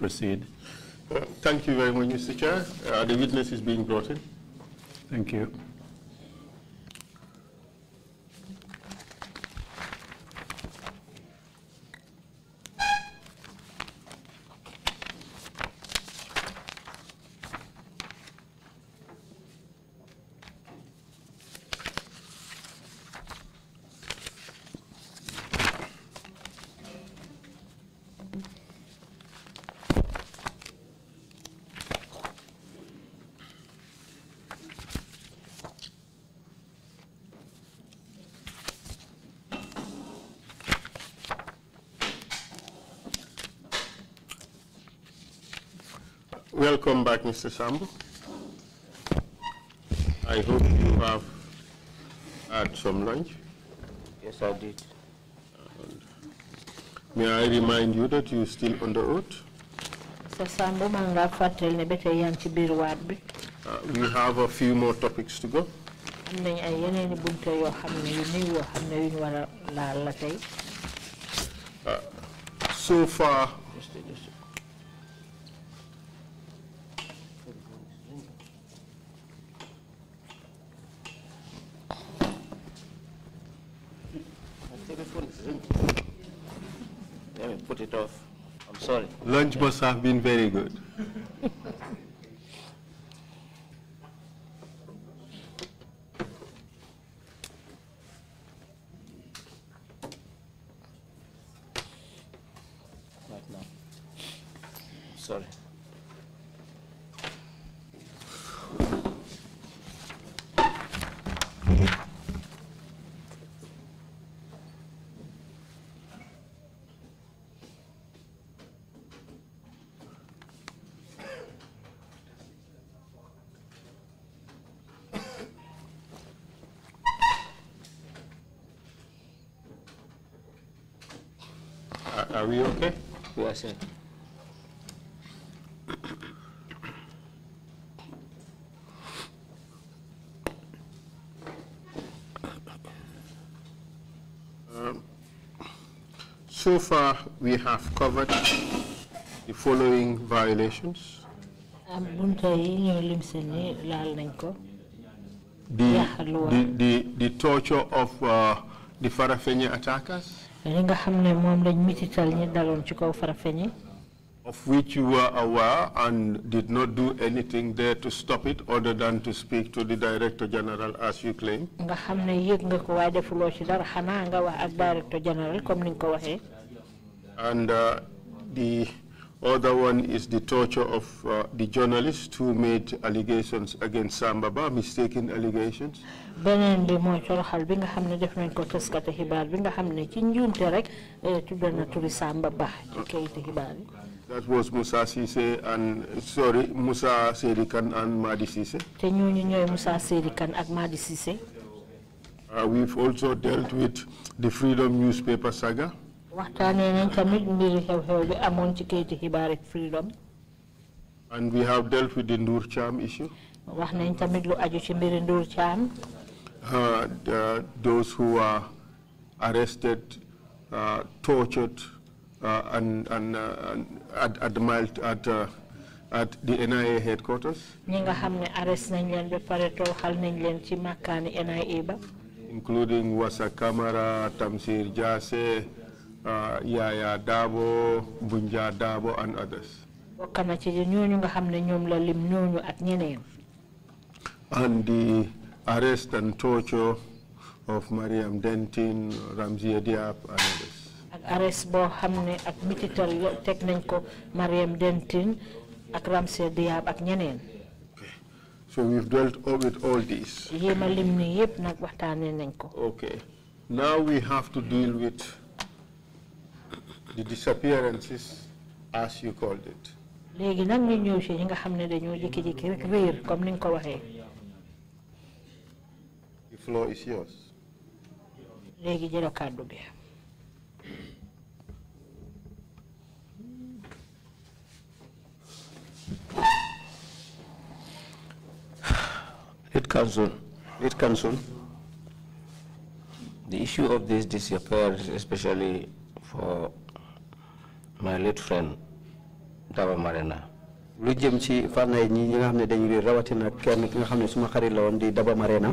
proceed. Uh, thank you very much, Mr. Chair. Uh, the witness is being brought in. Thank you. Welcome back, Mr. Sambo. I hope you have had some lunch. Yes, I did. And may I remind you that you're still under oath? Uh, we have a few more topics to go. Uh, so far, response have been very good. so far, we have covered the following violations. Um, the, the, the, the torture of uh, the Farafenya attackers of which you were aware and did not do anything there to stop it other than to speak to the Director General as you claim. and uh, the other one is the torture of uh, the journalist who made allegations against Sambaba, mistaken allegations bi toroxal bi nga def nañ ko xibaar bi nga ci rek eh, na Samba Ba xibaar That was Musa Cissé and sorry Musa and Madi Cissé. te ñooñu Musa ak Madi Cissé. Uh, we've also dealt with the Freedom newspaper saga. waxtaanee nañ tamit mbiri xew-xew bi amoon ci xibaar ak Freedom. and we have dealt with the Ndour Cham issue. wax nañ tamit lu aju ci mbiri Ndour Cham. Uh, uh, those who are arrested, uh, tortured, and, and, and, at, at the mild, at at the NIA headquarters. Including Wasa Kamara, Tamsir Jase, uh, Yaya Dabo, Bunja Dabo, and others. And the arrest and torture of Mariam Dentin, Ramzia Diab, and others. arrest boo Hamne ne ak mitital Mariam Dentin ak Diab ak So we've dealt with all these. Okay. Now we have to deal with the disappearances as you called it. Legi floor is yours. Legi jero kàddu bia. It comes on. It comes on. The issue of this disappearance, especially for my late friend Dava Marina. lu jëm ci fànn yi ñi nga xam dañu réer rawatina kenn ki nga xam ne suma xarit la woon di Daba Marina.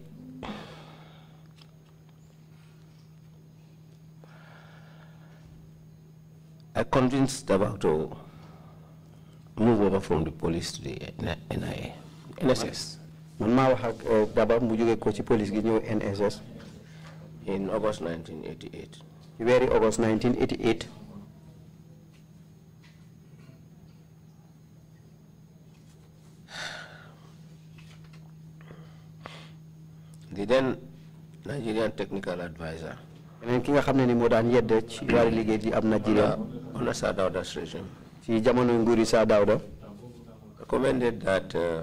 I convinced Dabak to uh, move over from the police to the NIA, NSS. man maa wax ak Dabak to the police gi ñëw NSS. in August 1988. Very August 1988. the then Nigerian technical advisor keneen ki nga xam ni moo daan yedde ci wàllu liggéey ji am Nigeria. on a Sir Dawda's regime. ci jamono nguuri Sir Dawda. recommended that uh,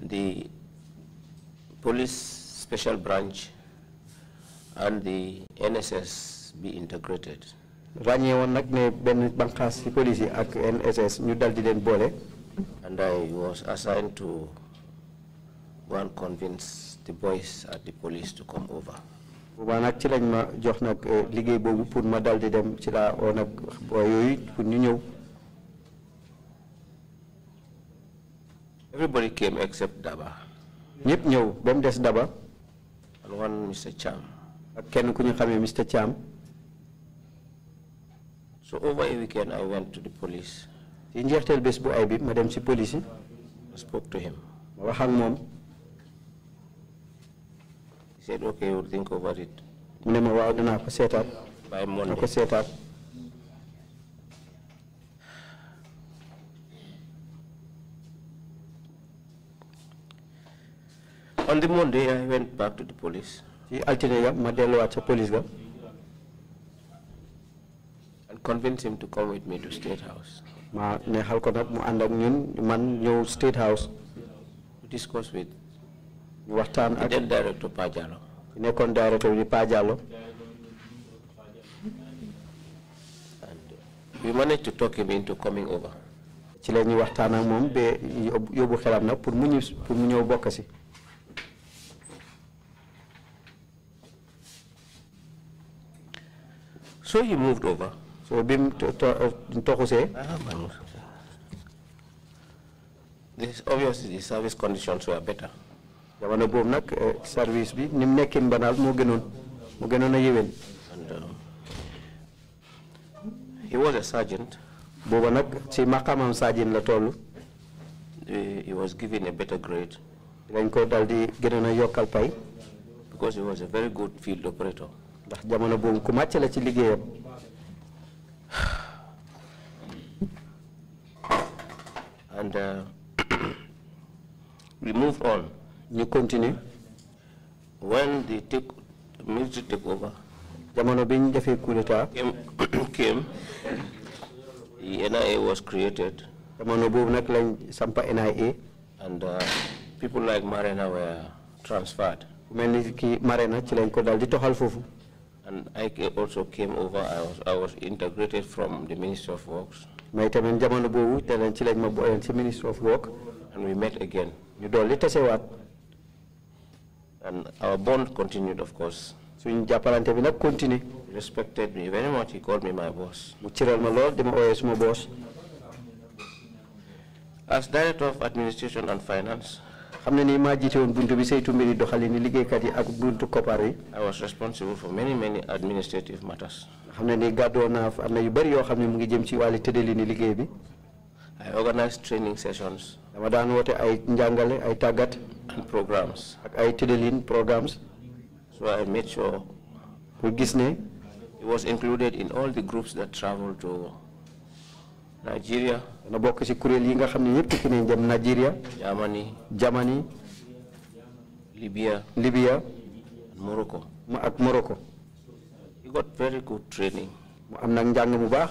the police special branch and the NSS be integrated. ràññee woon nag ne benn bànqaas ci police yi ak NSS ñu dal di leen boole. and I was assigned to go and convince the boys at the police to come over ci lañ ma jox euh, pour ma dem ci pour ñu ñëw. everybody came except Daba. ñëpp ñëw ba mu Daba. and one Mr Cham. ak kenn ku ñu Mr Cham. so over a weekend I went to the police. ci njeexteel bés bu ay bi ma dem ci police I spoke to him. ma wax ak said, okay, we'll think over it. mu ne ma waaw dinaa ko by Monday dinaa ko On the Monday, I went back to the police. ci altine ga ma delluwaat ca police and convinced him to come with me to State House. ma ne ko nag mu ànd ak man ñëw State House. to discuss with waxtaan ak. den directeur Pa Diallo. directeur bi Pa Diallo. we managed to talk him into coming over. ci waxtaan ak xelam pour mu pour mu ñëw so he moved over. so bi mu this obviously the service conditions were better. Eh, service bi he was a sergeant. booba nag ci maqaamam sergeant la toll. he was given a better grade. dañ ko dal di gënoon a pay. because he was a very good field operator. and uh, we move on ñu continue when the take, military over jamono bi ñu defee coup d'état came the NIA was created jamono boobu nag lañ sampa NIA and uh, people like Marina were transferred mel ki Marina ci lañ ko daal di toxal and I also came over I was I was integrated from the Ministry of Works may tamit jamono boobu te lañ ci lañ ma ci Ministry of Work and we met again ñu dolli wat. And our bond continued, of course. he jàppalante bi nag continuer. respected me very much he called me my boss. boss. as director of administration and finance. I was responsible for many many administrative matters. I organize training sessions. dama daan woote ay njàngale ay programs. ak ay tëddalin programs. so I made sure. pour gis He was included in all the groups that travelled to Nigeria. And I ci kuréel yi nga xam ne yëpp tukki nañ Nigeria. Germany. Germany. Libya. Libya. Morocco. mu Morocco. he got very good training. mu am nag njàng mu baax.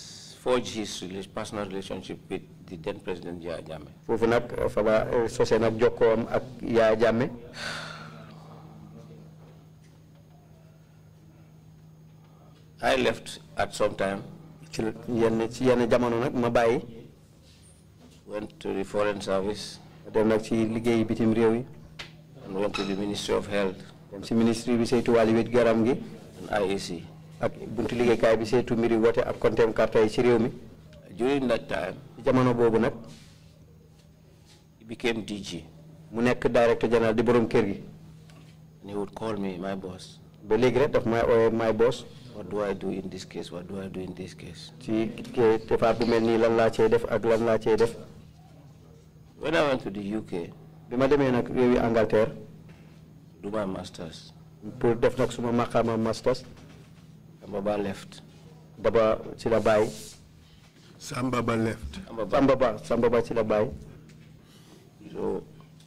forge his personal relationship with the then President Yahya Jammeh. Eh, I left at some time. went to the foreign service. dem nag and went to the ministry of health. ministry and IEC ak buntu bi mbiri wote ak ci réew mi. during that time. jamono boobu nag. he became DG. mu nekk directeur général di borom kër gi. and he would call me my boss. ba léegi rek daf may my boss. what do I do in this case what do I do in this case. ci bu lan def ak lan def. when I went to the UK. bi ma demee nag réewi Angleterre. masters. pour def nag suma makama masters. Baba left. Baba Chilabai. Sam Baba left. Sam Baba, Sam Baba Chilabai. So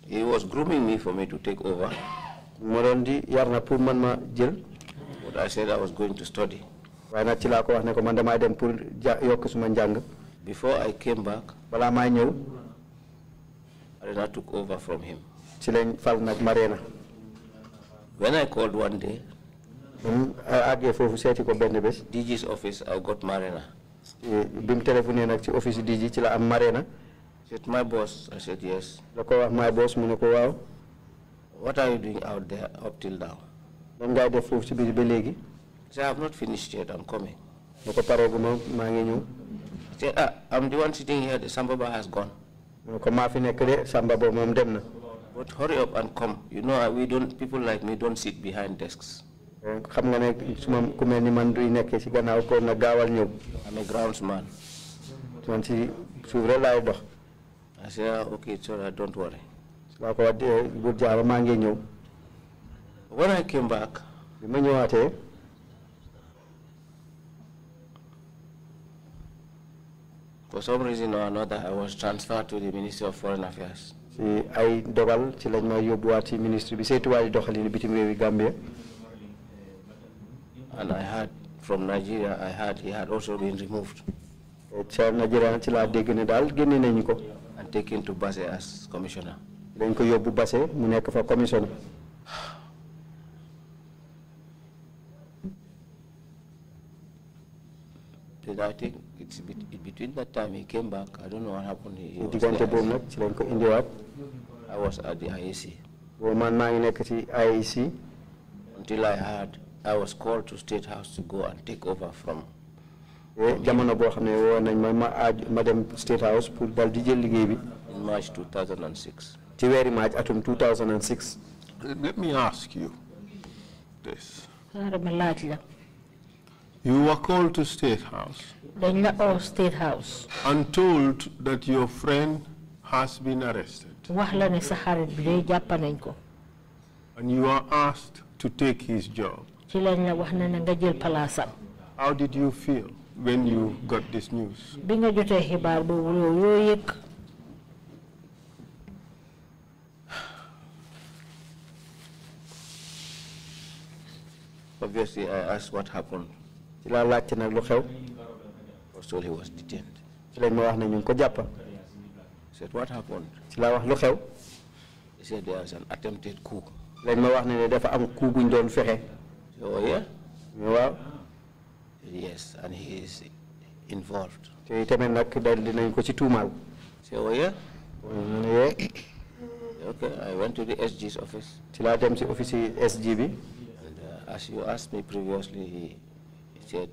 he was grooming me for me to take over. Morondi yarna pour man ma jël. But I said I was going to study. Why not ci laa ko wax ne pul man damay Before I came back. Balaa maa ñëw. Arena took over from him. Ci lañ fal nag Marena. When I called one day àggee mm, foofu seeti ko benn bés. DG's office I got Marina. Eh, bi mu téléphoné nag ci office DG ci la am Marina. said my boss I said yes. da wax my boss mu ne ko what are you doing out there up till now. lan ngay def foofu ci biir ba léegi. I have not finished yet I'm coming. mu ko parooguma maa ngi ñëw. say ah I'm the one sitting here the Sambaba has gone. mu ko fi nekk de Samba boobu dem na. but hurry up and come you know we don't people like me don't sit behind desks xam nga ne suma ku mel ni man duy nekkee si gannaaw ko na gaawal ñëw. groundsman. man si suuf rek dox. I said, ah, okay, it's all right, don't worry. Eh, when I came back, for some reason or another, I was transferred to the Ministry of Foreign Affairs. I dogal ci lañ ma yobbu waati ministre bi seetu waay doxalini bitim réewi Gambia and I heard from Nigeria, I heard he had also been removed. Nigeria I And taken to Basse as commissioner. Then ko yóbbu Basse mu nekk fa commissioner. Then I think it's between that time he came back. I don't know what happened. diggante boobu nag ci lañ ko I was at the IEC. boobu man in ngi IEC. Until I heard. I was called to State House to go and take over from eh, jamono state house in march 2006 ci march 2006 let me ask you this you were called to state house dañ la state house and told that your friend has been arrested and you are asked to take his job how did you feel when you got this news. obviously I asked what happened. he was detained. he said what happened. he said there was an attempted coup. Oh, yeah? waaw. yes and he is involved. te itamit nag daal dinañ ko ci tuumaal. say oh, yeah? mu ne yee. okay I went to the SG's office. ci laa dem the office is S.G.B. bi. and uh, as you asked me previously he said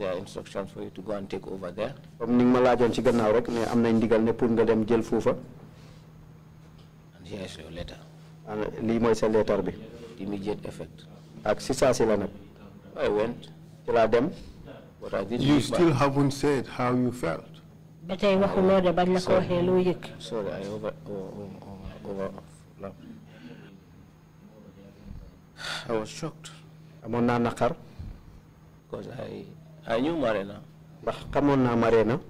there are instructions for you to go and take over there. From ni nga ma laajoon ci am nañ ndigal ne pour nga dem jël foofa. and here is your letter. And mooy sa leetar bi. immediate effect ak si saa I went ci them. dem but I didn't you still haven't said how you felt But I waxuloo de bañ la ko waxee loo yëg sorry I over over over. I was shocked I'm amoon naa naqar because I I knew Marina Come on, naa Marina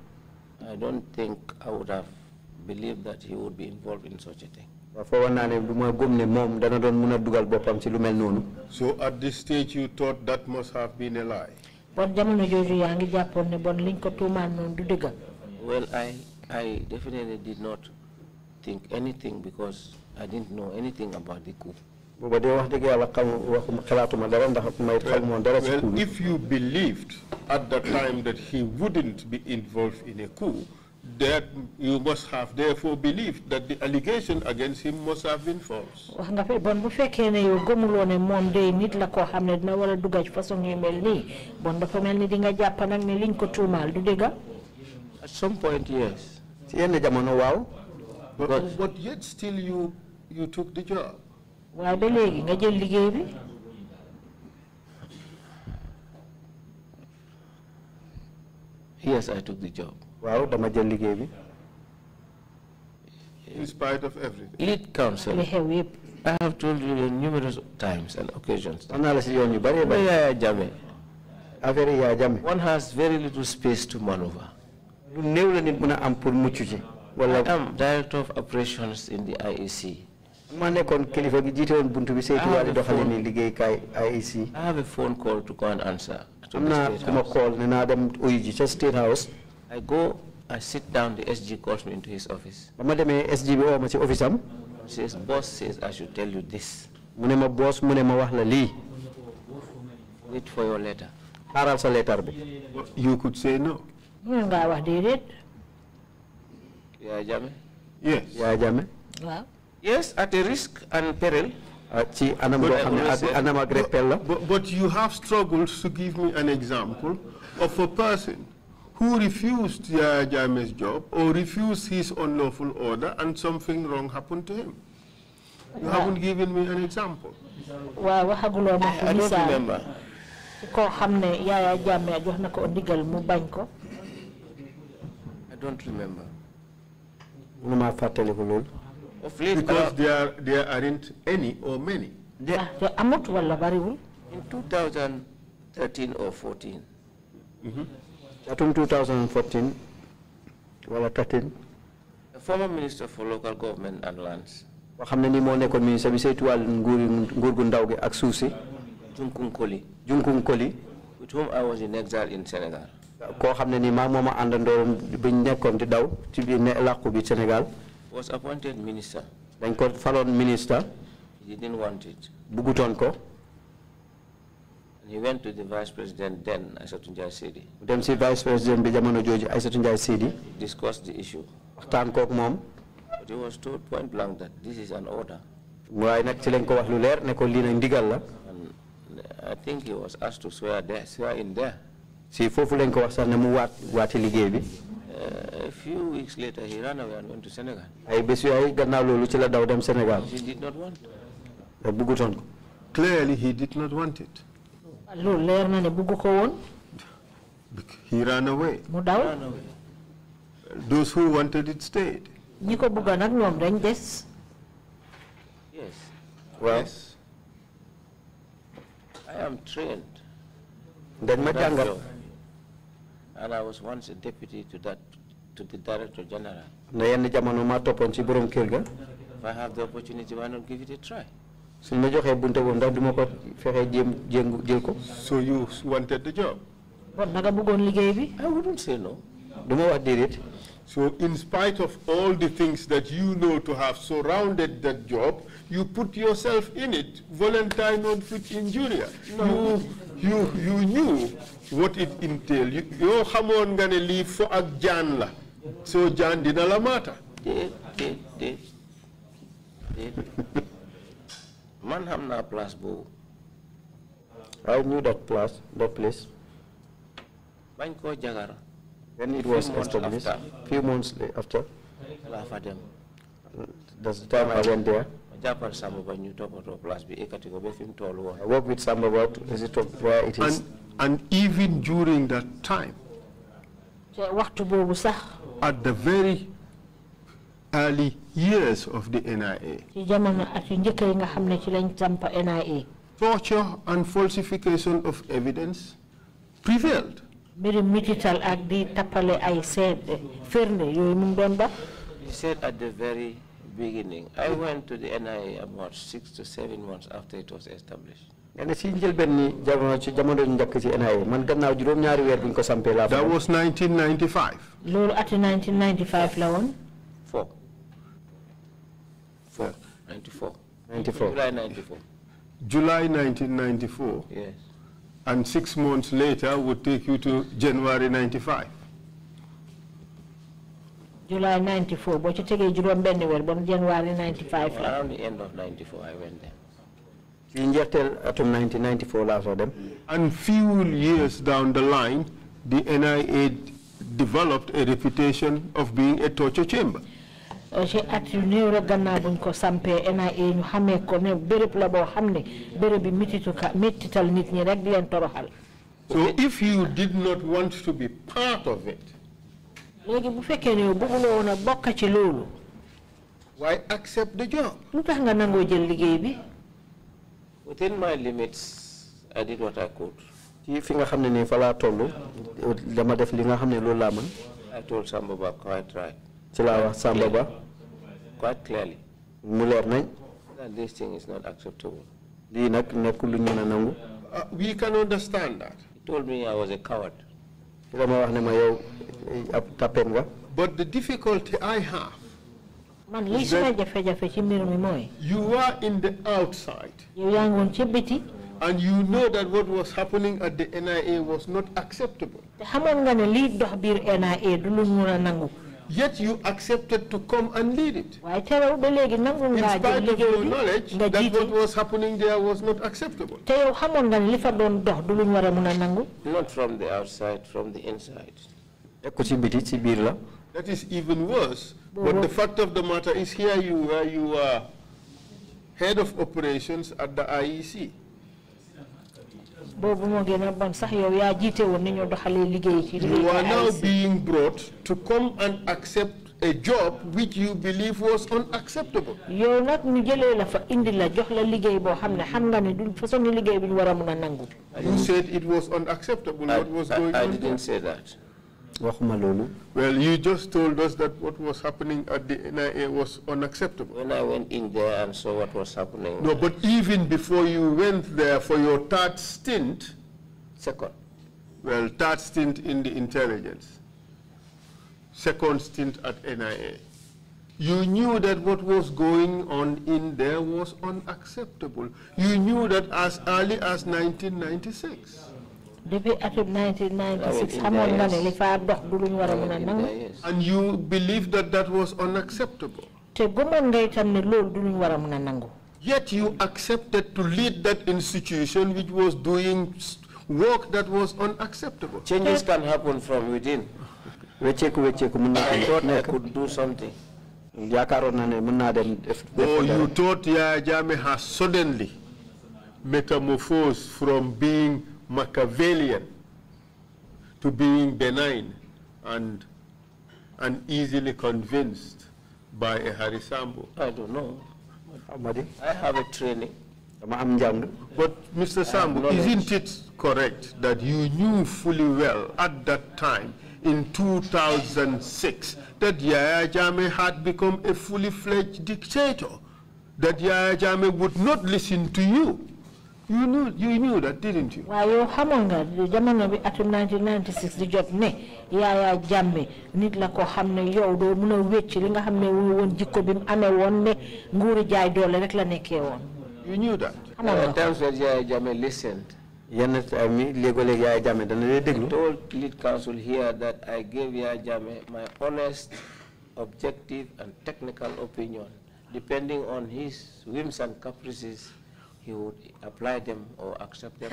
I don't think I would have believed that he would be involved in such a thing so at this stage you thought that must have been a lie. ne Well I I definitely did not think anything because I didn't know anything about the coup. Well, well, if you believed at the time that he wouldn't be involved in a coup, that you must have therefore believed that the allegation against him must have been false. wax nga fi bon bu fekkee ne yow gëmuloo ne moom day nit la koo xam ne dina war a dugg ci façon yu mel nii bon dafa mel ni di nga jàpp nag ne liñ ko tuumaal du dëgg. at some point yes. si yenn jamono waaw. but yet still you you took the job. waaye ba léegi nga jël liggéey bi. yes I took the job waaw dama jël liggéey bi. in spite of everything. it comes. I have told you numerous times and occasions. wax naa la si one has very little space to maneuver. I am director of operations in the IEC. ma nekkoon kilifa I have a phone call to go and answer. am naa ku ma call ne naa dem uyu ji ca State House. I go, I sit down, the SG calls me into his office. Dama demee SG bi oo ma ci office am. says, boss says I should tell you this. My name is boss mu ne ma wax la Wait for your letter. xaaral sa letter bi. You could say no. mun ngaa wax déedéet. Yaya Jammeh. Yes. Yes, at a risk and peril. ci anam boo xam ne But you have struggled to give me an example of a person who refused Yaya job or refused his unlawful order and something wrong happened to him. You yeah. haven't given me an example. Well, I don't remember. I don't remember. Because uh, there, there aren't any or many. Ah, in 2013 or 14, mm -hmm. 2014 wala 13 the former minister for local government and lands boo xam ne ni moo nekkoon ministre bi saytu wàllu nguur nguur gu ndaw gi ak suuf Junkun Koli Junkun Koli with whom I was in exile in Senegal Ko xam ni maa mooma àndandooroon biñ nekkoon di daw ci biir ne làqu bi Sénégal was appointed minister dañ ko faloon minister. he didn't want it buggutoon ko he went to the vice president then, Aissatou Ndiaye Sidi. dem si vice president bi jamono jooju Aissatou Ndiaye Sidi. discussed the issue. waxtaan mom. but he was told point blank that this is an order. waaye nag ci lañ ko wax lu leer ne ko lii ndigal la. Uh, I think he was asked to swear there, swear in there. si fofu lañ ko wax sax ne mu bi. Uh, a few weeks later he ran away and went to Senegal. ay bés yooyu gannaaw loolu ci la daw dem Sénégal. he did not want. bëggutoon ko. clearly he did not want it loolu leer na ne bugg ko woon. he ran away. mu daw. those who wanted it stayed. ñi ko bugg nag ñoom dañ des. yes. well. I am trained. dañ ma jàngal. and I was once a deputy to that to the director general. na yenn jamono maa toppoon ci borom kër ga. if I have the opportunity why not give it a try suñ ma joxee bunte boobu ndax du ko fexee jéem jéngu jël ko. so you wanted the job. kon naka bëggoon liggéey bi. I wouldn't say no. du ma wax déedéet. So in spite of all the things that you know to have surrounded that job, you put yourself in it, Valentine or fit injuria. No. You, you, you knew what it entailed. Yo xamone nga ne li fo ak jaan la. So jaan dina la mata man xam naa place I knew that place. That place. bañ koo jagar. When it was established, few months after. laa fa dem. That's the time I went there. jàppal Samba Ba ñu toppatoo place bi ekkati ko ba fi mu toll I work with Samba Ba it visit where it is. And, and even during that time. At the very early years of the NIA. Torture and falsification of evidence prevailed. He said at the very beginning, I went to the NIA about six to seven months after it was established. That was 1995. Lolo at 1995 la won? Four. 94. 94. July July 1994. Yes. And six months later would take you to January 95. July 94. But you take Jerome anywhere, but January 95. Around the end of 94, I went there. You injected atom 1994 last of them. And few years down the line, the NIA developed a reputation of being a torture chamber buñ ko ñu ko ne la bi ka méttital nit ñi rek di toroxal. so if you did not want to be part of it. bu ne bokk ci why accept the job. lu tax nga jël liggéey bi. within my limits I did what I could. ci fi nga xam ne fa laa toll dama def li nga xam ne loolu laa I told Samba Ba I tried ci Sambaba. quite clearly. mu leer this thing is not acceptable. Ah, we can understand that. he told me I was a coward. but the difficulty I have. man lii you are in the outside. and you know that what was happening at the NIA was not acceptable. NIA Yet you accepted to come and lead it. In spite of your knowledge that what was happening there was not acceptable. Not from the outside, from the inside. That is even worse. But the fact of the matter is here you were, you head of operations at the IEC sax yow ni liggéey ci you are now being brought to come and accept a job which you believe was unacceptable. yow ñu la fa indi la jox la liggéey xam nga façon liggéey you said it was unacceptable. what was going on. I didn't say that well you just told us that what was happening at the NIA was unacceptable. when I went in there and saw what was happening. no but even before you went there for your third stint. second. well third stint in the intelligence. second stint at NIA. You knew that what was going on in there was unacceptable. You knew that as early as 1996 and you believe that that was unacceptable. yet you accepted to lead that institution which was doing work that was unacceptable. Changes can happen from within. wecceeku wecceeku mën naa dem. I thought I could do something. yaakaaroon naa mën naa dem oh you thought Yaya Jammeh has suddenly metamorphosed from being. Machiavellian to being benign and, and easily convinced by a Harisambo? I don't know. I have a training. But Mr. Sambo, isn't it correct that you knew fully well at that time in 2006 that Yahya Jammeh had become a fully fledged dictator, that Yahya Jammeh would not listen to you. You knew, you knew that, didn't you? Why Wayo hamonga, jamano bi atum 1996 di jot ne, ya ya jamme, nit la ko xamne yow do mëna wécc li nga xamne wu won jikko bi amé won ne nguuru jaay doole rek la nekké You knew that. Uh, times that Yaya Jammeh listened. yenn time uh, yi léeg-léeg Yaya Jammeh dana lay told lead counsel here that I gave jai Jammeh my honest, objective and technical opinion depending on his whims and caprices he would apply them or accept them.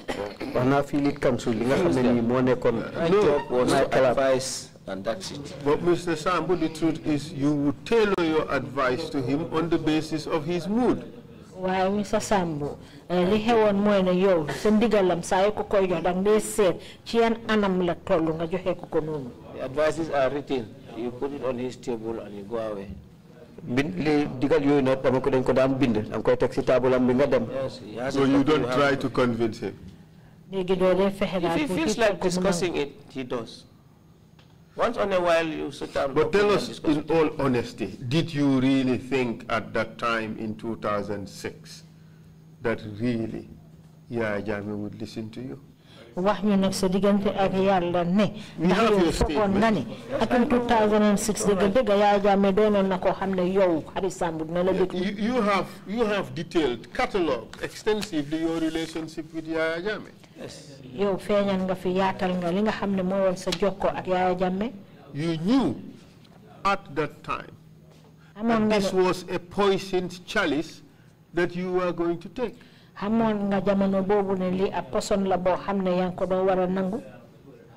Xanaa fii nit comes to nga xam ne nii moo nekkoon. job was to advise and that's it. But Mr. Sambu, the truth is you would tailor your advice to him on the basis of his mood. Why, Mr. Sambu li eh, xewoon mooy ne yow sa ndigalam saa yu ko koy jox dang dee seet ci yan anam la toll nga joxe The advices are written. You put it on his table and you go away so you don't try to convince him. if he feels like discussing it he does. Once on a while, you sit down. But tell us, in all honesty, did you really think at that time in 2006 that really Yaya Jami would listen to you? 2006 you have you have detailed catalogue extensively your relationship with Yaya Jammeh. Yes. feeñal nga nga li nga xam ne sa you knew at that time. this was a poisoned chalice that you were going to take nga jamono ne la ko nangu.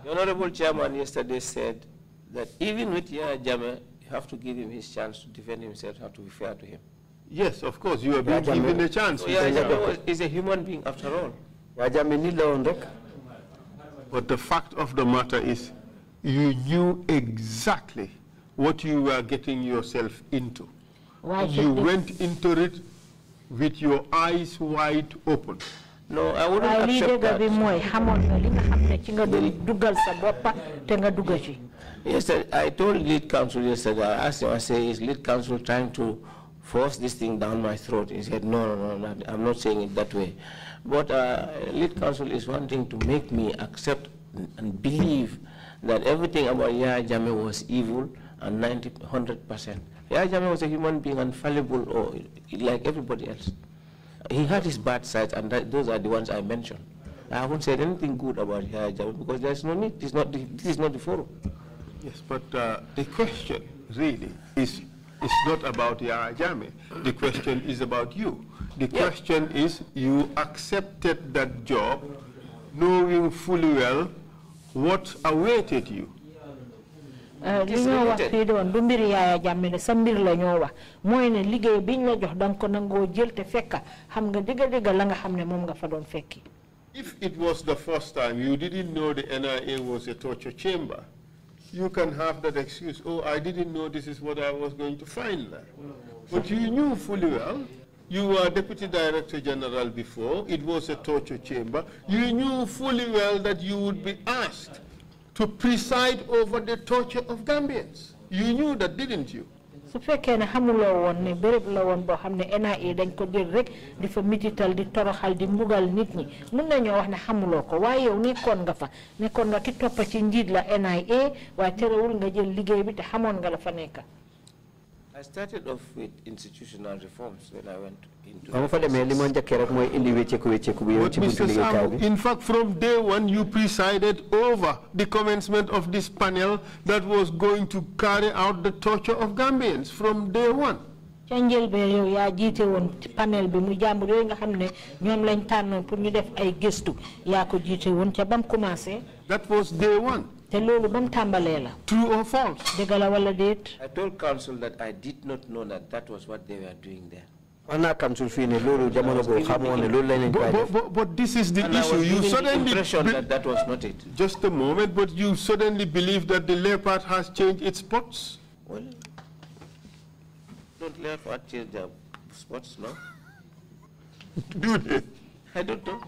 The honorable chairman yesterday said that even with Yaya Jammeh, you have to give him his chance to defend himself, you have to be fair to him. Yes, of course, you are being given a chance. So Yaya is a human being after all. Yaya Jammeh rek. But the fact of the matter is, you knew exactly what you were getting yourself into. Why you went into it with your eyes wide open. No, I wouldn't accept that. lii dëgg bi mooy xamoon nga li nga xam ne ci nga doon dugal Yesterday, I told lead counsel yesterday, I asked him, I said, is lead counsel trying to force this thing down my throat? He said, no, no, no, I'm not saying it that way. But uh, lead counsel is wanting to make me accept and believe that everything about Yaya Jammeh was evil and 90, 100%. Yaya Jame was a human being and fallible or like everybody else. He had his bad sides, and that, those are the ones I mentioned. I haven't said anything good about Yaya Jame because there's no need. This, not the, this is not the forum. Yes, but uh, the question really is it's not about Yaya Jame. The question is about you. The yeah. question is you accepted that job knowing fully well what awaited you. Eh, yaaya jàmme ne sa mbir la mooy ne liggéey biñ la jox danga ko nangoo jël te fekka xam nga la nga xam ne moom nga fa doon fekki if it was the first time you didn't know the NIA was a torture chamber you can have that excuse oh I didn't know this is what I was going to find there but you knew fully well You were Deputy Director General before. It was a torture chamber. You knew fully well that you would be asked to preside over the torture of Gambians. You knew that, didn't you? su fekkee ne xamuloo woon ne béréb la woon boo xam ne NIA dañ ko jël rek di fa mitital di toroxal di mbugal nit ñi mun nañoo wax ne xamuloo ko waaye yow nekkoon nga fa nekkoon nga ki toppa ci njiit la NIA waaye terewul nga jël liggéey bi te xamoon nga la fa nekka I started off with institutional reforms when I went into. What Mr. in fact, from day one, you presided over the commencement of this panel that was going to carry out the torture of Gambians from day one. yow panel bi nga lañ pour ñu def ay gëstu ko ca bam commencé. that was day one. Hello, loolu ba mu true or false. I told council that I did not know that that was what they were doing there. wax but but this is the issue you suddenly. that that was not it. just a moment but you suddenly believe that the leopard has changed its spots. well don't leopard change their spots no. do they? I don't know.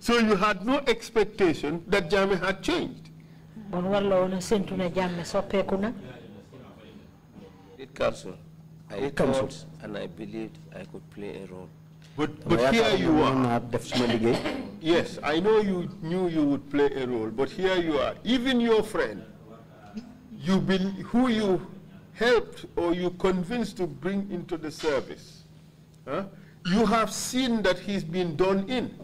So you had no expectation that Jammeh had changed. It council. I it thought and I believed I could play a role. But, but here you are. yes, I know you knew you would play a role, but here you are. Even your friend, you who you helped or you convinced to bring into the service, huh? you have seen that he's been done in.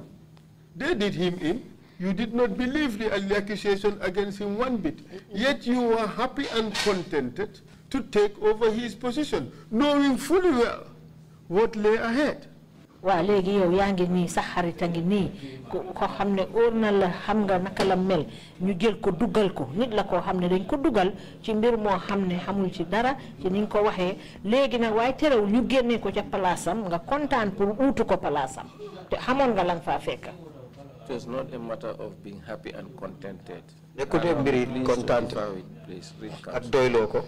They did him in. You did not believe the accusation against him one bit. Yet you were happy and contented to take over his position, knowing fully well what lay ahead. Wa legi yow yaa ngi nii sa xarit a ngi nii ko xam ne óor na la xam nga naka la mel ñu jël ko dugal ko nit la koo xam ne dañ ko dugal ci mbir moo xam ne xamul ci dara ci ni nga ko waxee léegi nag waaye terewul ñu génnee ko ca palaasam nga kontaan pour uutu ko palaasam te xamoon nga lan faa fekk it was not a matter of being happy and contented. nekkul ne mbir please. content ak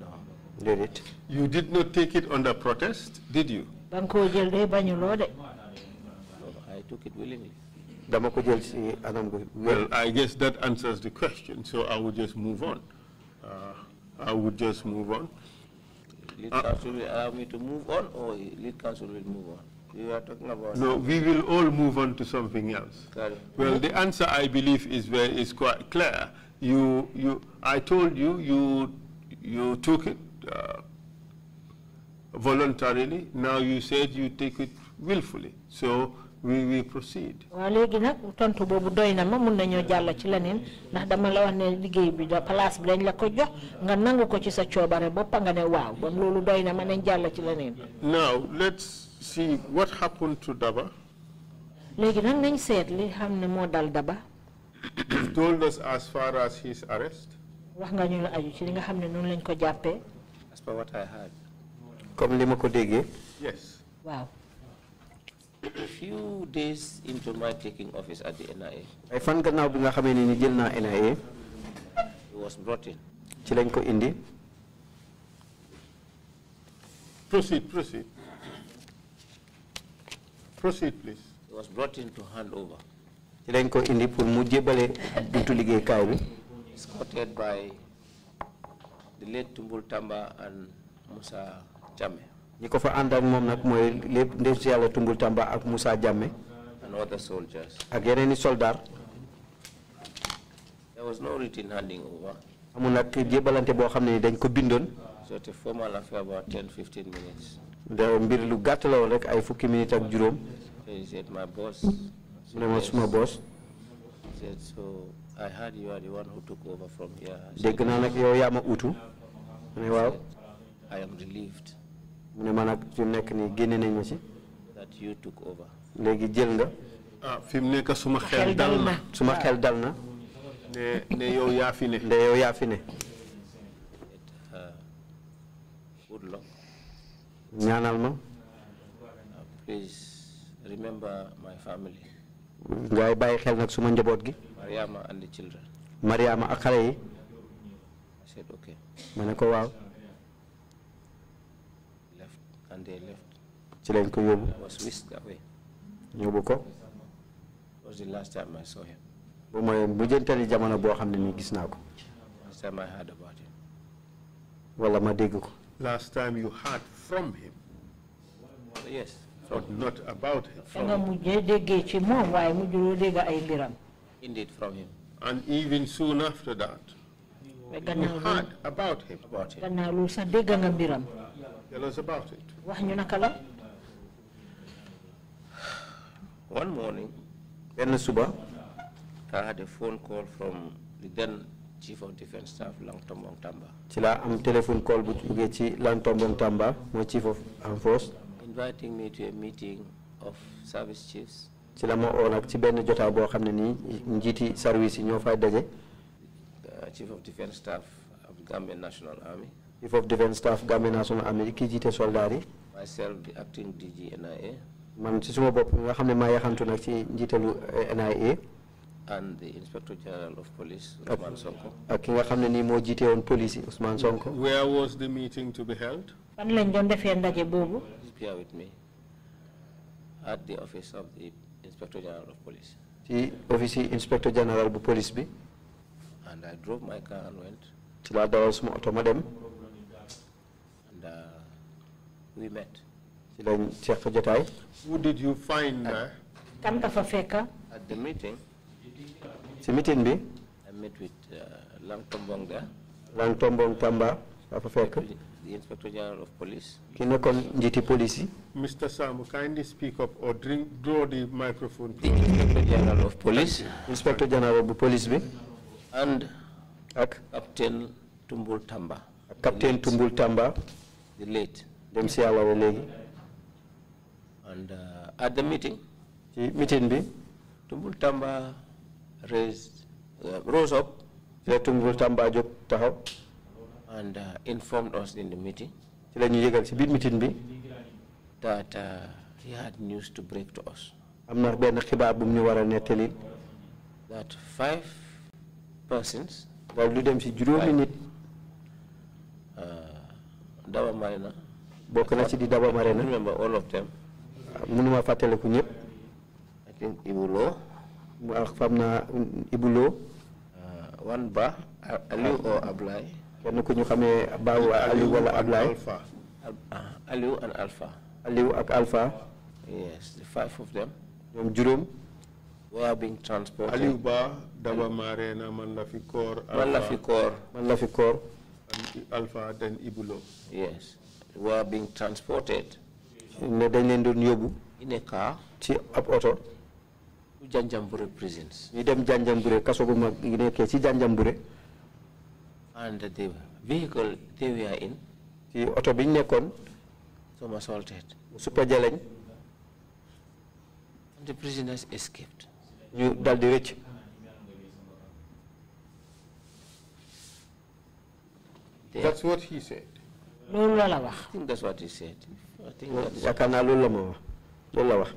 No. Did it? you did not take it under protest did you. Banko nga banyo jël I took it willingly. dama well I guess that answers the question so I would just move on. Uh, I would just move on. Lead council will allow me to move on or lead council will move on. You are talking about... No, we will all move on to something else. Well, the answer, I believe, is, very, is quite clear. You, you, I told you, you, you took it uh, voluntarily. Now you said you take it willfully. So we will proceed. tontu ma mun ci ndax dama la bi da place bi dañ la ko jox nga nangu ko ci sa nga ne bon ma nañ ci now let's see what happened to Daba. léegi dal Daba. You've told us as far as his arrest. wax as per what I heard. yes. Wow. a few days into my taking office at the NIA. ay fan gannaaw nga xamee ni NIA. he was brought in. ci indi. proceed proceed. Proceed, please. It was brought in to hand over. dañ ko indi pour mu escorted by the late Tumbul Tamba and Musa Jame. ñi could fa ànd ak Musa and other soldiers. Again, any soldier. there was no written handing over. so it's a formal affair about 10 15 minutes da mbir lu gàtt la woon rek ay fukki minute ak juróom. mu ne ma suma boss. dégg naa nag yow yaa ma utu. mu ne waaw. mu ne ma nag fi mu nekk génne nañ ma si. léegi nga. ah suma xel dal na. suma xel dal na. ne ne yow yaa fi ne. ne yow fi ne. ñaanal please remember my family ngay bàyyi xel nag suma njaboot gi Mariama and the children Mariama ak xale yi said okay ma ne ko waaw left and they left ci lañ ko yóbbu was whisked away yóbbu ko was the last time I saw him bu mooy mujjantali jamono boo xam ne nii gis naa ko last time I heard about him wala ma dégg ko last time you heard from him yes but not about from him. indeed from him and even soon after that we heard about him about him tell us about it one morning then suba I had a phone call from the then Chief of Defence Staff Langtombong Tamba. Ci la am telephone call but jógee Lang Langtombong Tamba my Chief of Armed Forces inviting me to a meeting of service chiefs. ci la ma oo nag ci benn jotaa service yi daje. Uh, chief of defence staff of Gambia National Army. chief of defence staff Gambia National Army kii jiite soldaar myself the acting DG NIA. man ci suma bopp nga xam ne maa yaxantu ci njiitalu eh, NIA. and the Inspector General of Police, Osman Sonko. Ak ki nga xamné ni mo jité won police Osman Sonko. Where was the meeting to be held? Fan lañ doon défé ndaje bobu? appear with me at the office of the Inspector General of Police. The office inspector general of police be. and I drove my car and went. To the dawal suma and uh, we met. who did you find. kan ka at the meeting. The meeting be. I met with uh, Lang Tombong there. Lang Tombong Tamba laa the Inspector General of Police. Can Kinokon GT Police. Mr. Sam, kindly speak up or drink, draw the microphone. The Inspector General of Police. Inspector General of Police. Be. And Ak? Captain Tumbul Tamba. Captain Tumbul Tamba. The late. Dem si Allah And uh, at the meeting. The meeting be. Tumbul Tamba raised, uh, rose up. Tumbul Tamba jok tahaw and uh, informed us in the meeting that uh, he had news to break to us. That five persons five, uh, Daba Marina bokk na ci Marina remember all of them I think Ibulo mu Ibulo one uh, ba Aliou or Ablay kenn ku ñu xamee baawu Aliou wala Ablaye ah, Aliou and Alpha Aliou ak Alpha yes the five of them ñoom juróom were being transported Aliou Ba Daba Marena man la fi koor man la fi koor man la fi koor Alpha then Ibulo yes were being transported ne dañ leen doon yóbbu in a car ci ab oto Janjanbure prisons ñu dem Janjanbure kaso bu mag nekkee ci Janjanbure and the vehicle they were in. The auto bin nekon. Some assaulted. Super jalañ. And the prisoners escaped. You dal di wécc. That's what he said. loolu la la wax. I think that's what he said. I think that's. yaakaar naa loolu la wax.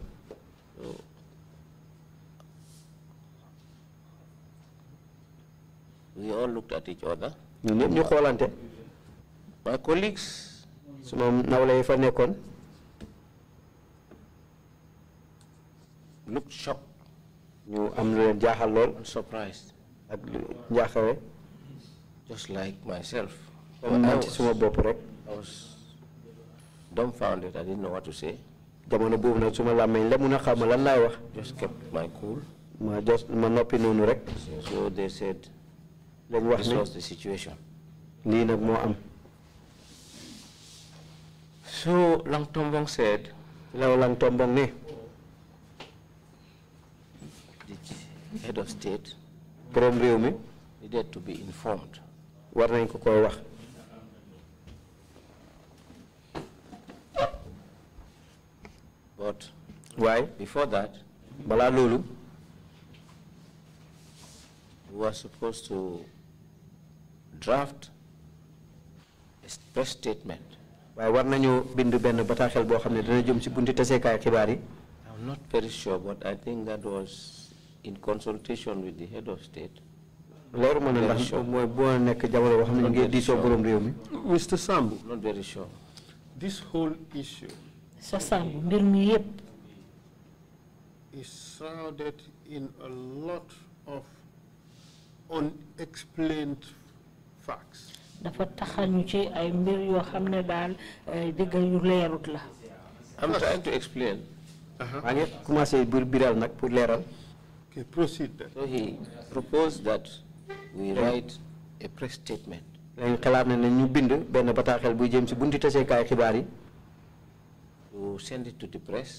We all looked at each other ñun ñëpp ñu xoolante my colleagues suma nawle yi fa nekkoon look shocked ñu am lu leen jaaxal lool and surprised ak njaaxare just like myself man suma bopp rek I was dumbfounded I didn't know what to say jamono boobu nag suma làmmeñ la mun a lan laay wax just kept my cool ma just ma noppi noonu rek so they said ba mu the situation so Lang Tombong said Lao Lang Tombong ne the head of state borom needed to be informed war nañ ko koy but why before that Balalulu was supposed to draft a statement. I'm not very sure but I think that was in consultation with the head of state. loolu mën Mr Sambu. not very sure. this whole issue. sa Sambu mbir mi is shrouded in a lot of unexplained facts. I'm trying to explain. I uh-huh. ngi Okay, proceed So he proposed that we write a press statement. léegi na to send it to the press.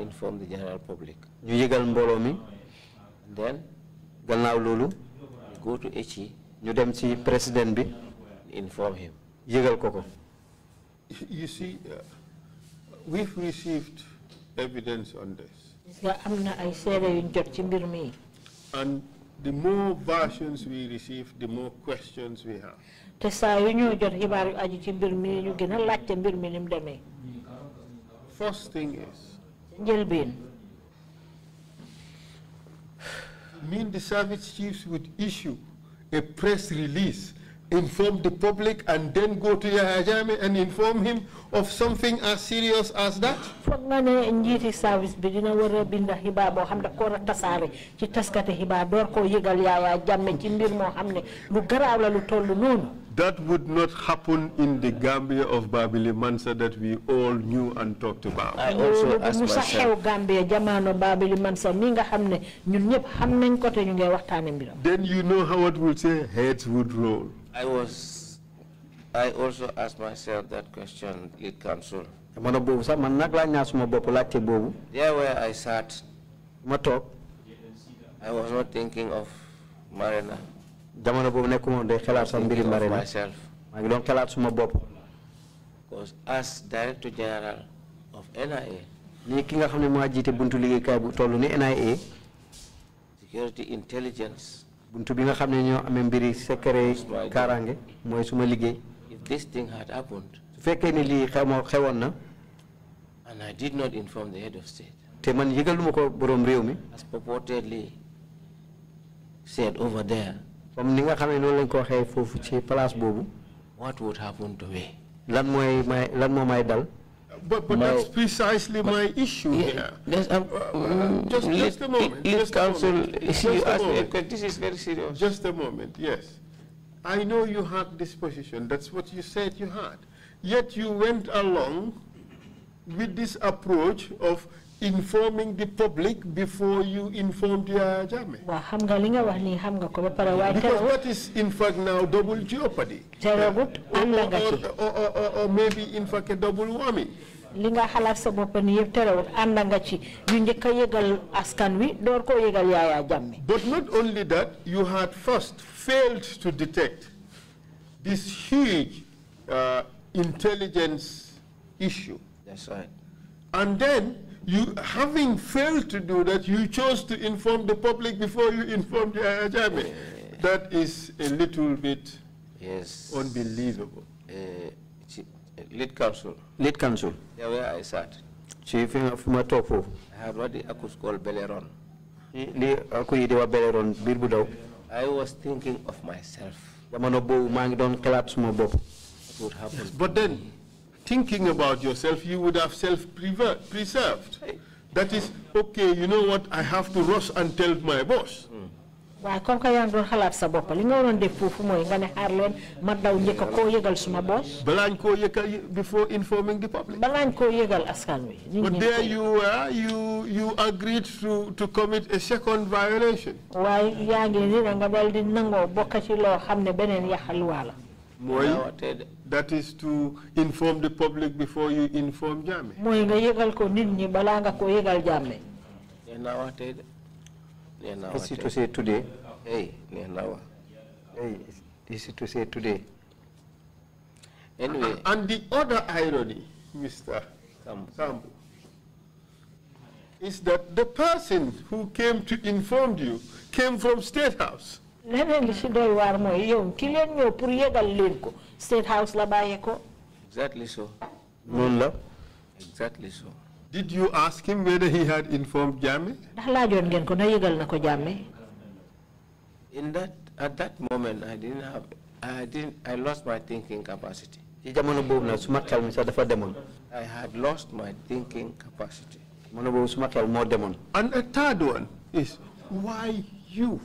inform the general public. yëgal then gannaaw ululu go to HE. You dem see président B. inform him. yëgal ko you see uh, we've received evidence on this. i am na ay and the more versions we receive the more questions we have. first thing is. njëlbeen. mean the service chiefs would issue a press release, inform the public, and then go to Yahya Jammeh and inform him of something as serious as that? service Yahya Jammeh that would not happen in the Gambia of Babili Mansa that we all knew and talked about. I also asked myself. Gambia, jamano Babili Mansa, minga hamne, ñun ñep xam nañ ko Then you know how it would say heads would roll. I was I also asked myself that question, lead counsel. Jamono bobu sax man nak lañ na suma bop There where I sat, ma tok. I was not thinking of Marina jamono boobu nekkuma woon day xalaat sax mbiri marine maa ngi doon xalaat suma bopp. because as director general of NIA. Ni ki nga xam ne maa jiite buntu liggéeykaay bu toll ni NIA. security intelligence. buntu bi nga xam ne ñoo amee mbiri secret kaaraange mooy suma liggéey. if this thing had happened. su fekkee ni lii xew ma na. and I did not inform the head of state. te man yëgaluma ko borom réew as purportedly said over there ni nga lañ ko ci place what would happen to me. lan mooy may lan moo may dal. But, but my, that's precisely but my issue yeah, here. Um, uh, just, just a moment. just counsel, moment. Just you ask me this is very serious. Just a moment, yes. I know you had this position. That's what you said you had. Yet you went along with this approach of informing the public before you informed your ajame. because what is in fact now double jeopardy. terewut am la nga or maybe in fact a double whammy. li nga xalaat sa bopp ni yëpp terewut yëgal yëgal Yaya but not only that you had first failed to detect this huge uh, intelligence issue. that's right. and then. You, having failed to do that, you chose to inform the public before you informed the Ajami. Uh, eh. that is a little bit yes. unbelievable. Uh, eh, eh, lead counsel. Lead counsel. Yeah, where I sat. Chief of Matopo. I had what the Akus called Beleron. I was thinking of myself. What would happen? Yes, but then, thinking about yourself, you would have self-preserved. That is, okay, you know what, I have to rush and tell my boss. waaye comme que yaa ngi doon xalaat sa bopp li nga waroon def foofu mooy nga ne xaar leen ma daw njëkk koo yëgal suma boos. balaañ koo yëgal before informing the public. balaañ koo yëgal askan wi. but there you were you you agreed to to commit a second violation. waaye yaa ngi nii nga dal di nangoo bokk ci loo xam ne beneen yàq luwaa la. mooy. That is to inform the public before you inform Jame. Mooy nga yëgal ko nit ñi balaa nga ko yëgal Jame. nee naa wax tey de to say today. hey nee naa hey this is to say today. anyway. and the other irony Mr. Sambu is that the person who came to inform you came from State House. leneen li si doy waar mooy yow ki leen ñëw pour yëgal leen ko. State House la bàyyeeko. exactly so. No la. exactly so. did you ask him whether he had informed Jami? na na ko in that at that moment I didn't have I didn't I lost my thinking capacity. I had lost my thinking capacity. and a third one is why you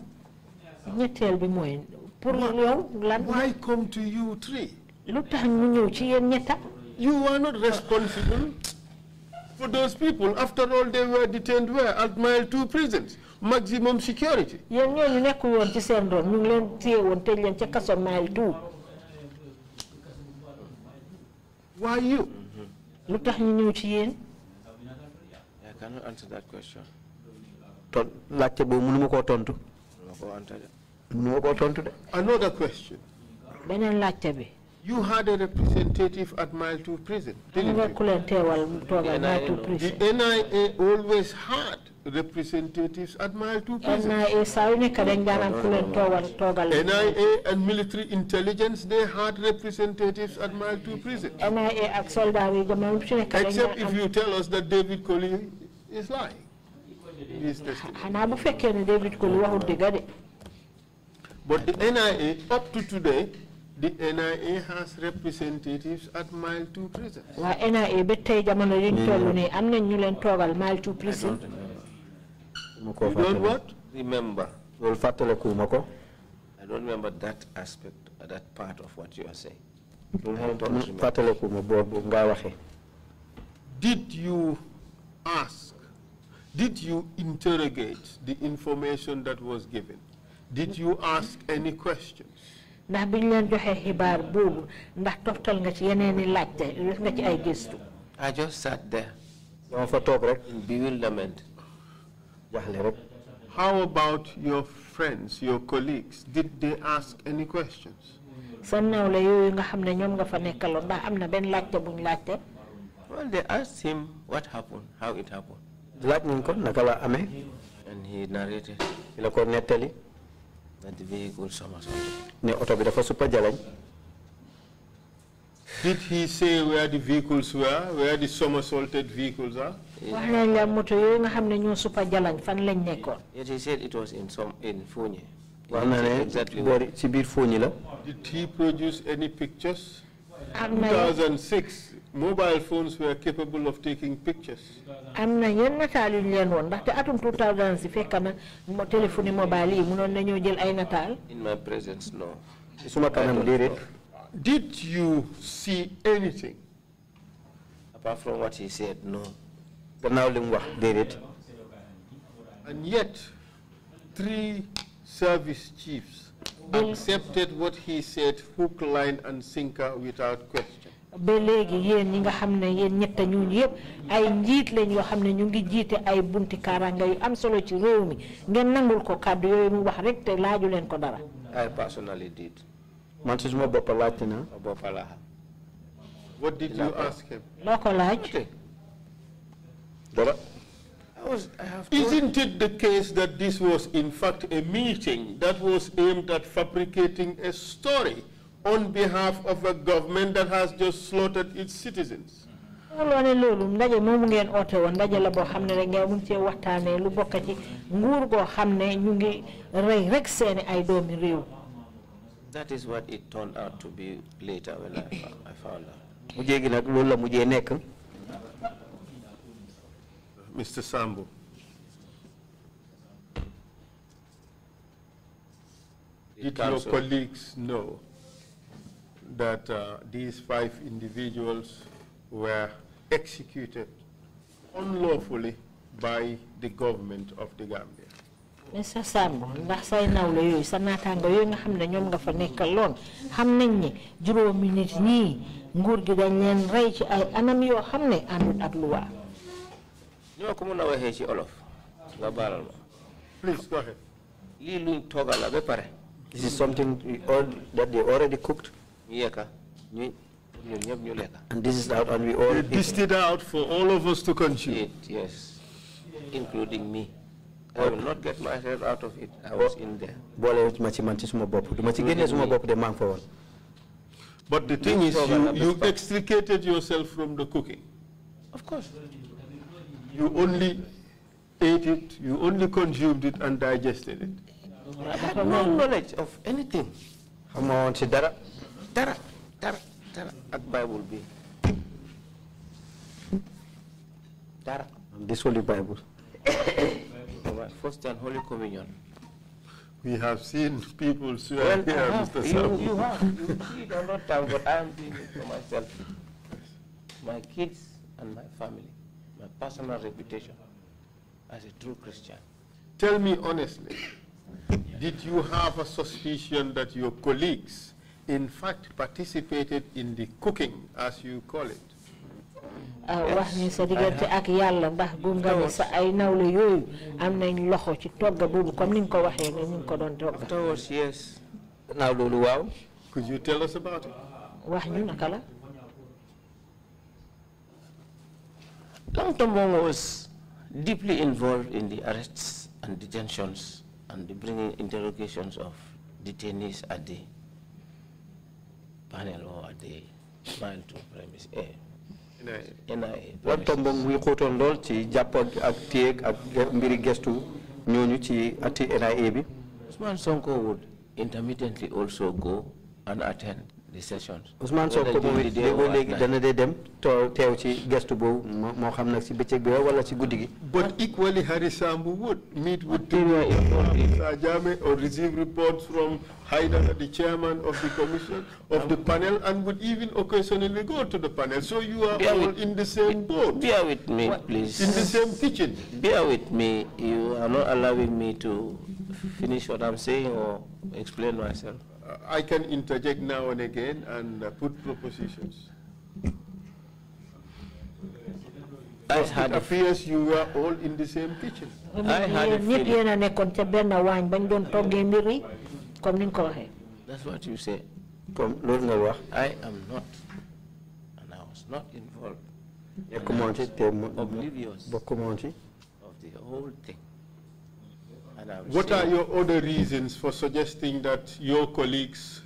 pour lan. why come to you three. lu tax ñu ñëw ci yéen ñetta. you are not responsible for those people. After all, they were detained where? At Mile 2 prisons. Maximum security. Why you? Mm -hmm. I cannot answer that question. Latte bo munu ko tontu. Mako know about on today. Another question. You had a representative at Mile 2 prison, didn't you? The NIA, the NIA always had representatives at Mile 2 prison. NIA and military intelligence, they had representatives at Mile 2 prison. Except if you tell us that David Colley is lying. He's testifying. But the NIA, up to today, the NIA has representatives at Mile 2 prison. Wa NIA betay jamono rin tolu ni amna ñu len mm. togal Mile 2 prison. You don't what? Remember. Wol fatale ko mako. I don't remember that aspect, uh, that part of what you are saying. Fatale ko mo bo nga waxe. Did you ask? Did you interrogate the information that was given? Did you ask any questions? ndax biñ leen joxee xibaar boobu ndax toftal nga ci yeneen i laajte def nga ci ay gëstu. I just sat there. dama fa toog rek. in bewilderment. jaaxle rek. how about your friends your colleagues did they ask any questions. sa nawle yooyu nga xam ne ñoom nga fa nekkaloon ndax am na benn laajte buñ laajte. well they asked him what happened how it happened. laaj nañ ko naka la amee. and he narrated. la ko nettali that vehicle Did he say where the vehicles were, where the somersaulted vehicles are? wax he said it was in some in Fonyi. wax Did he produce any pictures? 2006 mobile phones were capable of taking pictures. am na yenn nataal yu ñu leen woon ndaxte atum 2000 si fekk na mo téléphone mobile yi mënoon nañoo jël ay nataal. in my presence no. suma kanam déedéet. did you see anything. apart from what he said no. gannaaw li mu wax déedéet. and yet three service chiefs accepted what he said hook line and sinker without question ñi nga ñett ay lañ ñu ngi ay bunti yu am solo ci mi ngeen nangul ko kàddu mu wax rek te laaju ko dara. I personally did. man na. What did you ask him? loo laaj. dara. Isn't it the case that this was in fact a meeting that was aimed at fabricating a story? on behalf of a government that has just slaughtered its citizens. that is what it turned out to be later when I, I found out. Mr. Sambo. Did your colleagues know that uh, these five individuals were executed unlawfully by the government of the Gambia. Mr. Sambo ndax say nawle yooyu sa naataango yooyu nga xam ne nga fa nekkal loon xam nañ nguur gi dañ leen ci ay anam ak ñoo ko ci olof nga ma. please go ahead. lii luñ la ba pare. this is something that they already cooked. And this is out, and we all. They dished it out for all of us to consume. It, yes, including me. I oh. will not get myself out of it. I was in there. But the thing is, you, you extricated yourself from the cooking. Of course. You only ate it, you only consumed it and digested it. I had no knowledge of anything. Come on, dara dara dara ak bible be dara this holy bible first and holy communion we have seen people swear well, here, have, uh-huh. Mr. Sabu. You, you have. You see it a lot of times, but I am doing it for myself. My kids and my family, my personal reputation as a true Christian. Tell me honestly, did you have a suspicion that your colleagues in fact participated in the cooking, as you call it. Ah, wax ni afterwards yes. could you tell us about it. was deeply involved in the arrests and detentions and the bringing interrogations of detainees at the panel or the plan to premise A. won tombong wi xutoon lool ci jàpp ak téyeeg gestu ñooñu ci atti NIA bi Ousmane Sonko would intermittently also go and attend the session. Ousmane Sonko moom it déggoo léegi dana dee dem too ci gestu boobu moo xam nag si bëccëg bi wala si guddi But equally Hari Sambu would meet with Sajame or receive reports from Haidara, the chairman of the commission, of the panel, and would even occasionally go to the panel. So you are bear all with, in the same boat. Bear with me, please. In the same kitchen. Bear with me. You are not allowing me to finish what I'm saying or explain myself. Uh, I can interject now and again and uh, put propositions. I had it appears you were all in the same kitchen. I had a feeling. That's what you say. I am not, and I was not involved. Oblivious of the whole thing. What are your other reasons for suggesting that your colleagues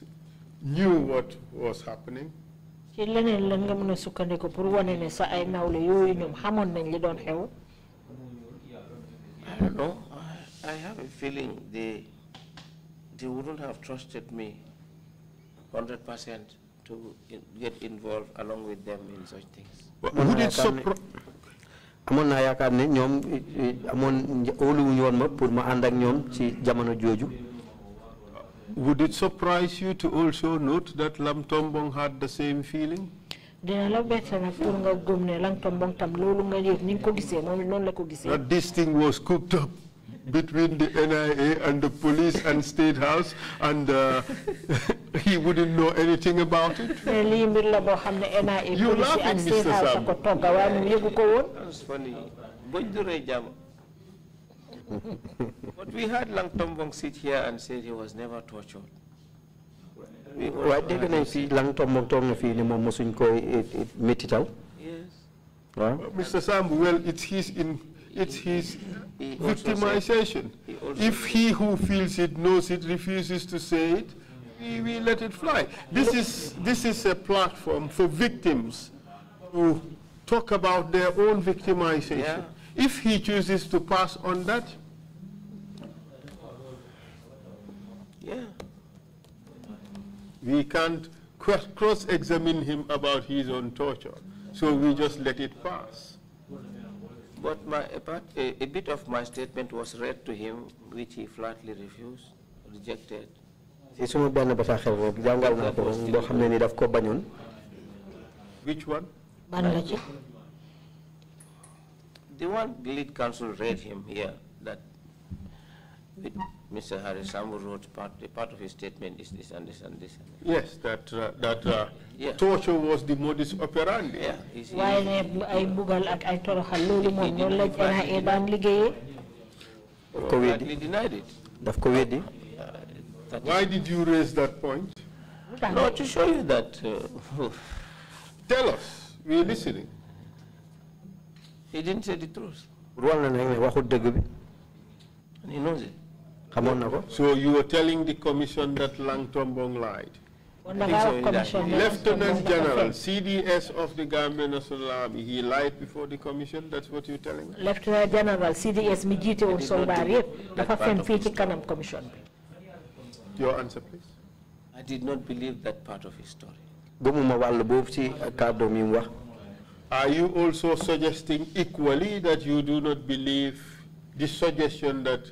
knew what was happening? sa ay I don't know. I, I have a feeling they they wouldn't have trusted me 100% to in, get involved along with them in such things. would, it ne ma pour ma ànd ak ci jamono Would it surprise you to also note that Lam Tombong had the same feeling? dina la pour nga Lam Tombong tam nga ni ko gisee la ko gisee. That this thing was cooked up between the NIA and the police and State House and uh, he wouldn't know anything about it? You're laughing, Mr. Sam. That's funny. but we had Lang Tombong sit here and said he was never tortured. Waaye dégg nañ see Lang Tombong toog na fii ni moom mosuñ koy métital. Yes. Mr. Sam, well, it's his in it's his victimization. if he who feels it, knows it, refuses to say it, we, we let it fly. This is, this is a platform for victims to talk about their own victimization. Yeah. If he chooses to pass on that, yeah. we can't cross-examine him about his own torture. So we just let it pass. But my, but a, a, bit of my statement was read to him, which he flatly refused, rejected. Si suñu benn bataaxel boobu jàngal naa ko boo xam ne ko bañoon. Which one? Ban la ci. The one the lead counsel read him here that Mr. Harris wrote part, part of his statement is this and this and this. Yes, that, uh, that uh, yeah. torture was the modus operandi. Yeah, he's, he, he deny it. Daf ko uh, Why did you raise that point? No, to show you that. Uh, Tell us, we're listening. He didn't say the truth. And he knows it so you were telling the commission that Lang Tombong lied. Lieutenant General, CDS of the Gambian National Army, he lied before the commission. That's what you're telling me. Lieutenant General, CDS mi jiite woon the yëpp dafa kanam commission Your answer, please. I did not believe that part of his story. Are you also suggesting equally that you do not believe the suggestion that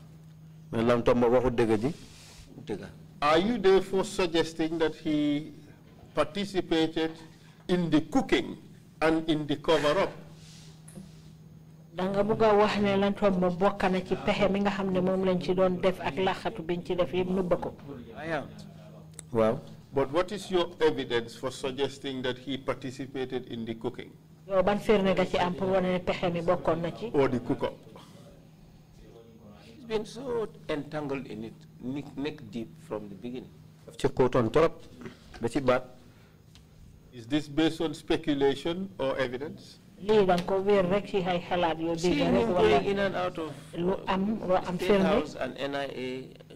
Are you therefore suggesting that he participated in the cooking and in the cover-up? danga am. Well, wax ne lan bokk na ci pexe mi nga lañ ci doon def ak laxatu biñ ci def waaw. But what is your evidence for suggesting that he participated in the cooking? yow ban firnde ci am pour ne pexe mi na ci. or the cook-up been so entangled in it, neck, deep from the beginning. Is this based on speculation or evidence? lii da nga ko wéer rek si ay xalaat yoo uh, house and NIA uh,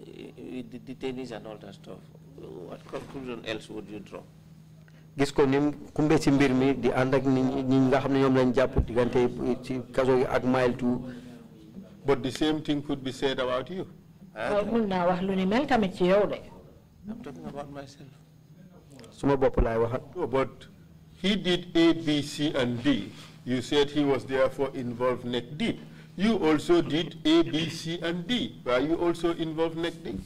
uh, with the detainees and all that stuff what conclusion else would you draw gis ko ni kumbe si mbir mi di ànd ak nit ñi nga xam ne ñoom lañ jàpp diggante ci kaso yi ak mile two but the same thing could be said about you. I'm talking about myself. but he did A, B, C, and D. You said he was therefore involved neck deep. You also did A, B, C, and D. Were you also involved neck deep?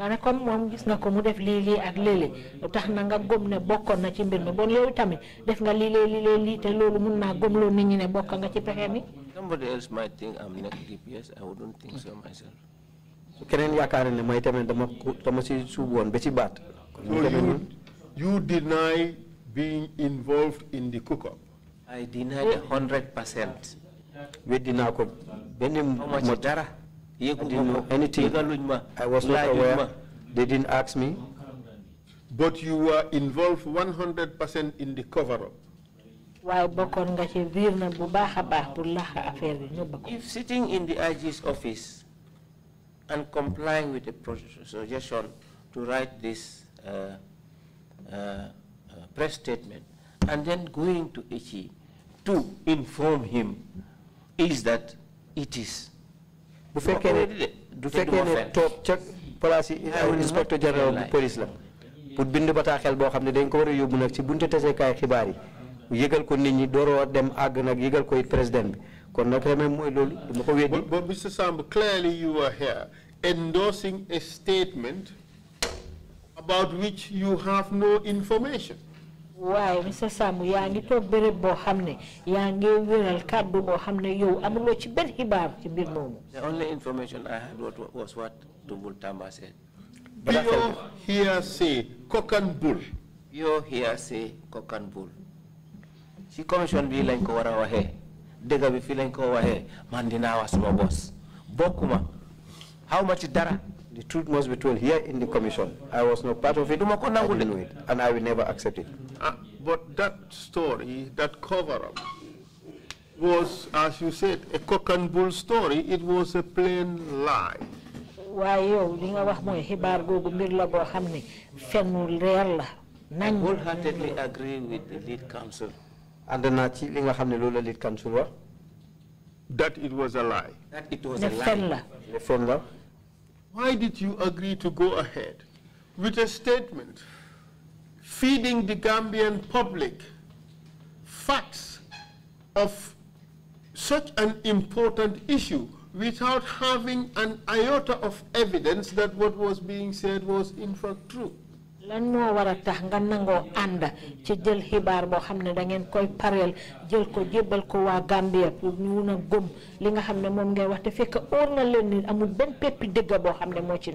nga comme gis ko mu def ak tax na nga ne na ci mbir mi bon yow tamit def nga nit ñi ne bokk nga ci pexe mi. Somebody else might think I'm negative. Yes, I wouldn't think so myself. So keneen yaakaar ne may tamit dama dama si suub woon ba ci baat. you, deny being involved in the cook-up? I deny a hundred percent. weddi naa ko benn ma dara. yëguma ko anything I was not aware they didn't ask me. But you were involved 100% in the cover-up if sitting in the IG's office and complying with the suggestion to write this uh, uh, uh, press statement and then going to Ichi to inform him is that it is. bu fekkee ne du top check toog ca général police Put pour bind bataaxel boo xam ne dañ bunte yëgal ko nit ñi dem yëgal président bi kon dama ko weddi. but Mr Samb clearly you are here endorsing a statement about which you have no information. Wow, Mr Samu, yaa are not béréb boo xam wéral kàddu boo xam ne yow amuloo ci benn xibaar ci the only information I had was what Tumbul Tamba said. Pure here cock and bull. Pure say cock and bull ci commission bii lañ ko war a waxee dëgg bi fii lañ ko waxee man dinaa wax sama boss bokkuma xaw ma ci dara. The truth must be told here in the commission. I was not part of it. I didn't know it, and I will never accept it. Ah, but that story, that cover-up, was, as you said, a cock and bull story. It was a plain lie. waaye yow li nga wax mooy xibaar googu mbir la boo xam ne fenn reer la. nañ wholeheartedly agree with the lead counsel ànd naa ci li nga xam loolu la wax. that it was a lie. that it was a lie. la. why did you agree to go ahead with a statement feeding the Gambian public facts of such an important issue without having an iota of evidence that what was being said was in fact true? lan tax nga ànd ci jël da ngeen koy jël ko ko Gambia pour ñu li nga ngay wax te fekk na leen ni amul dëgg ci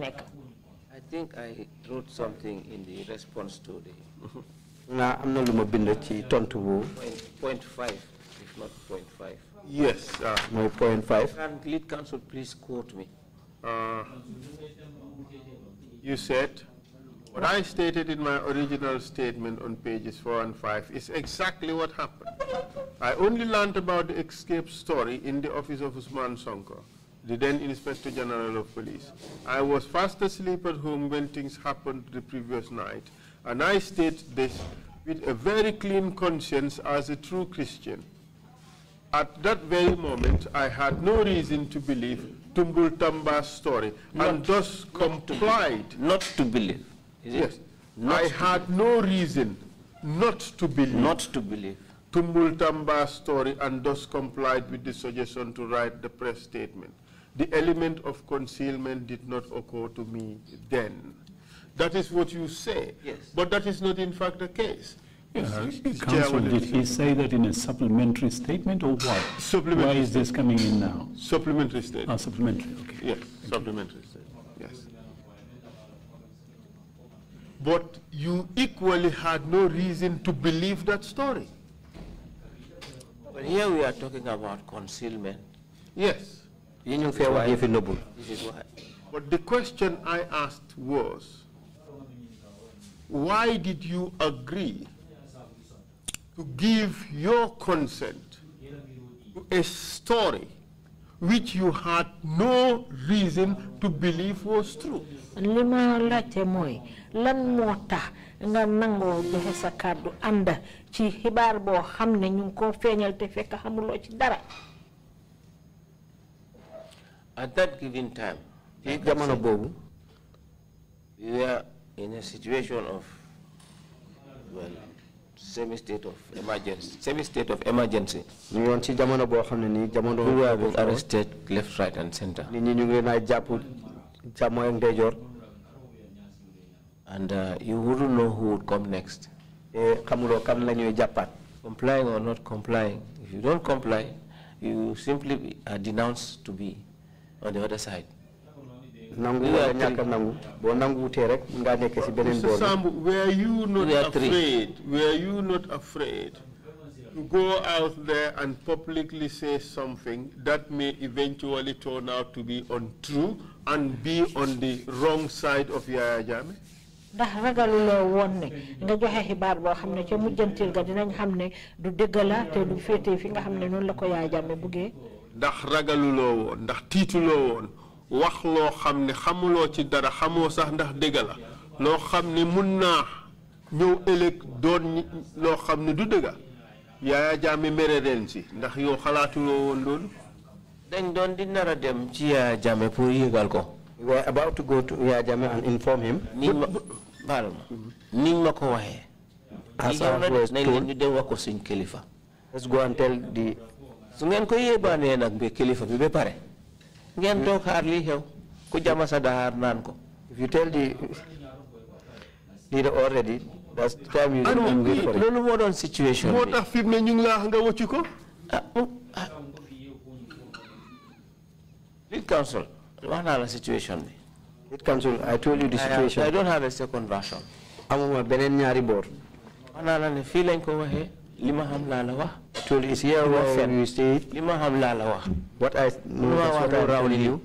I think I wrote something in the response to the. na lu ma bind ci tontu point five if not point five. yes uh, mooy point five. can lead council please quote me. Uh, you said. What I stated in my original statement on pages four and five is exactly what happened. I only learned about the escape story in the office of Usman Sonko, the then Inspector General of Police. I was fast asleep at home when things happened the previous night, and I state this with a very clean conscience as a true Christian. At that very moment, I had no reason to believe Tumbul Tamba's story, not and thus complied. Not to believe is yes. I had believe. no reason not to believe. Not to believe. Tumultamba's story and thus complied with the suggestion to write the press statement. The element of concealment did not occur to me then. That is what you say. Yes. But that is not in fact the case. Yes. Uh, Council, did he say that in a supplementary statement or what? Supplementary. Why is this coming in now? Supplementary statement. Ah, supplementary, okay. Yes, Thank supplementary you. statement. But you equally had no reason to believe that story. But here we are talking about concealment. Yes. You know, why. This is why. But the question I asked was, why did you agree to give your consent to a story which you had no reason to believe was true. lan nga sa kàddu ci ñu te ci dara. at that given time. ci jamono we were in a situation of well semi state of emergency semi state of emergency ñu ngi woon ci jamono boo xam ne nii arrested left right and center and uh, you wouldn't know who would come next xamuloo kan la ñuy complying or not complying if you don't comply you simply are denounced to be on the other side nangu wala nangu rek nekk were you not afraid were you not afraid to go out there and publicly say something that may eventually turn out to be untrue and be on the wrong side of Yaya Jammeh ndax ragaluloo woon ne nga joxe xibaar hamne xam ne mujjantil ga dinañ du degala la te du fete fi nga xam ne noonu la ko Yaya Jammeh The ndax ragaluloo ndax wax loo xam ne xamuloo ci dara xamoo sax ndax dëgg la loo xam ne mun naa ñëw ëllëg doon loo xam ne du dëgga yaaya jaame mere ren si ndax yow xalaatuloo woon loolu dañ doon di nar a dem ci yaaya pour yëgal ko we are about to go to yaaya jaame and inform him niñ ma baal ma niñ ma ko waxee as I was told leen ñu dem wax ko suñ kilifa let's go and tell the. su ngeen ko yéebaanee nag ba kilifa bi ba pare ngeen xaar xew ku jama sa naan ko if you tell the leader already that's time you don't wait for it situation What tax fi mu ne ñu ngi laax nga wëccu ko lead council wax naa la situation bi eh? lead council I told you the situation I don't have a second version amuma beneen ñaari boor wax naa la ne fii lañ ko waxee eh? Lima ma xam laa la wax. actually is here where you stayed. xam laa la wax. what I know that's what I tell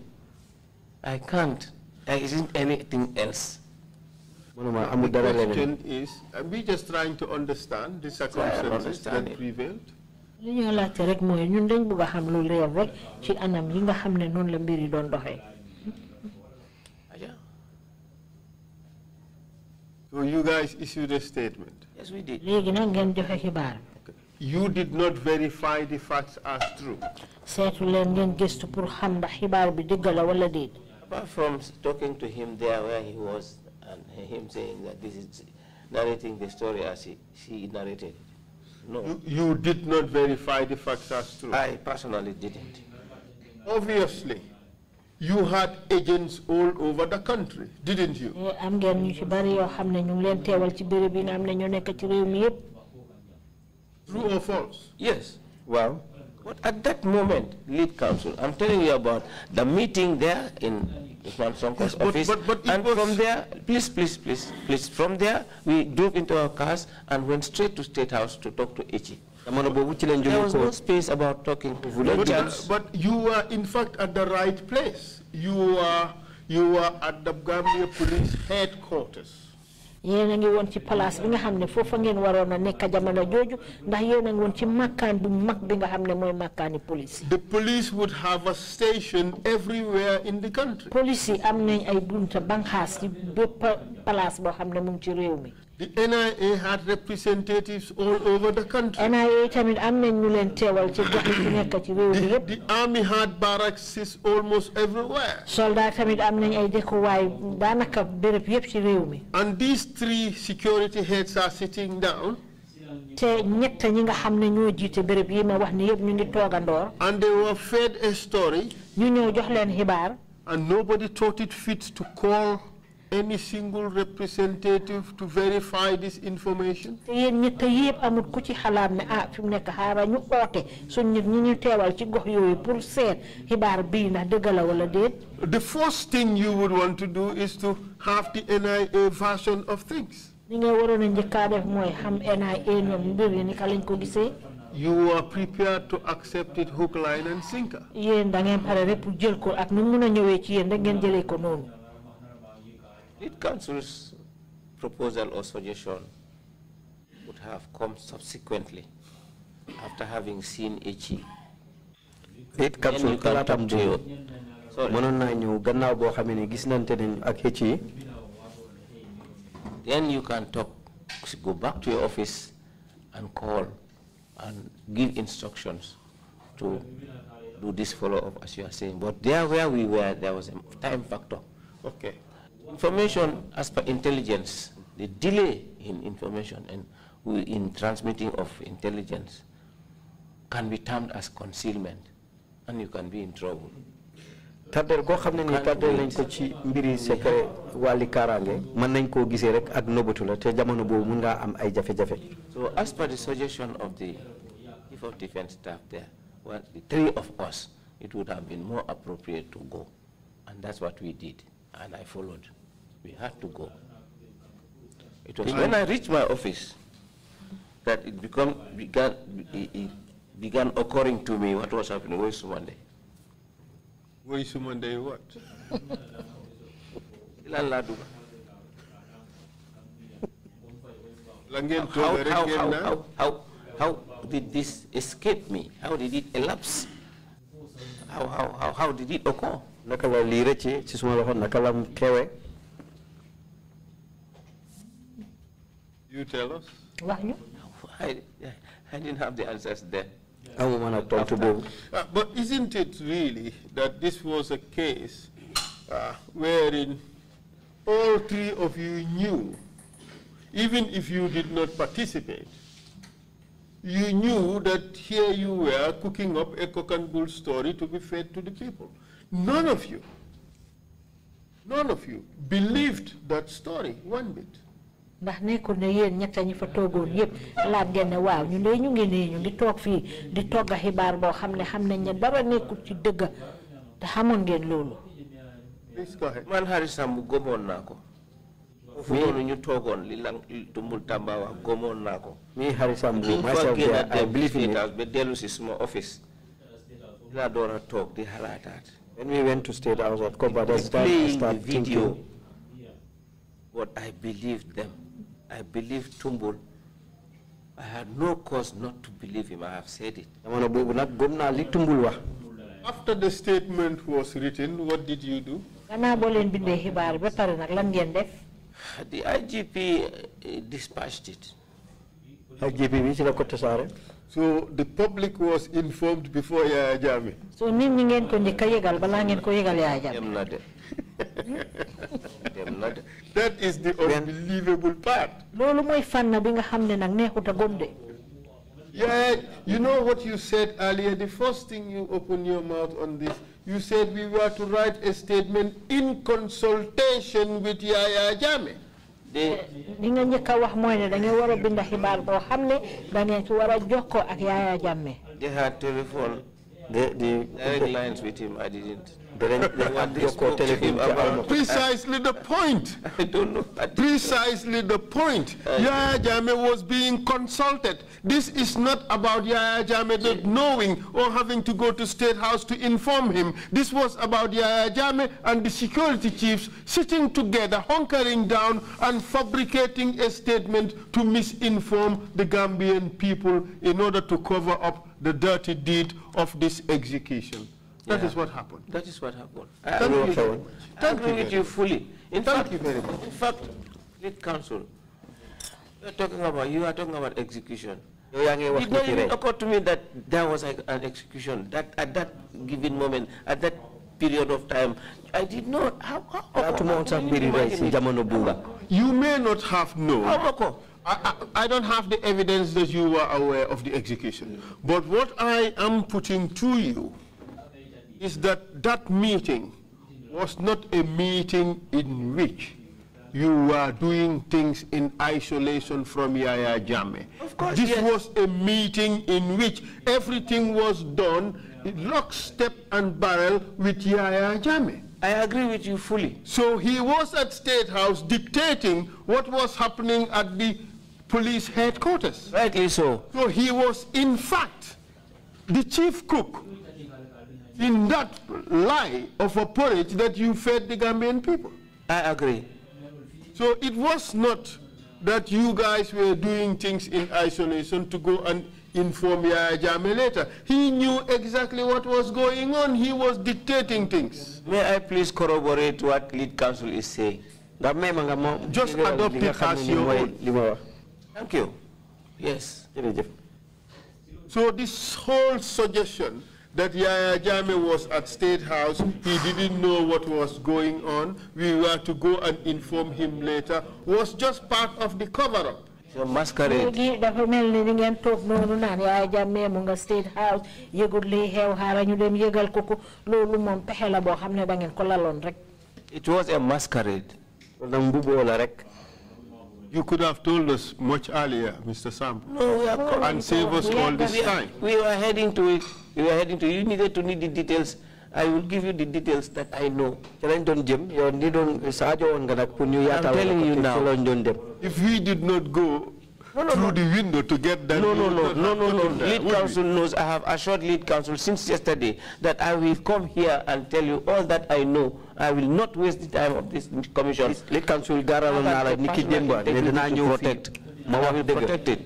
I can't. There isn't anything else. The question is, are we just trying to understand the circumstances that prevailed? li ñoo laajte rek mooy ñun dañ bëgg a xam lu leer rek ci anam yi nga xam ne noonu la mbir yi doon doxee. So you guys issued a statement. Yes, we did. ngeen joxe xibaar. you did not verify the facts as true. seetu leen ngeen gëstu pour xam xibaar bi dëgg la wala déet. apart from talking to him there where he was and him saying that this is narrating the story as he, she narrated it. No. You, you did not verify the facts as true. I personally didn't. Obviously you had agents all over the country, didn't you? Eh, am ngeen ñu ci bari yoo xam ne ñu ngi leen teewal ci béréb yi am ne ñoo nekk True or false? Yes. Well, but at that moment, lead counsel, I'm telling you about the meeting there in Usman Sonko's yes, office. But, but and from there, please, please, please, please, from there, we drove into our cars and went straight to State House to talk to Echi. There was no space about talking. But, uh, but you were, in fact, at the right place. You were, you were at the Gambia Police Headquarters. yéen a ngi woon ci place bi nga xam ne foofa ngeen waroon a nekk jamono jooju ndax yéen a ngi woon ci màkkaan bu mag bi nga xam ne mooy màkkaani police. the police would have a station everywhere in the country. police yi am nañ ay bunta banxaas ci bépp place boo xam ne mu ngi ci réew mi. The NIA had representatives all over the country. the, army had barracks almost everywhere. And these three security heads are sitting down. And they were fed a story. And nobody thought it fit to call any single representative to verify this information? amul ku ci xalaat ne ah ñu suñ nit ñi ñu ci gox pour wala déet. the first thing you would want to do is to have the NIA version of things. nga def xam NIA mbir lañ ko you are prepared to accept it hook, line and sinker. da ngeen pare rek pour jël ko ak nu ci yéen da ngeen ko did Council's proposal or suggestion would have come subsequently after having seen HE? Did Council Kalatam Jio? mënoon Sorry, then you can talk go back to your office and call and give instructions to do this follow-up as you are saying but there where we were there was a time factor okay information as per intelligence, the delay in information and in transmitting of intelligence can be termed as concealment and you can be in trouble. ko ci mbiri secret nañ rek ak la te jamono am ay jafe-jafe. so as per the suggestion of the chief of defence staff there well the three of us it would have been more appropriate to go and that's what we did and I followed. We had to go. It was when I reached my office that it become, began, it began occurring to me what was happening. Where is Monday? Where is Monday what? how, how, how, how, how did this escape me? How did it elapse? How, how, how, how did it occur? You tell us. Why you? I, I didn't have the answers then. I want to talk to them. Uh, but isn't it really that this was a case uh, wherein all three of you knew, even if you did not participate, you knew that here you were cooking up a cock and bull story to be fed to the people. None of you, none of you believed that story one bit ndax nekkul ne yéen ñett ñi fa toogoon yëpp laaj ngeen waaw ñu de ñu ngi nii ñu ngi toog fii di togg xibaar boo xam ne xam nañ ne dara nekkul ci dëgg te xamoon ngeen loolu. man Haris Sambu gëmoon naa ko. fu noonu ñu toogoon li lan Tumbul Tamba wax gëmoon naa ko. mii Haris Sambu myself I believe ba dellu si suma office. dinaa door a toog di xalaataat. when we went to State House at Koba, that's time I start thinking. But I believed them. I believe Tumbul. I had no cause not to believe him. I have said it. After the statement was written, what did you do? The IGP eh, dispatched it. So the public was informed before Yaya Jami. So ni ngeen ko ñi that is the unbelievable part. Yeah, you know what you said earlier? The first thing you open your mouth on this, you said we were to write a statement in consultation with Yaya Jame. li They had telephone. The, the lines with him, I didn't. Precisely the point. I don't know. I Precisely the point. Uh, Yaya Jame was being consulted. This is not about Yaya Jame not knowing or having to go to State House to inform him. This was about Yaya Jame and the security chiefs sitting together, hunkering down and fabricating a statement to misinform the Gambian people in order to cover up the dirty deed of this execution. That yeah. is what happened. That is what happened. I Thank agree you Thank I agree you with you fully. In Thank fact, you very much. In fact, lead counsel, you're talking about you are talking about execution. It didn't even occur to me that there was an execution that at that given moment, at that period of time. I did not. How, how, how, how, how, you may not have known. How, I, I, don't have the evidence that you were aware of the execution. But what I am putting to you is that that meeting was not a meeting in which you were doing things in isolation from Yaya Jame. Of course, This yes. was a meeting in which everything was done lockstep and barrel with Yaya Jame. I agree with you fully. So he was at State House dictating what was happening at the police headquarters. Rightly so. So he was, in fact, the chief cook in that lie of a porridge that you fed the Gambian people. I agree. So it was not that you guys were doing things in isolation to go and inform Yaya Jame later. He knew exactly what was going on. He was dictating things. May I please corroborate what lead counsel is saying? Just adopt it as your own. Thank you. Yes. So this whole suggestion that Yaya Jame was at State House. He didn't know what was going on. We were to go and inform him later. Was just part of the cover up. It was a masquerade. You could have told us much earlier, Mr. Sam. No, we are And save us we all this we are, time. We were heading to it. We were heading to it. You needed to need the details. I will give you the details that I know. I'm telling you now. If we did not go no, no, through no. the window to get that. No, no, no, no, no, no. Lead council knows. I have assured lead council since yesterday that I will come here and tell you all that I know I will not waste the time of this commission. li council gaaraloon naa la niki démb ne dinaa protect ma wax dëgg protected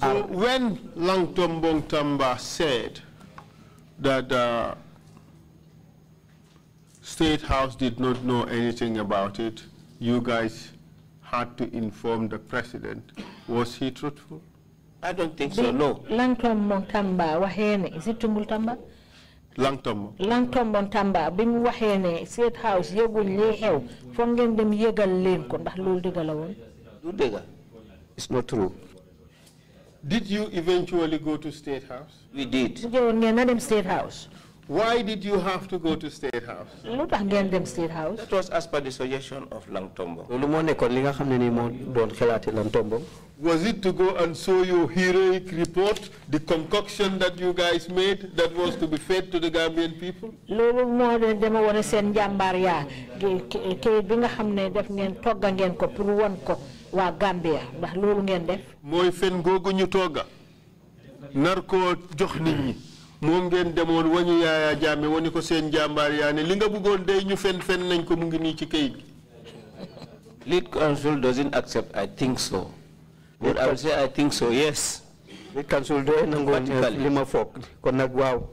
So when Langton Bongtamba said that uh, State House did not know anything about it, you guys had to inform the president. Was he truthful? I don't think so, no. Lang Tombong Tamba wahene, is it Tamba? Lang Tombo Lang Tombo Tamba bi mu waxee ne State House yëgul li xew foog ngeen dem yëgal leen ko ndax loolu dëgg la woon. du dëgg. it's not true. did you eventually go to State House. we did. ngeen na dem State House. Why did you have to go to State House? Not tax them State House. that was as per the suggestion of Lang was it to go and show your heroic report the concoction that you guys made that was to be fed to the Gambian people. Gambia ndax fen ñu nar jox nit ñi moom ngeen wañu ko seen li nga bëggoon day ñu fen fen nañ ko mu ngi ci bi. Lead doesn't accept I think so. But I will say I think so, yes. The council do. kon waaw.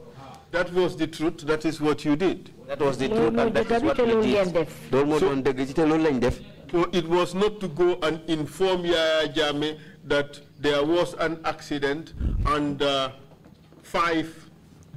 That was the truth. That is what you did. That was the truth, and that is what you did. So, it was not to go and inform your family that there was an accident and uh, five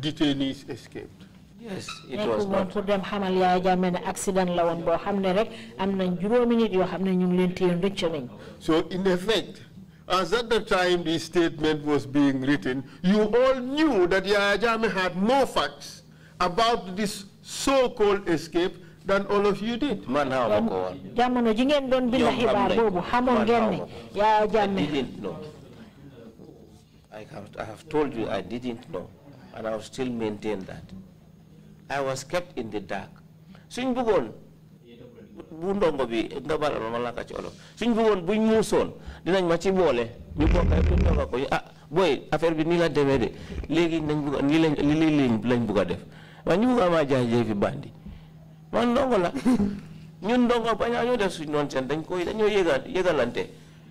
detainees escaped. Yes, it was not. pour dem xamal yaay jamme ne accident la woon boo xam ne rek am nañ juróomi nit yoo xam ne ñu ngi leen téyoon rëcc nañ. So in effect, as at the time this statement was being written, you all knew that Yahya Jammeh had more facts about this so-called escape than all of you did. Man xawma ko woon. jamono ji ngeen doon bind xibaar boobu xamoon ngeen ne Yahya Jammeh. I didn't know. I have, I have told you I didn't know and i still maintain that. I was kept in the dark. Suñ bëggoon bu ndongo bi nga baral ma ma laa ko ci olof suñ bëggoon buñ muusoon dinañ ma ci boole ñu bokkay buñ ndongo ko ah booy affaire bi nii la demee de léegi nañ bëgg nii lañ lii lañ bëgg a def waaye ñu bëgg a maa jaay fi bandi man ndongo la ñun ndongo bañ a ñoo def suñ noonu seen dañ koy dañoo yëgal yëgalante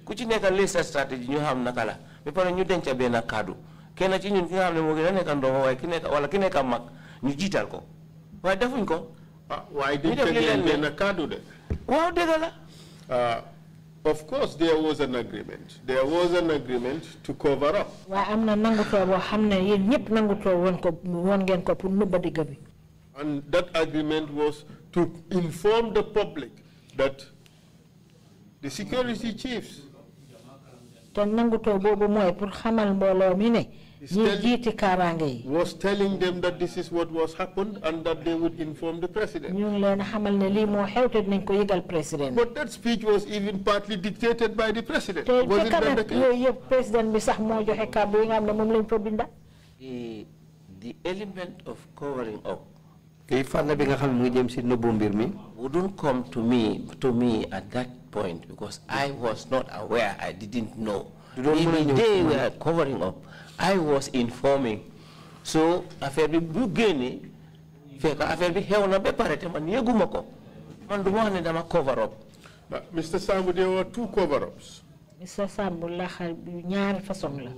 ku ci nekkal li sa stratégie ñu xam naka la ba pare ñu denca benn kàddu kenn ci ñun ki nga xam ne moo gën a nekk ndox waaye ki nekk wala ki nekk mag ñu jiital ko waaye defuñ ko. ah de. waaw la. of course there was an agreement there was an agreement to cover up. waaye am na nangutoo boo xam ne yéen ñëpp nangutoo woon ko woon ngeen ko pour and that agreement was to inform the public that the security chiefs. te nangutoo boobu mooy pour xamal mi ne was telling them that this is what was happened and that they would inform the president. But that speech was even partly dictated by the president. Was it that the case? The, the element of covering up wouldn't come to me to me at that point because I was not aware, I didn't know. Even they were covering up. I was informing. So affaire bi bu génnee fekk affaire bi xew na ba pare te man yëguma ko man du dama cover up. Mr Sambu there were two cover ups. Mr Sambu laxal ñaari façon la.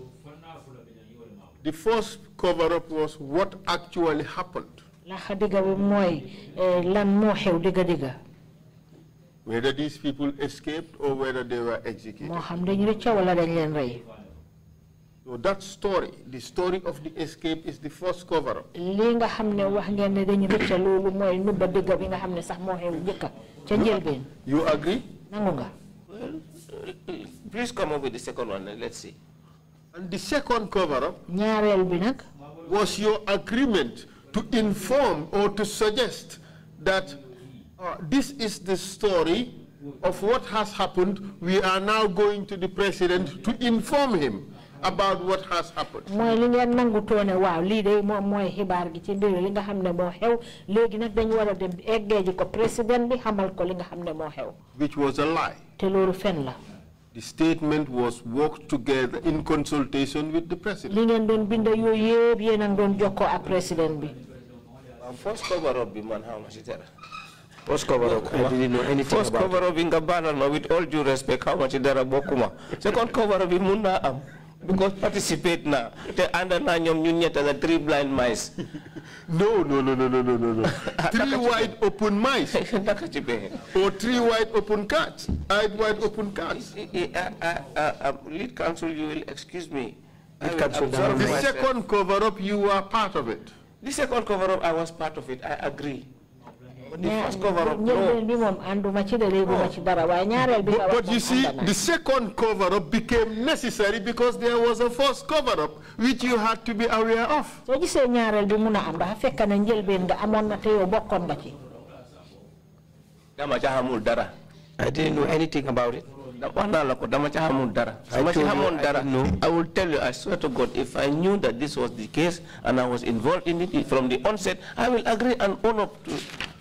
The first cover up was what actually happened. laxa dëgga bi mooy eh, lan moo xew dëgga dëgga. Whether these people escaped or whether they were executed. moo xam dañu rëcca wala dañ leen rey. So that story, the story of the escape is the first cover up. Li nga ne dañu rëcc loolu mooy nubba dëgg bi nga xamne sax moo xew You agree? Nangu Well, please come up with the second one and let's see. And the second cover up was your agreement to inform or to suggest that uh, this is the story of what has happened. We are now going to the president to inform him about what has happened. which was a lie. The statement was worked together in consultation with the president. The first cover up bi cover up. I didn't know anything about cover with all due respect, how much did Second cover because participate now, the under nine ñoom ñun are three blind mice. no no no no no no no no. three wide open mice. or three wide open cats. eyed wide open cats. Uh, um, lead counsel you will excuse me. Lead counsel the second cover up you were part of it. The second cover up I was part of it I agree. But, you see, the second cover-up became necessary because there was a first cover-up which you had to be aware of. I didn't know anything about it. I, you, I will tell you, I swear to God, if I knew that this was the case and I was involved in it from the onset, I will agree and own up to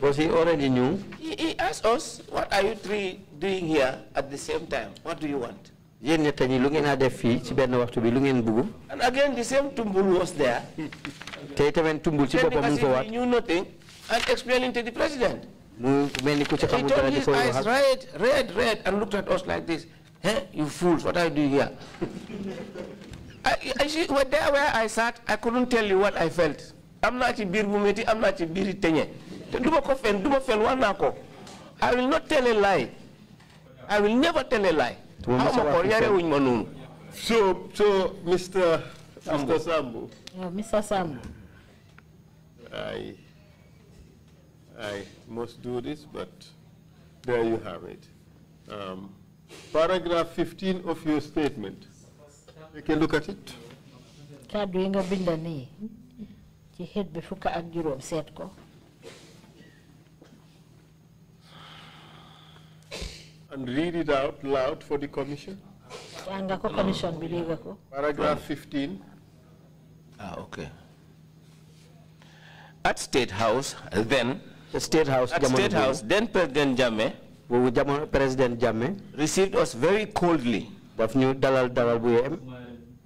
Because he already knew. He, he asked us, what are you three doing here at the same time? What do you want? and again the same Tumbul was there. te tamit Tumbul was boppam mu knew nothing and explaining to the president. he his eyes red red red and looked at us like this. hey you fools what are you doing here. I, I see, where, there where I sat I couldn't tell you what I felt. am not a biir bu am not a biiri tenye. I will not tell a lie I will never tell a lie. so so Mr. Mr. Sambu. Mr. Sambu. I I must do this but there you have it. Um, paragraph 15 of your statement. You can look at it. kaddu yi nga bind nii ci xeet And read it out loud for the commission. commission Paragraph 15. Ah, okay. At State House, then. The State House. At State House, then President Jame. President Jame. Received us very coldly.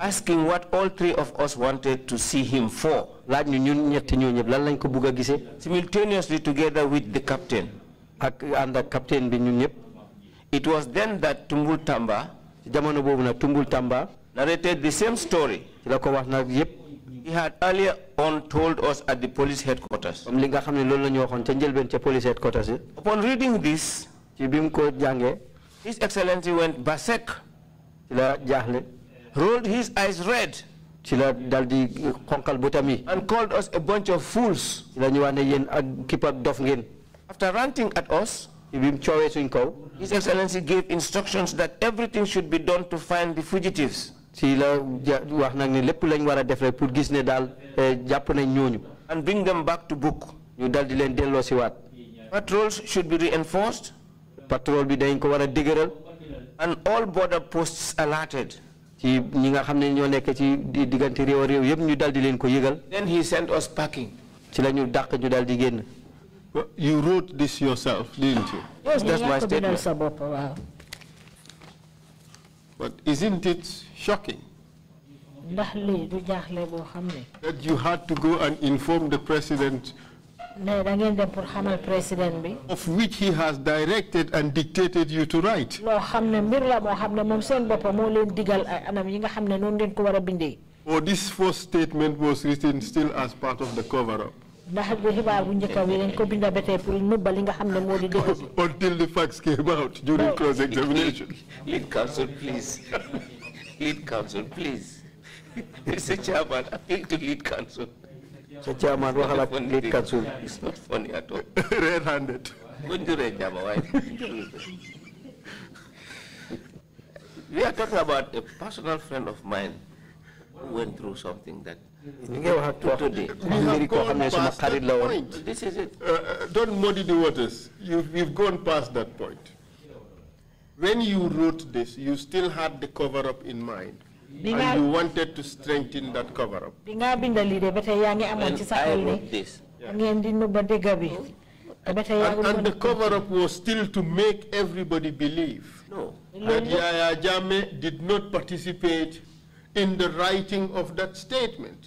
Asking what all three of us wanted to see him for. Simultaneously together with the captain. And the captain it was then that Tumbul Tamba, jamono bobu nak Tumbul Tamba, narrated the same story. He had earlier on told us at the police headquarters. Upon reading this, His Excellency went basek, rolled his eyes red, and called us a bunch of fools. After ranting at us, his Excellency gave instructions that everything should be done to find the fugitives. Eh, and bring them back to book. Patrols should be reinforced. Patrol bi dañ ko wara And all border posts alerted. Then he sent us packing. Well, you wrote this yourself, didn't you? Yes, that's my statement. But isn't it shocking? That you had to go and inform the president of which he has directed and dictated you to write. Or this first statement was written still as part of the cover-up until the facts came out during cross examination lead counsel please lead counsel please Mr. Chairman appeal to lead counsel Mr. Chairman what happened? lead counsel it's not funny at all red handed we are talking about a personal friend of mine who went through something that this is it uh, uh, don't muddy the waters you've gone past that point when you wrote this you still had the cover up in mind and you wanted to strengthen that cover up I wrote this. And, and, the cover-up was still to make everybody believe no. that Yaya Jame did not participate in the writing of that statement.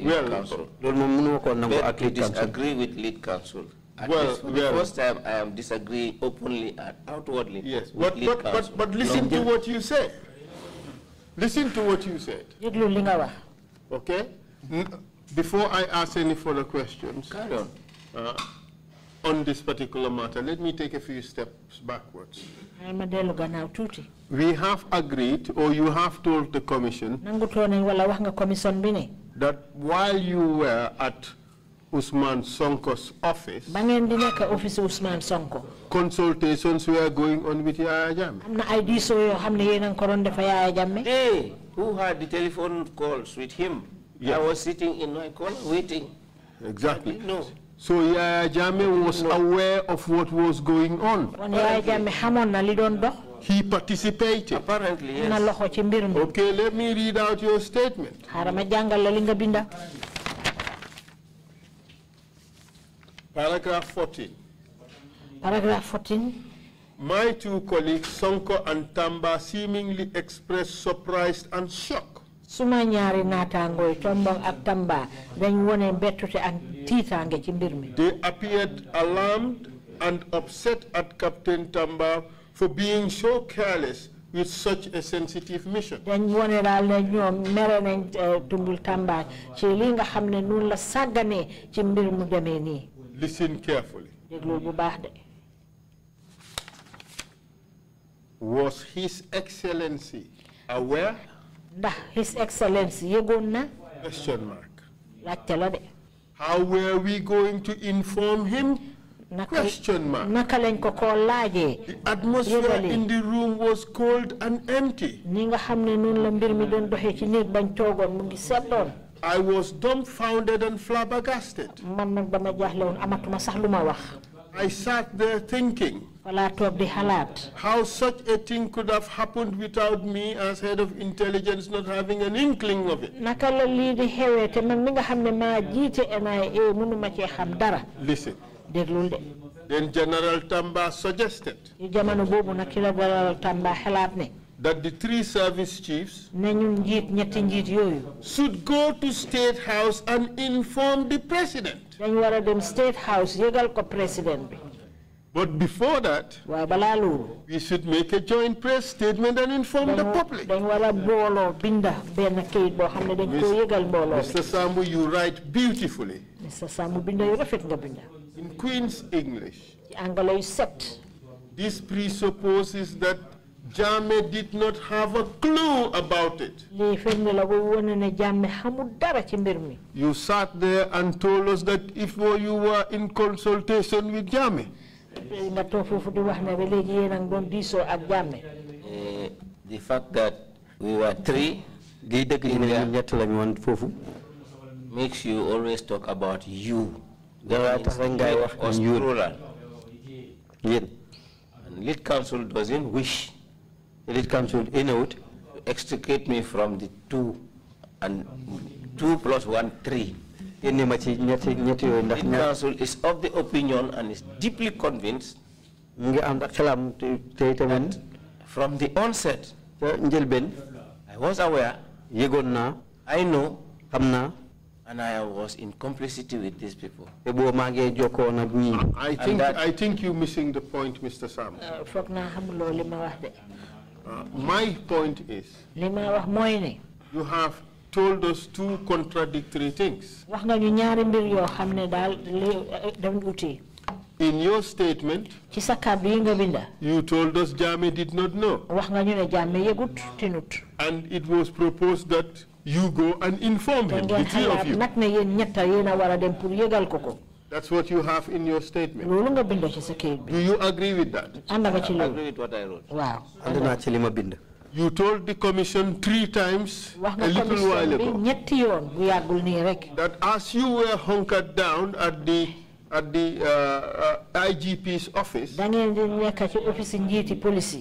Well, disagree with lead counsel. At well, least for well, the first time, I am disagreeing openly and outwardly. Yes, but, but, but, but, listen to what you said. Listen to what you said. Okay? Before I ask any further questions, Carry on. Uh, on this particular matter, let me take a few steps backwards. We have agreed, or you have told the Commission, that while you were at Usman Sonko's office, consultations were going on with Yaya Jammeh. who had the telephone calls with him, I was sitting in my corner waiting. Exactly. No. So Yaya Jame was aware of what was going on. He participated. Apparently, yes. Okay, let me read out your statement. Paragraph 14. Paragraph 14. My two colleagues, Sonko and Tamba, seemingly expressed surprise and shock Tombong ak Tamba dañ wone ak ci They appeared alarmed and upset at Captain Tamba for being so careless with such a sensitive mission. dañ wone ne mere nañ eh, Tumbul Tamba ci li nga la ci Listen carefully. bu baax de. Was His Excellency aware his Excellency, question mark how were we going to inform him question mark the atmosphere in the room was cold and empty I was dumbfounded and flabbergasted I sat there thinking how such a thing could have happened without me as head of intelligence not having an inkling of it. listen then General Tamba suggested. that the three service chiefs should go to State House and inform the president. State House, president. But before that, we should make a joint press statement and inform the public. Mr. Sambu, you write beautifully. Mr. Sambu, binda yu rafet nga binda. In Queen's English. is set. This presupposes that Jame did not have a clue about it. You sat there and told us that if you were in consultation with Jame. Eh, the fact that we were three makes you always talk about you. The lead council doesn't wish the lead council in out extricate me from the two and two plus one three. Council is of the opinion and is deeply convinced that from the onset, I was aware, I know, and I was in complicity with these people. I think, I think you're missing the point, Mr. Sam. Uh, uh, my point is, you have told us two contradictory things. In your statement, you told us Jame did not know. And it was proposed that you go and inform him, the three of you. That's what you have in your statement. Do you agree with that? I agree with what I wrote. Wow. You told the commission three times a little while ago that as you were hunkered down at the at the uh, uh, IGP's office,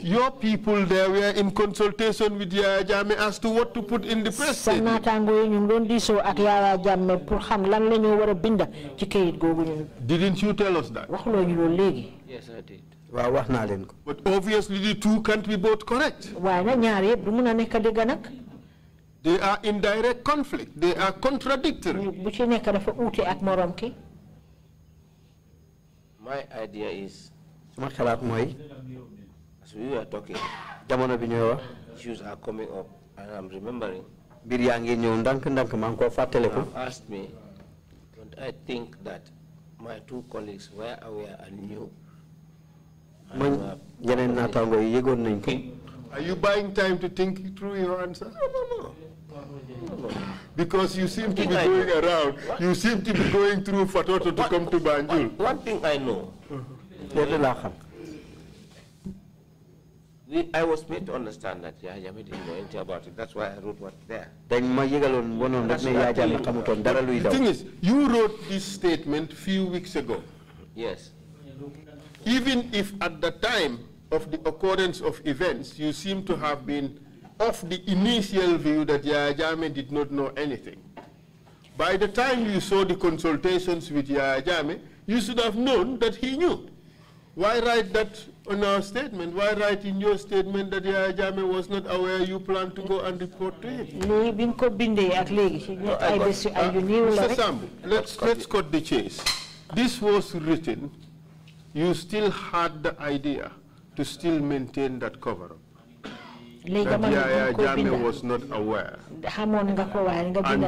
your people there were in consultation with the Jame as to what to put in the press statement. Didn't you tell us that? Yes, I did but obviously the two can't be both correct. they are in direct conflict they are contradictory. my idea is. as we were talking. jamono issues are coming up and I'm remembering. mbir asked me don't I think that my two colleagues were aware and knew. Are you buying time to think through your answer? No, no, no. Because you seem to be going around, you seem to be going through Fatoto to come to Banjul. One thing I know, we, I was made to understand that Yahya didn't know anything about it. That's why I wrote what there. what The thing is, you wrote this statement few weeks ago. Yes even if at the time of the occurrence of events, you seem to have been of the initial view that Yaya Jame did not know anything. By the time you saw the consultations with Yaya Jame, you should have known that he knew. Why write that on our statement? Why write in your statement that Yaya Jame was not aware you planned to go and report to him? Ah, Mr. Sambu, let's, let's cut the chase. This was written you still had the idea to still maintain that cover-up. that Yaya Jame was not aware. And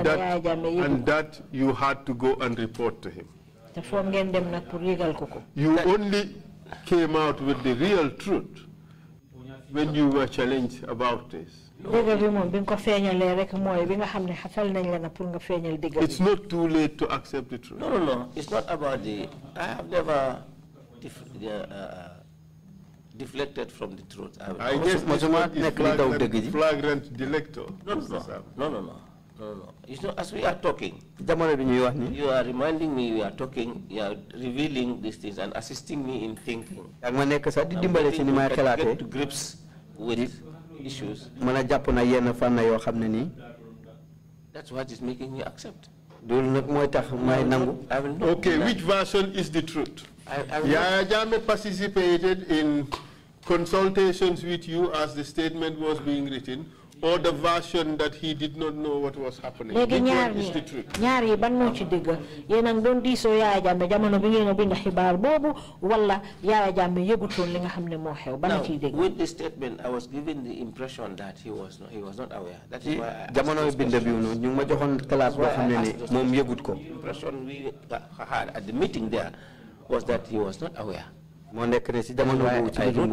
that, and that you had to go and report to him. You only came out with the real truth when you were challenged about this. It's not too late to accept the truth. No, no, no. It's not about the... I have never uh, uh, deflected from the truth. I, I uh, guess it's flagrant, flagrant No no, no, no, no, no. You know, as we are talking, you are reminding me you are talking, you are revealing these things and assisting me in thinking. I'm to get to grips with issues. That's what is making me accept. Okay, which version is the truth? I, I Yaya Jame participated in consultations with you as the statement was being written, or the version that he did not know what was happening. Which the truth? ñaar yi ban moo ci dëgg yéen a ngi doon diisoo Yaya Jammeh jamono bi ngeen a bind xibaar boobu wala Yaya Jammeh yëgutoon li nga xam ne xew ban a ciy with the statement I was given the impression that he was not, he was not aware. that is eh, why I jamono bind bi ñu ma joxoon classe boo xam ni moom yëgut ko. impression we had at the meeting there was that he was not aware. why I wrote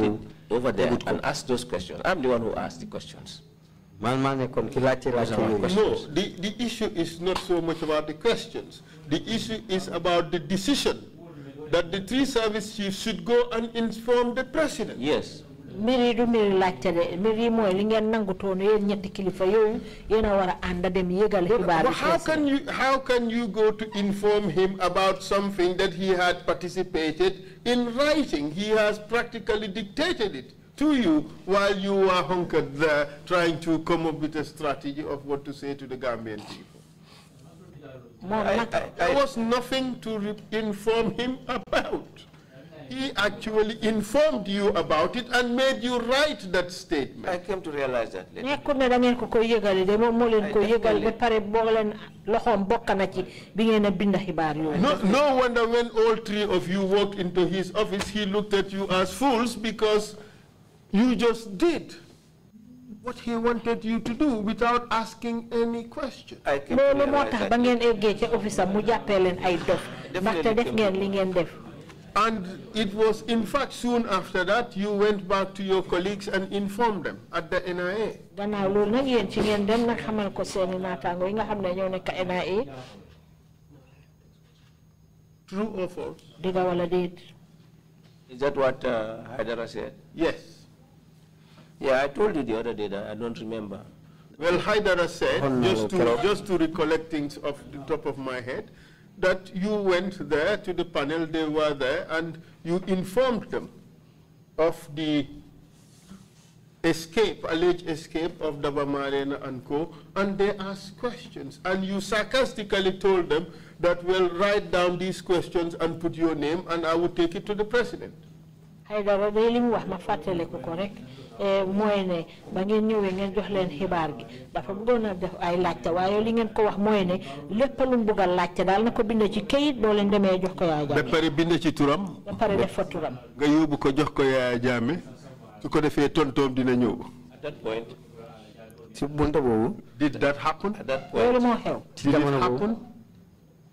it over there and asked those questions. I'm the one who asked the questions. No, the, the issue is not so much about the questions. The issue is about the decision that the three service chiefs should go and inform the president. Yes mairie du de li ngeen yéen kilifa yëgal xibaar how can you how can you go to inform him about something that he had participated in writing he has practically dictated it to you while you were hunkered there trying to come up with a strategy of what to say to the Gambian people. I, I, there was nothing to inform him about. He actually informed you about it and made you write that statement. I came to realize that no no wonder when all three of you walked into his office he looked at you as fools because you just did. what he wanted you to do without asking any question. loolu moo tax ba ngeen def def. And it was, in fact, soon after that, you went back to your colleagues and informed them at the NIA. NIA. True or false? Is that what uh, Haidara said? Yes. Yeah, I told you the other day that I don't remember. Well, Haidara said, just to, just to recollect things off the top of my head, that you went there to the panel, they were there, and you informed them of the escape, alleged escape of Dabamarena and co, and they asked questions. And you sarcastically told them that we'll write down these questions and put your name, and I will take it to the president. Eh, ba ngeen ngeen jox leen xibaar gi dafa bëggoon a def ay laajte waaye li ngeen ko wax mooy ne lépp lu mu a laajte daal na ko bind ci boo leen demee jox ko ba pare bind ci turam. ba pare def fa turam. nga yóbbu ko jox ko su ko defee tontoom dina ñëw. ci bunta boobu. did that happen. loolu moo xew.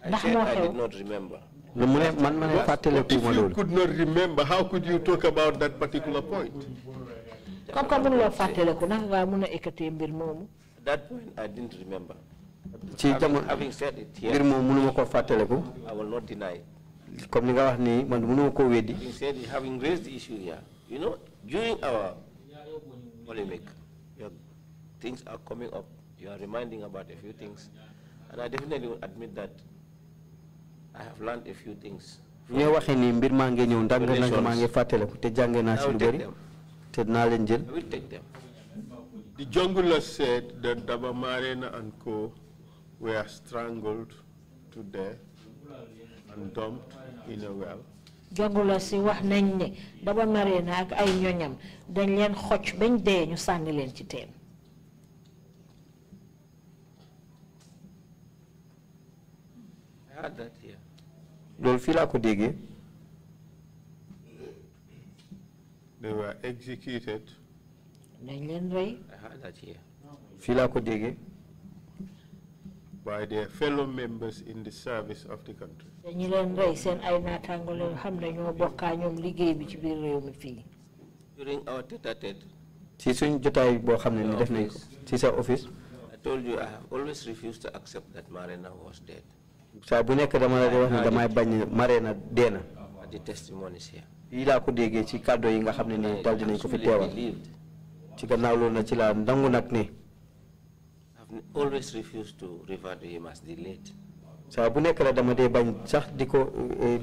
ndax moo xew. I did not remember. lu mu ne man ma ne ma loolu. if you could not remember how could you talk about that particular point. At that point I didn't remember. ci jamono mbir moom I will not deny. comme nga wax man weddi. having said having raised the issue here you know during our polemic things are coming up you are reminding about a few things and I definitely will admit that I have learned a few things. ñoo waxee ni mbir maa ngi ñëw ndax maa ngi fàttaliku te we will take them. The jungler said that Dabamarena and co were strangled to death and dumped in a well. Jungler si wax nañ ne Dabamarena ak ay ñoñam dañ leen xocc bañ dee ñu sànni leen ci teen. I had that here. Loolu fii laa ko déggee. they were executed. I heard that here. fii laa by their fellow members in the service of the country. during our tete tete ci office. I told you I have always refused to accept that Marina was dead. saa bu nekk dama la wax damay bañ Marina Dena. the testimonies here. I've ko ci yi nga dinañ ko fi ci gannaaw na ci always refused to refer to him as the late bu nekk la dama dee bañ sax eh,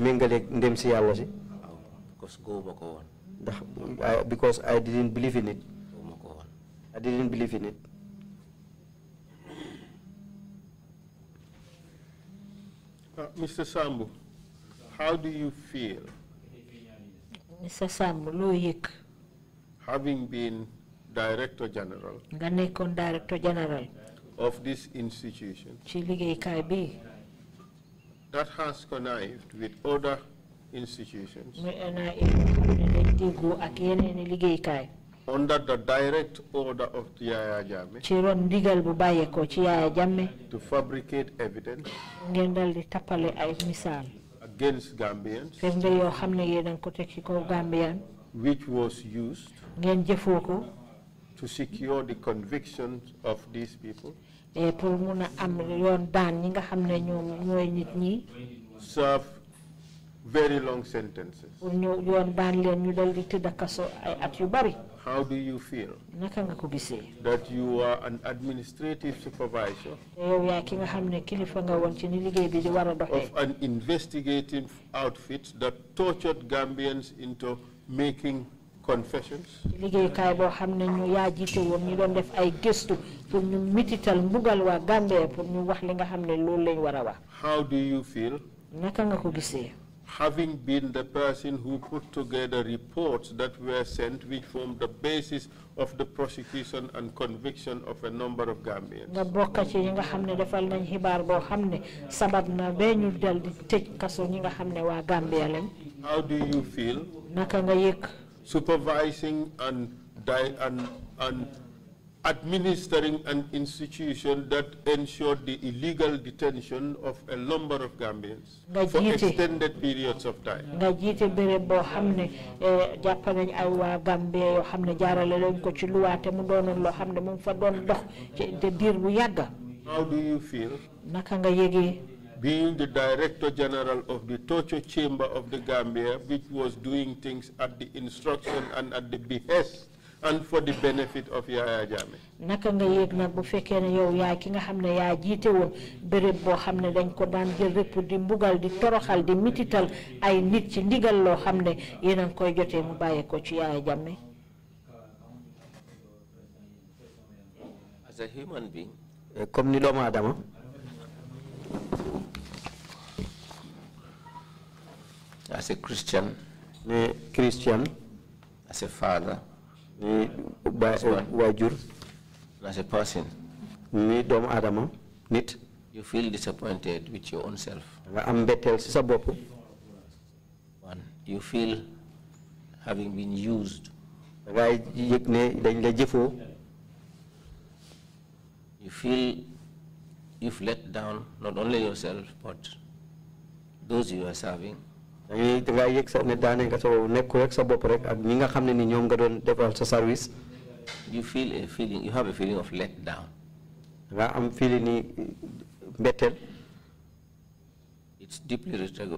ndem yàlla oh, because ndax ah, because I didn't believe in it I didn't believe in it uh, Mr. Sambu, how do you feel Mr. Sam loo having been director general. nga director general. of this institution. Chilige liggéeykaay bi. that has connived with other institutions. Under the direct order of Yaya Jammeh. To fabricate evidence against Gambians. Gambian. which was used. to secure the convictions of these people. pour am nga ñoom nit ñi. serve very long sentences. ñu ñu dal di ay at yu bari. How do you feel that you are an administrative supervisor of an investigative outfit that tortured Gambians into making confessions? How do you feel having been the person who put together reports that were sent which formed the basis of the prosecution and conviction of a number of Gambians. Gambia how do you feel. supervising and di and and administering an institution that ensured the illegal detention of a number of Gambians for extended periods of time. nga eh, jàpp nañ ay Gambie jaarale ko ci mu mu fa dox bu How do you feel? naka nga being the Director General of the Torture Chamber of the Gambia which was doing things at the instruction and at the behest and for the benefit of Yaya Jammeh. naka dañ di mbugal di di mitital ay Yaya as a human being. Eh, comme ni doomu as a Christian. as a father waajur as a person ni doomu aadama nit you feel disappointed with your own self nga am mbetteel ci sa bopp one you feel having been used dangay yëg ne dañ la jëfoo you feel you've let down not only yourself but those you are serving yëg sa ne rek sa bopp rek ak ñi nga xam ne ni ñoom nga doon defal sa service. you feel a feeling you have a feeling of let down. nga am feeling ni mbetteel. it's deeply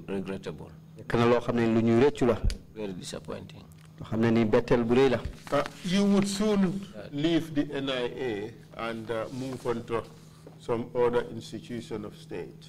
regrettable. nekk na loo xam ne lu ñuy la. very disappointing. loo xam ne ni mbetteel bu rëy la. you would soon leave the NIA and uh, move on to some other institution of state.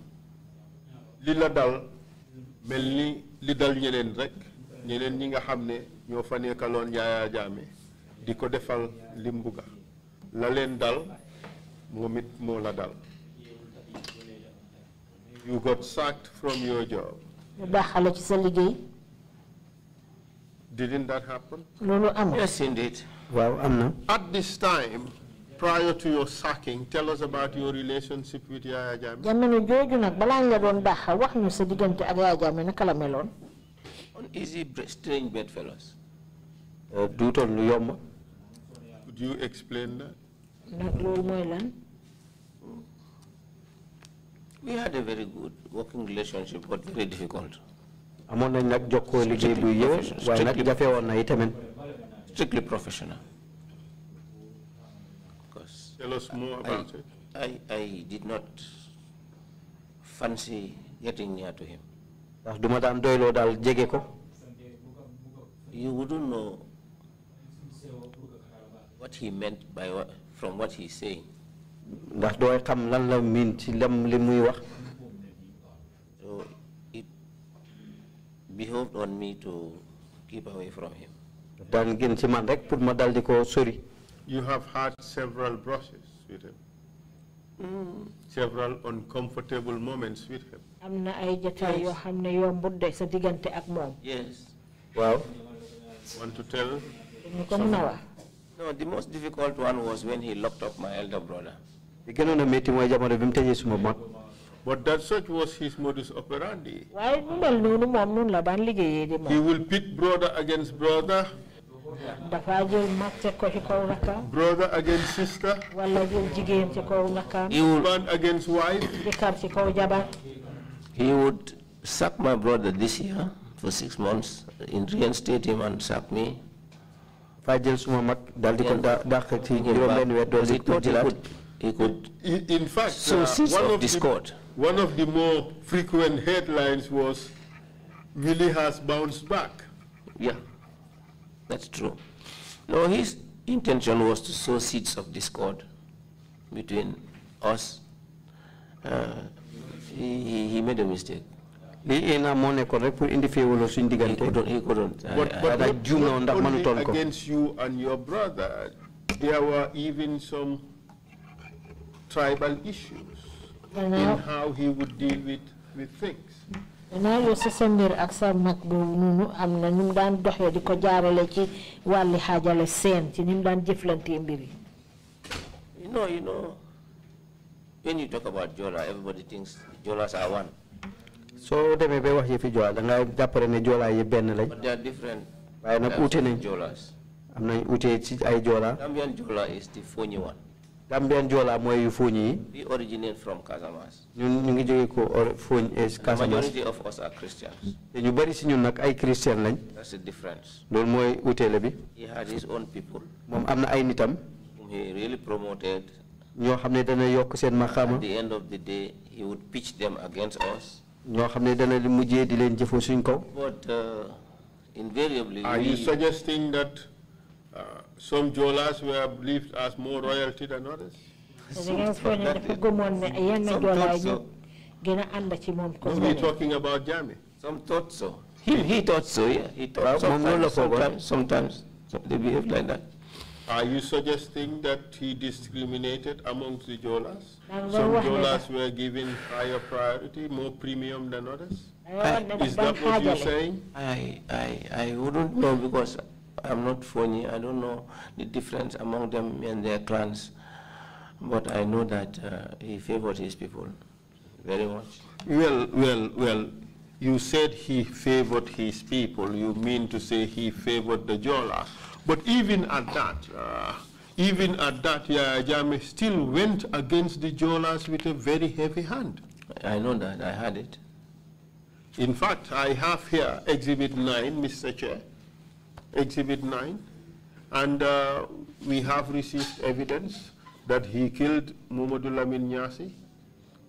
li la dal ni li rek ñi nga xam ne ñoo fa nekkaloon Yaya Jammeh di defal li mu bugga la leen you got sacked from your job ñu baaxal did didn't that happen No, no, i am yes indeed i am not. at this time prior to your sacking, tell us about your relationship with Yaya Jammeh. jamono jooju nag balaa nga doon dàqa wax ñu sa diggante ak Yaya Jammeh naka la meloon. uneasy, strange bedfellows. Uh, duutoon lu yomb. Could you explain that? nag loolu mooy We had a very good working relationship, but very difficult. Among the nag jokkoo liggéey bu yëw waaye nag na itamit. strictly professional. Tell us more about I, it. I, I did not fancy getting near to him. You wouldn't know what he meant by what, from what he's saying. So it behoved on me to keep away from him. Dan gin ci man rek pour ma ko sori you have had several brushes with him. Mm. Several uncomfortable moments with him. Yes. Well, want to tell? No, the most difficult one was when he locked up my elder brother. But that such was his modus operandi. He will pit brother against brother brother against sister. he would man against wife. he would sack my brother this year for six months in reinstate him and sack me. faa jël he could in fact uh, of discord. one of the more frequent headlines was Willie has bounced back. Yeah. That's true. No, his intention was to sow seeds of discord between us. Uh, he, he made a mistake. He ena mo nekkoon rek pour indi féewaloo suñ diggante he couldn't but juum na woon ndax only ko against you and your brother there were even some tribal issues in how he would deal with with things naa yow sa sa mbir ak sa mag boobu noonu am na ñu daan doxee di ko jaarale ci wàlli xaajale seen ci ni daan jëflantee mbir yi. you know you know when you talk about Jola everybody thinks jola are one. soo demee ba wax yi Jola da nga jàppale ne Jola yi benn lañ. but they are different. waaye nag uute nañ Jolas. am nañ uute ci ay Jola. Gambian Jola is the funny one. Gambian Jola mooy yu fooñ we originate from Casamance. ñun ñu ngi ko eh, Casamance. majority of us are Christians. te ñu bari you ñun nag ay Christian lañ. that's the difference. loolu mooy uteele bi. he had his own people. moom am ay nitam. he really promoted. You xam dana yokk seen at the end of the day he would pitch them against us. ñoo xam dana li mujjee di leen suñ but uh, invariably. are you suggesting that. Some Jolas were believed as more royalty than others. So. we talking about Jami. Some thought so. He, he thought so, yeah. He thought sometimes, sometimes, sometimes they behave like that. Are you suggesting that he discriminated amongst the Jolas? Some Jolas were given higher priority, more premium than others? I, Is that what you're saying? I, I, I wouldn't know because I'm not funny. I don't know the difference among them and their clans. But I know that uh, he favored his people very much. Well, well, well, you said he favored his people. You mean to say he favored the Jola. But even at that, uh, even at that, Yaya Jame still went against the Jolas with a very heavy hand. I know that. I had it. In fact, I have here Exhibit 9, Mr. Chair. Exhibit 9. And uh, we have received evidence that he killed Muhammadu Lamin Nyasi,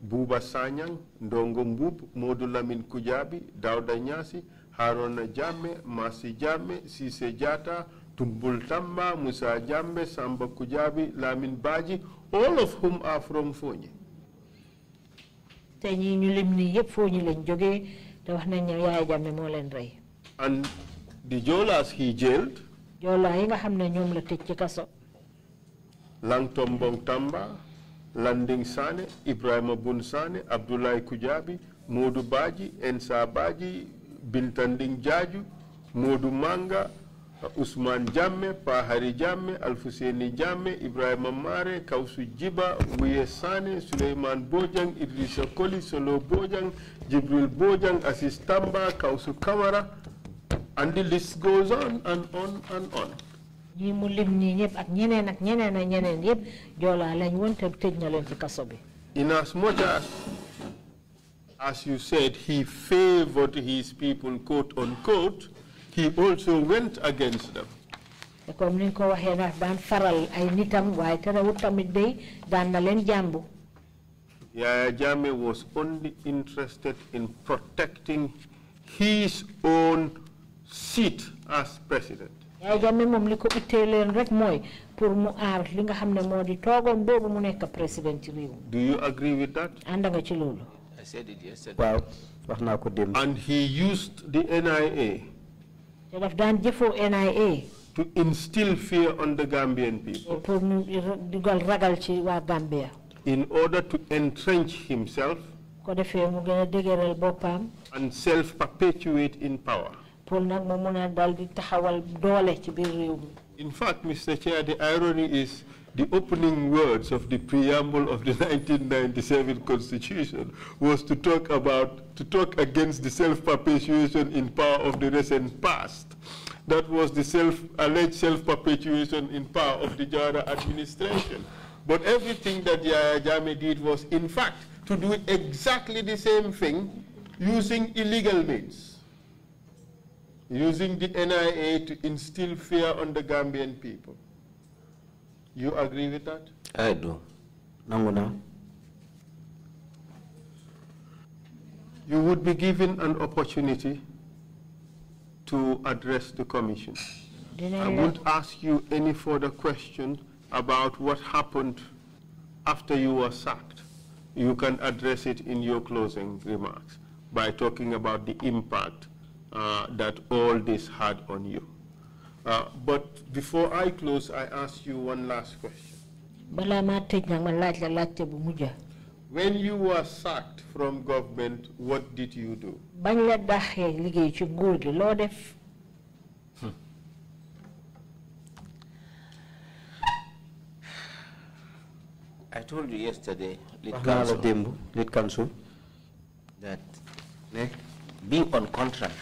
Buba Sanyang, Ndongo Mbub, Lamin Kujabi, Dauda Nyasi, Harona Jame, Masi Jame, Sise Jata, Tumbul Tamba, Musa Jambe, Samba Kujabi, Lamin Baji, all of whom are from Fonyi. And The jailers he jailed. Jola yi nga xam ne ñoom la tecc ci kaso. bong Tamba, Landing Sane, Ibrahima Bun Sane, Abdoulaye Kujabi, Modou Baji, Ensa Baji, Bintanding Jaju, Modou Manga, Ousmane Jamme, Pahari Jamme, Alfuseni Jamme, Ibrahima Mare, Kausu Jiba, Wuye Sane, Suleiman Bojang, Idrissa Koli, Solo Bojang, Jibril Bojang, Asis Tamba, Kausu Kamara, And the list goes on and on and on. ñi mu lim ñi ak ñeneen ak ñeneen ak ñeneen lañ tëj na leen bi. in as much as as you said he favored his people quote unquote he also went against them. te comme ni ko waxee na daan faral ay nitam waaye terewut tamit day daan na leen jàmbu. Yaya Jammeh was only interested in protecting his own seat as president. Do you agree with that? I said it yesterday. and he used the NIA to instill fear on the Gambian people in order to entrench himself and self-perpetuate in power dal di taxawal doole ci mi. in fact Mr Chair the irony is the opening words of the preamble of the 1997 constitution was to talk about to talk against the self-perpetuation in power of the recent past that was the self alleged self-perpetuation in power of the Jara administration but everything that Yaya Jame did was in fact to do exactly the same thing using illegal means using the NIA to instill fear on the Gambian people. You agree with that? I do. Nanguna. You would be given an opportunity to address the commission. I won't ask you any further question about what happened after you were sacked. You can address it in your closing remarks by talking about the impact uh, that all this had on you. Uh, but before I close, I ask you one last question. When you were sacked from government, what did you do? Hmm. I told you yesterday, lead council, lead council, that being on contract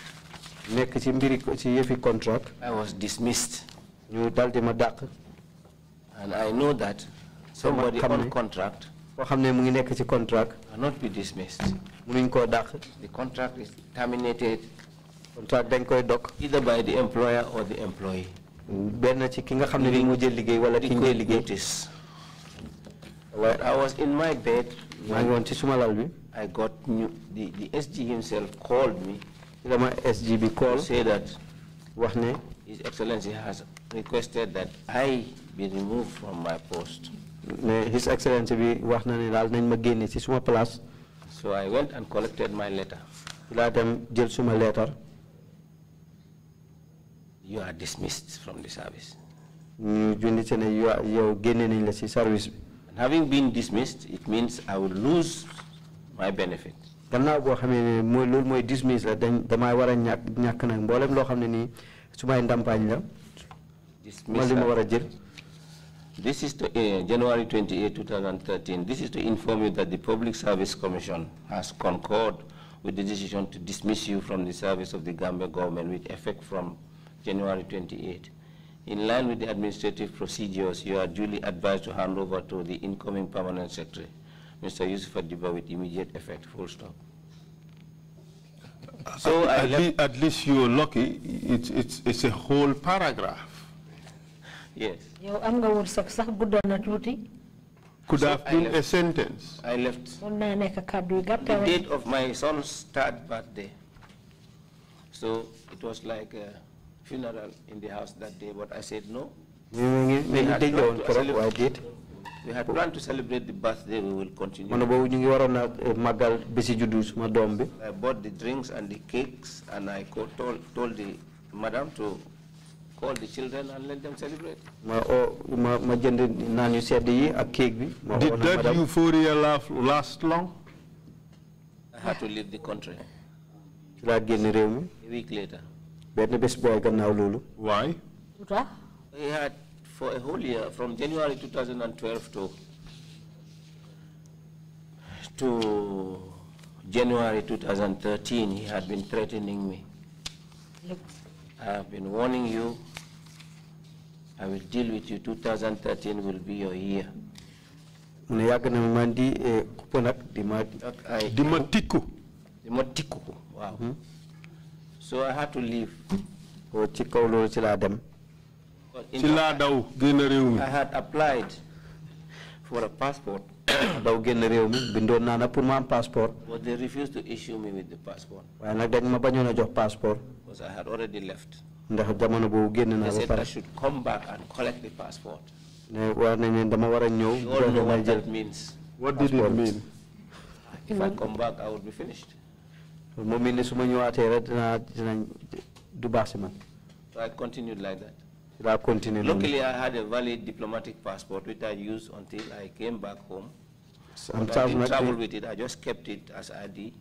ci mbiri ci yëfi I was dismissed. ñu told di ma dàq. and I know that. somebody on contract. koo xam mu ngi nekk ci contract. cannot be dismissed. mënuñ koo dàq. the contract is terminated. contract dañ koy dog. either by the employer or the employee. benn ci ki nga jël liggéey wala ki liggéey. I was in my bed. maa ngi ci suma lal bi. I got new the the SG himself called me dama SGB call say that wax His Excellency has requested that I be removed from my post. His Excellency bi wax na ne daal nañ ma génne ci suma place. so I went and collected my letter. laa dem jël suma you are dismissed from the service. You are ci ne yow génne service and having been dismissed it means I will lose my benefit gannaaw boo xamee ne mooy loolu mooy la dañ war a ñàkk ñàkk nag mboolem loo xam ne nii su may ndàmpaañ la. ma li ma war a jël. This is to, uh, January 28, 2013. This is to inform you that the Public Service Commission has concurred with the decision to dismiss you from the service of the Gambia government with effect from January 28. In line with the administrative procedures, you are duly advised to hand over to the incoming permanent secretary. Mr. Yusuf Adiba with immediate effect, full stop. Uh, so at, le at, least you're lucky. It's, it's, it's a whole paragraph. Yes. Could so have been a sentence. I left. The date of my son's third birthday. So it was like a funeral in the house that day, but I said no. You, you, you, you, you, you, you, we had planned to celebrate the birthday, we will continue. Mano bobu ñu ngi na eh, magal besi judus, madombe. I bought the drinks and the cakes and I told told the madam to call the children and let them celebrate. Ma o ma ma jende naan yu sedd yi ak cake bi. Did that euphoria last long? I had to leave the country. Ci laa génn mi. A week later. Benn bés booy gannaaw loolu. Why? He had for a whole year from January 2012 to, to January 2013, he had been threatening me. Look. I have been warning you. I will deal with you. 2013 will be your year. mun yàgg na man di kupp nag di ma di so I had to leave. ko ci kaw loolu ci I had applied for a passport. but they refused to issue me with the passport. a because I had already left. they said I should come back and collect the passport. a you all know what that means. what did it mean. if I come back I would be finished. so I continued like that. Luckily, I had a valid diplomatic passport which I used until I came back home. I didn't travel with it. I just kept it as ID.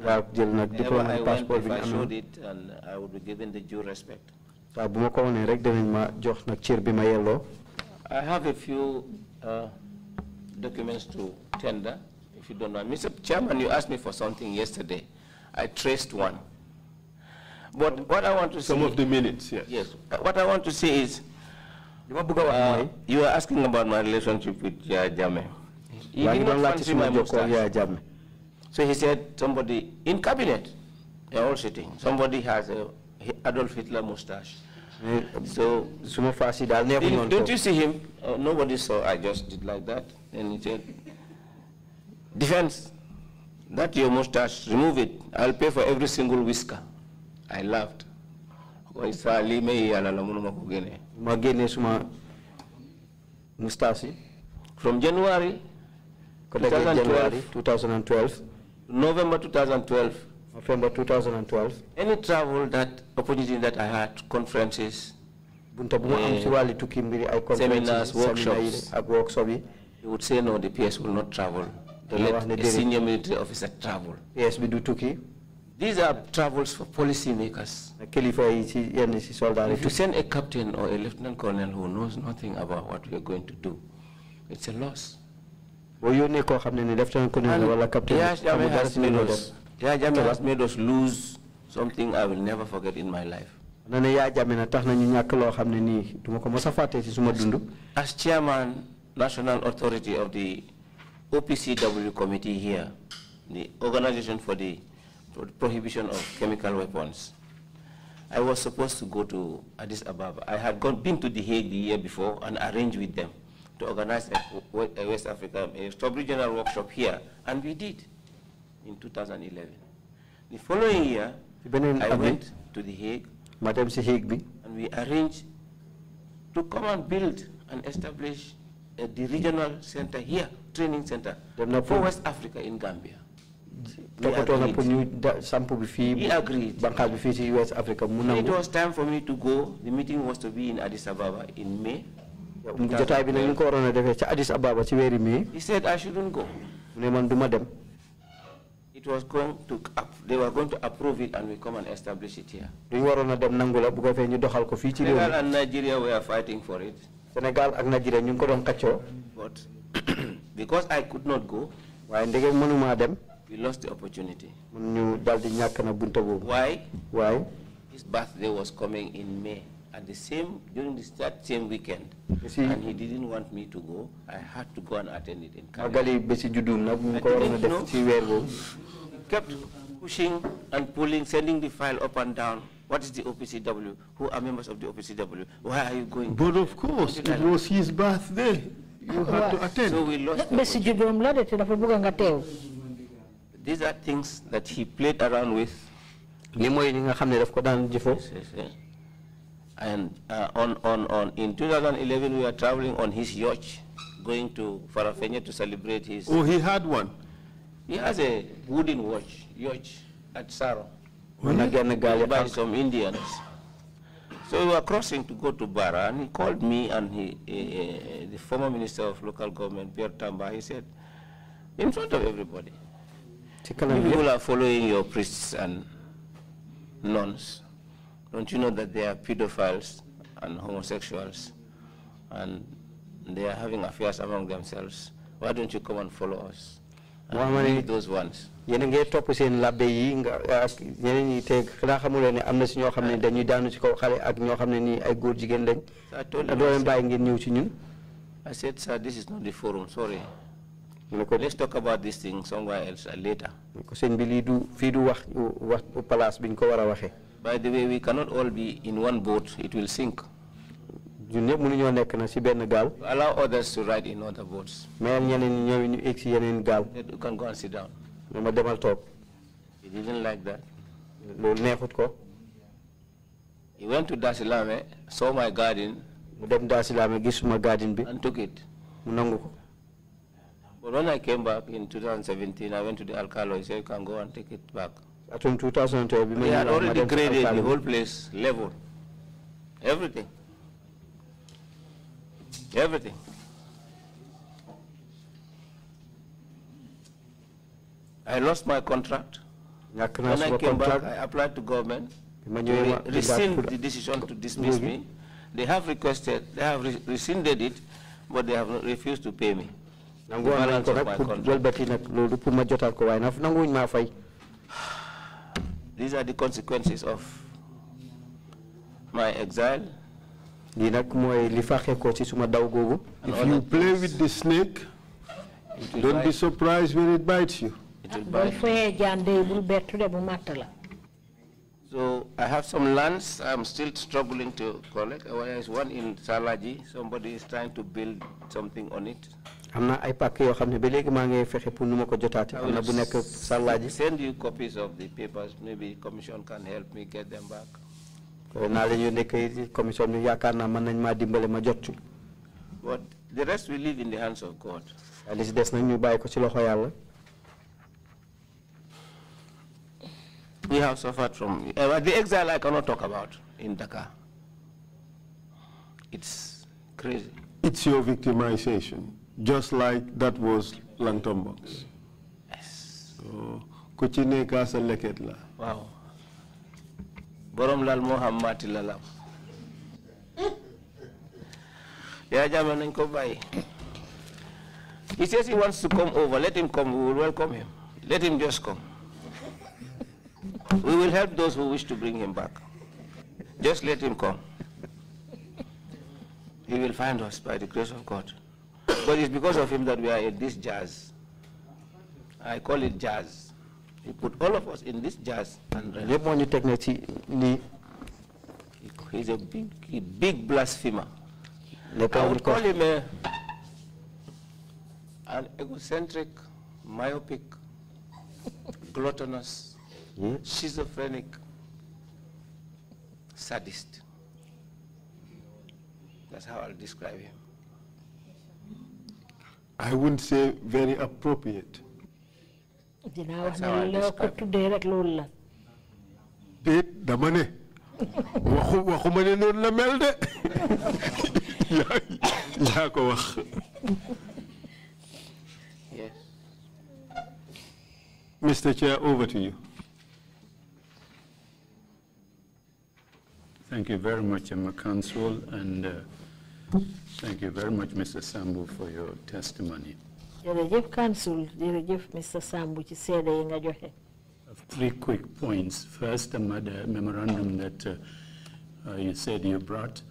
Well, diplomatic I went, if I showed it, and I would be given the due respect. I have a few uh, documents to tender, if you don't know. Mr. Chairman, you asked me for something yesterday. I traced one. But what I want to Some say, of the minutes, yes. Yes. Uh, what I want to say is, uh, you are asking about my relationship with Yaya Jame. He did not fancy my mustache. So he said, somebody in cabinet, they're all sitting, somebody has a Adolf Hitler mustache. Eh, so, don't, don't you see him? Uh, nobody saw. I just did like that. And he said, defense, that your mustache, remove it. I'll pay for every single whisker. I laughed. I Waisali mei alalamuno makugene. Magene suma mustasi. From January 2012, November 2012, November 2012, any travel that opportunity that I had, conferences, uh, seminars, workshops, He would say no, the PS will not travel. They let a senior military officer travel. Yes, we do Tuki. These are travels for policymakers. If you send a captain or a lieutenant colonel who knows nothing about what we are going to do, it's a loss. Yajame has, made us, has made us lose something I will never forget in my life. As, as chairman, national authority of the OPCW committee here, the organization for the prohibition of chemical weapons. I was supposed to go to Addis Ababa. I had gone, been to The Hague the year before and arranged with them to organize a, a West Africa a sub-regional workshop here, and we did in 2011. The following year, I went to The Hague, Madam C. Higby, and we arranged to come and build and establish a, the regional center here, training center for West Africa in Gambia he agreed US Africa it was time for me to go the meeting was to be in Addis Ababa in May. Yeah, Addis Ababa he said I shouldn't go. it was going to they were going to approve it and we come and establish it here. duñ waroon a Sénégal and Nigeria were fighting for it. Sénégal and Nigeria ñu ngi ko but because I could not go. waaye ndege mënumaa dem. We lost the opportunity. Why? Why? His birthday was coming in May at the same during the same weekend see, and he didn't want me to go i had to go and attend it in magali besi judum nak mu ko warna kept pushing and pulling sending the file up and down what is the OPCW? Who are members of the OPCW? Why are you going? But of course, it was his birthday. You had to attend. So we lost. de te these are things that he played around with. Li moy li And uh, on, on, on, in 2011, we were traveling on his yacht, going to Farafenya to celebrate his... Oh, he had one? He has a wooden watch, yacht, at Saro. When again, a by some Indians. So we were crossing to go to Bara, and he called me and he, uh, the former minister of local government, Pierre Tamba, he said, in front of everybody, People are following your priests and nuns. Don't you know that they are pedophiles and homosexuals and they are having affairs among themselves? Why don't you come and follow us? And those ones. am na si ñoo xam ñëw I said sir this is not the forum sorry let's talk about this thing somewhere else uh, later eh. by the way we cannot all be in one boat it will sink allow others to ride in other boats you can go and sit down dama he didn't like that he went to dasilame eh, saw my garden eh, and took it but when I came back in 2017, I went to the alcalde. He said, you can go and take it back. That 2012, they had already graded the whole place, level, everything. Everything. I lost my contract. When I came back, I applied to government to re rescind the decision to dismiss me. They have requested, they have re rescinded it, but they have refused to pay me these are the consequences of my exile. if you play with the snake. don't be surprised when it bites you. it will bite So I have some lands I'm still struggling to collect. There is one in Salaji. Somebody is trying to build something on it am ay pàcc yoo xam ba léegi maa ngi fexe pour nu ko jotaate am bu nekk sàllaaji send you copies of the papers maybe commission can help me get them back naa leen yónnee kayit commission bi yaakaar naa mën nañ maa dimbale ma jot ci but the rest we leave in the hands of God li si des nag ñu bàyyi ko ci loxo yàlla we have suffered from uh, the exile I cannot talk about in Dakar it's crazy it's your victimization just like that was Langton Box. Yes. So, ku ci nekk leket la. borom lal moo xam maati la He says he wants to come over. Let him come. We will welcome him. Let him just come. We will help those who wish to bring him back. Just let him come. He will find us by the grace of God. But it's because of him that we are in this jazz. I call it jazz. He put all of us in this jazz. And uh, he's a big, a big blasphemer. I would call him a, an egocentric, myopic, gluttonous, hmm? schizophrenic, sadist. That's how I'll describe him. I wouldn't say very appropriate. dinaa wax ne li la ko tuddee rek loolu la. déet yes. Mr. Chair, over to you. Thank you very much, Emma Council, and. Uh, Thank you very much, Mr. Sambu, for your testimony. Mr. Three quick points. First, the memorandum that uh, uh, you said you brought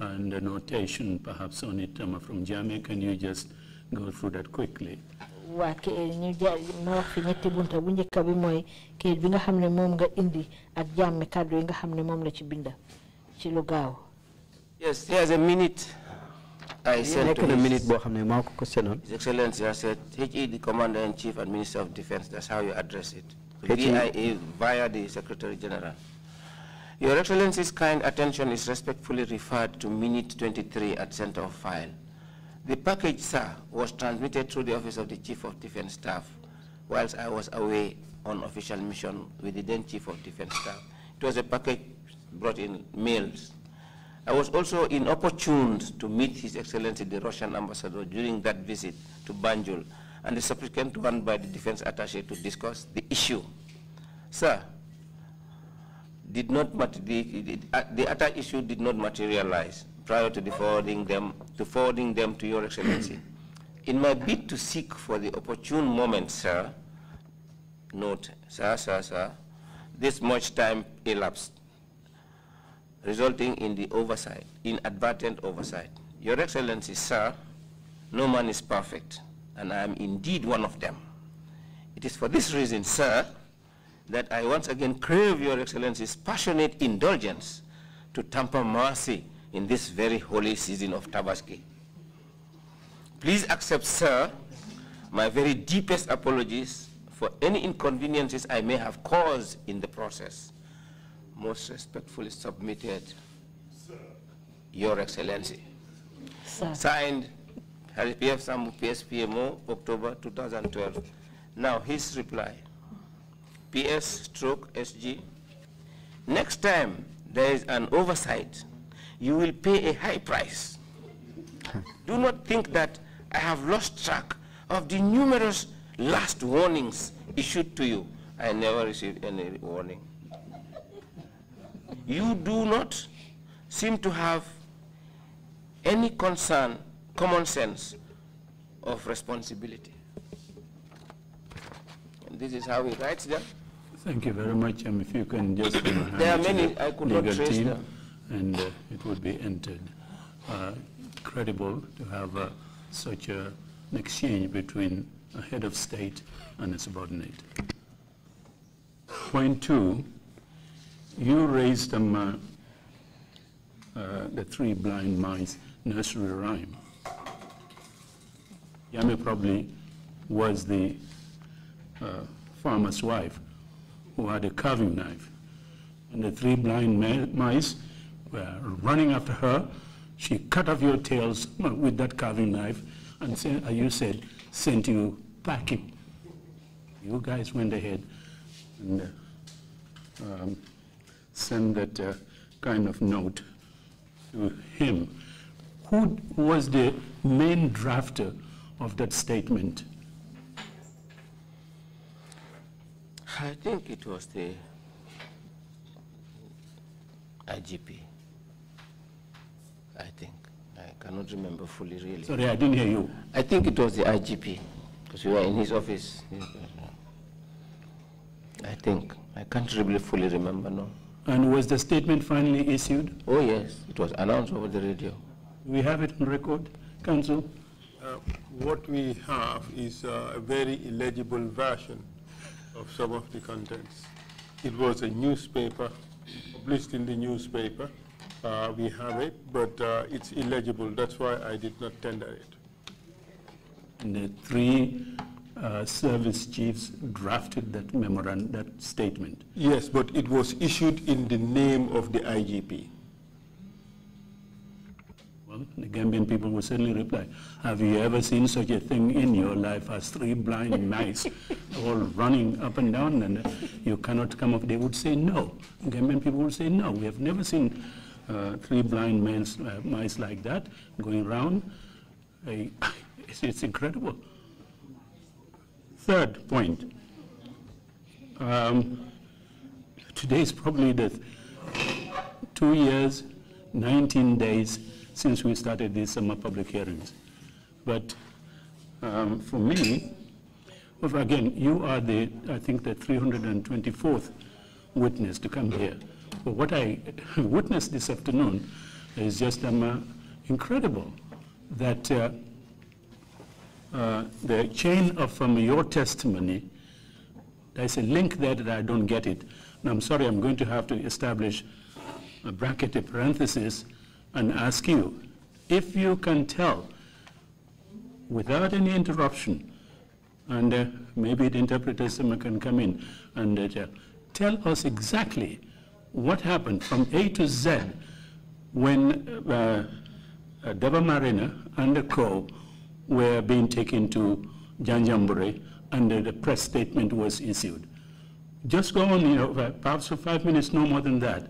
and a notation perhaps on it um, from Jamie. Can you just go through that quickly? waa eh, Yes, there's a minute. I sent to his, minute not going to question senon. His Excellency I said HE the Commander in Chief and Minister of Defense that's how you address it. VIA via the Secretary General. Your Excellency's kind attention is respectfully referred to minute 23 at center of file. The package, sir, was transmitted through the office of the Chief of Defense Staff whilst I was away on official mission with the then Chief of Defense Staff. It was a package brought in mails I was also inopportune to meet His Excellency the Russian ambassador during that visit to Banjul and the subsequent one by the defense attaché to discuss the issue. Sir, did not the, uh, the other issue did not materialize prior to the forwarding them to forwarding them to Your Excellency. In my bid to seek for the opportune moment, sir, note, sir, sir, sir, this much time elapsed resulting in the oversight, inadvertent oversight. Your Excellency, sir, no man is perfect, and I am indeed one of them. It is for this reason, sir, that I once again crave Your Excellency's passionate indulgence to temper mercy in this very holy season of Tabaski. Please accept, sir, my very deepest apologies for any inconveniences I may have caused in the process most respectfully submitted, Sir. Your Excellency. Sir. Signed, RPF Sambu PSPMO, October 2012. Now, his reply. PS stroke SG. Next time there is an oversight, you will pay a high price. Do not think that I have lost track of the numerous last warnings issued to you. I never received any warning you do not seem to have any concern, common sense of responsibility. And this is how he writes them. Thank you very much. Um, if you can just there are many I could not trace team, them. and uh, it would be entered uh, credible to have uh, such a, an exchange between a head of state and a subordinate. Point two you raised them, uh, uh, the three blind mice nursery rhyme. Yame probably was the uh, farmer's wife who had a carving knife. And the three blind mice were running after her. She cut off your tails uh, with that carving knife and as uh, you said, sent you packing. You guys went ahead and um, send that uh, kind of note to him. Who was the main drafter of that statement? I think it was the IGP. I think. I cannot remember fully, really. Sorry, I didn't hear you. I think it was the IGP, because we were in his office. I think. I can't really fully remember, no. And was the statement finally issued? Oh, yes. It was announced over the radio. We have it on record, Council. Uh, what we have is uh, a very illegible version of some of the contents. It was a newspaper, published in the newspaper. Uh, we have it, but uh, it's illegible. That's why I did not tender it. And the three uh, service chiefs drafted that memorandum, that statement. Yes, but it was issued in the name of the IGP. Well, the Gambian people will certainly reply, have you ever seen such a thing in your life as three blind mice all running up and down and you cannot come up? They would say no. Gambian people would say no. We have never seen uh, three blind mice, uh, mice like that going around. It's, it's incredible third point. Um, today is probably the two years, 19 days since we started these summer public hearings. But um, for me, again, you are the, I think, the 324th witness to come here. But what I witnessed this afternoon is just um, uh, incredible that uh, uh, the chain of from um, your testimony, there's a link there that I don't get it. Now, I'm sorry, I'm going to have to establish a bracket, a parenthesis, and ask you, if you can tell without any interruption, and uh, maybe the interpreter um, can come in and uh, tell us exactly what happened from A to Z when uh, uh Deva Marina and the co were being taken to Janjambure and the press statement was issued. Just go on, you know, perhaps for five minutes, no more than that.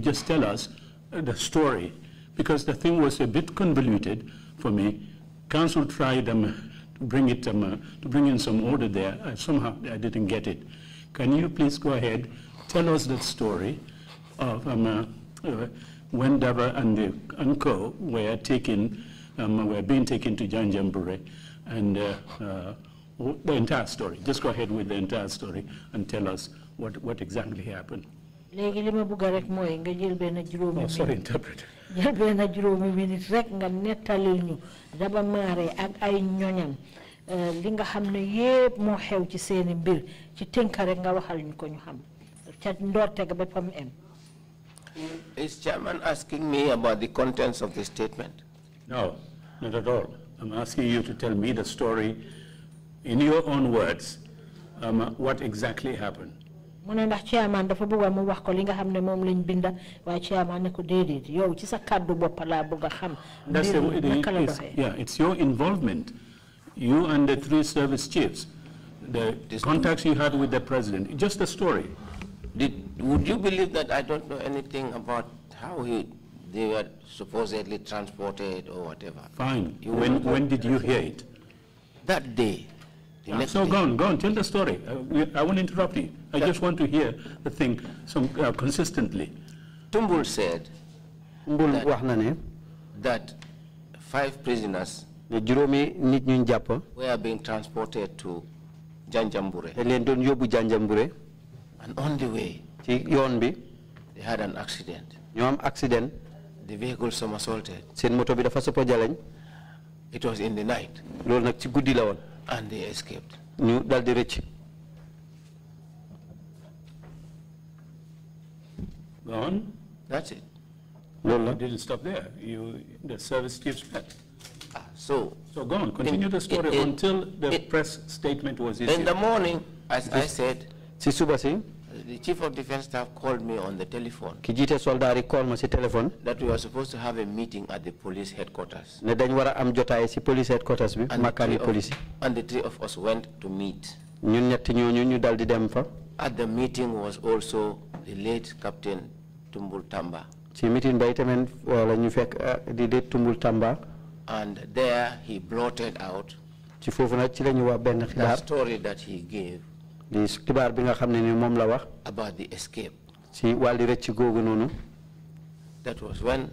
just tell us uh, the story, because the thing was a bit convoluted for me. Council tried um, to bring it um, uh, to bring in some order there. I, somehow I didn't get it. Can you please go ahead, tell us that story of um, uh, uh, when Dava and, the, and co were taken um, were being taken to John and uh, uh the entire story. Just go ahead with the entire story and tell us what, what exactly happened. léegi li ma nga minute sorry interpreter. minute rek nga daba ay uh, ci ci nga em Is chairman asking me about the contents of the statement? No. Not at all. I'm asking you to tell me the story in your own words. Um, what exactly happened? mu ndax chairman dafa mu wax ko li nga xam ne moom lañ binda waaye chairman ne ko déedéet yow ci sa kàddu bopp laa bëgg a xam. naka la doxee yeah it's your involvement you and the three service chiefs the contacts you had with the president just the story. Did would you believe that I don't know anything about how he they were supposedly transported or whatever. Fine. You when when did you hear it? That day. The so day. go on, go on, tell the story. Uh, we, I won't interrupt you. I that just want to hear the thing some, uh, consistently. Tumbul said that, that five prisoners were being transported to Janjambure. And on the way, they had an accident. You accident the vehicle somersaulted. Seen moto bi dafa sopo jaleñ. It was in the night. ci la And they escaped. Ñu that di rëcc. Gone. That's it. No, la. Didn't stop there. You the service chief's met. Ah, so. So go on. Continue the story until the press statement was issued. In the morning, as I said. Si the chief of defense staff called me on the telephone. Kijite soldari call ma si telephone. That we were supposed to have a meeting at the police headquarters. Ne dañ wara am jotaay si police headquarters bi makari police. And the three of us went to meet. Ñun ñett ñooñu ñu daldi dem fa. At the meeting was also the late Captain Tumbul Tamba. Ci meeting bay tamen eh, wala ñu fekk eh, di Tumbul Tamba. And there he blotted out. Ci fofu nak ci lañu wa ben The story that he gave di xibaar bi nga xam ne ni moom la wax. about the escape. si wàllu rëcc googu noonu. that was when.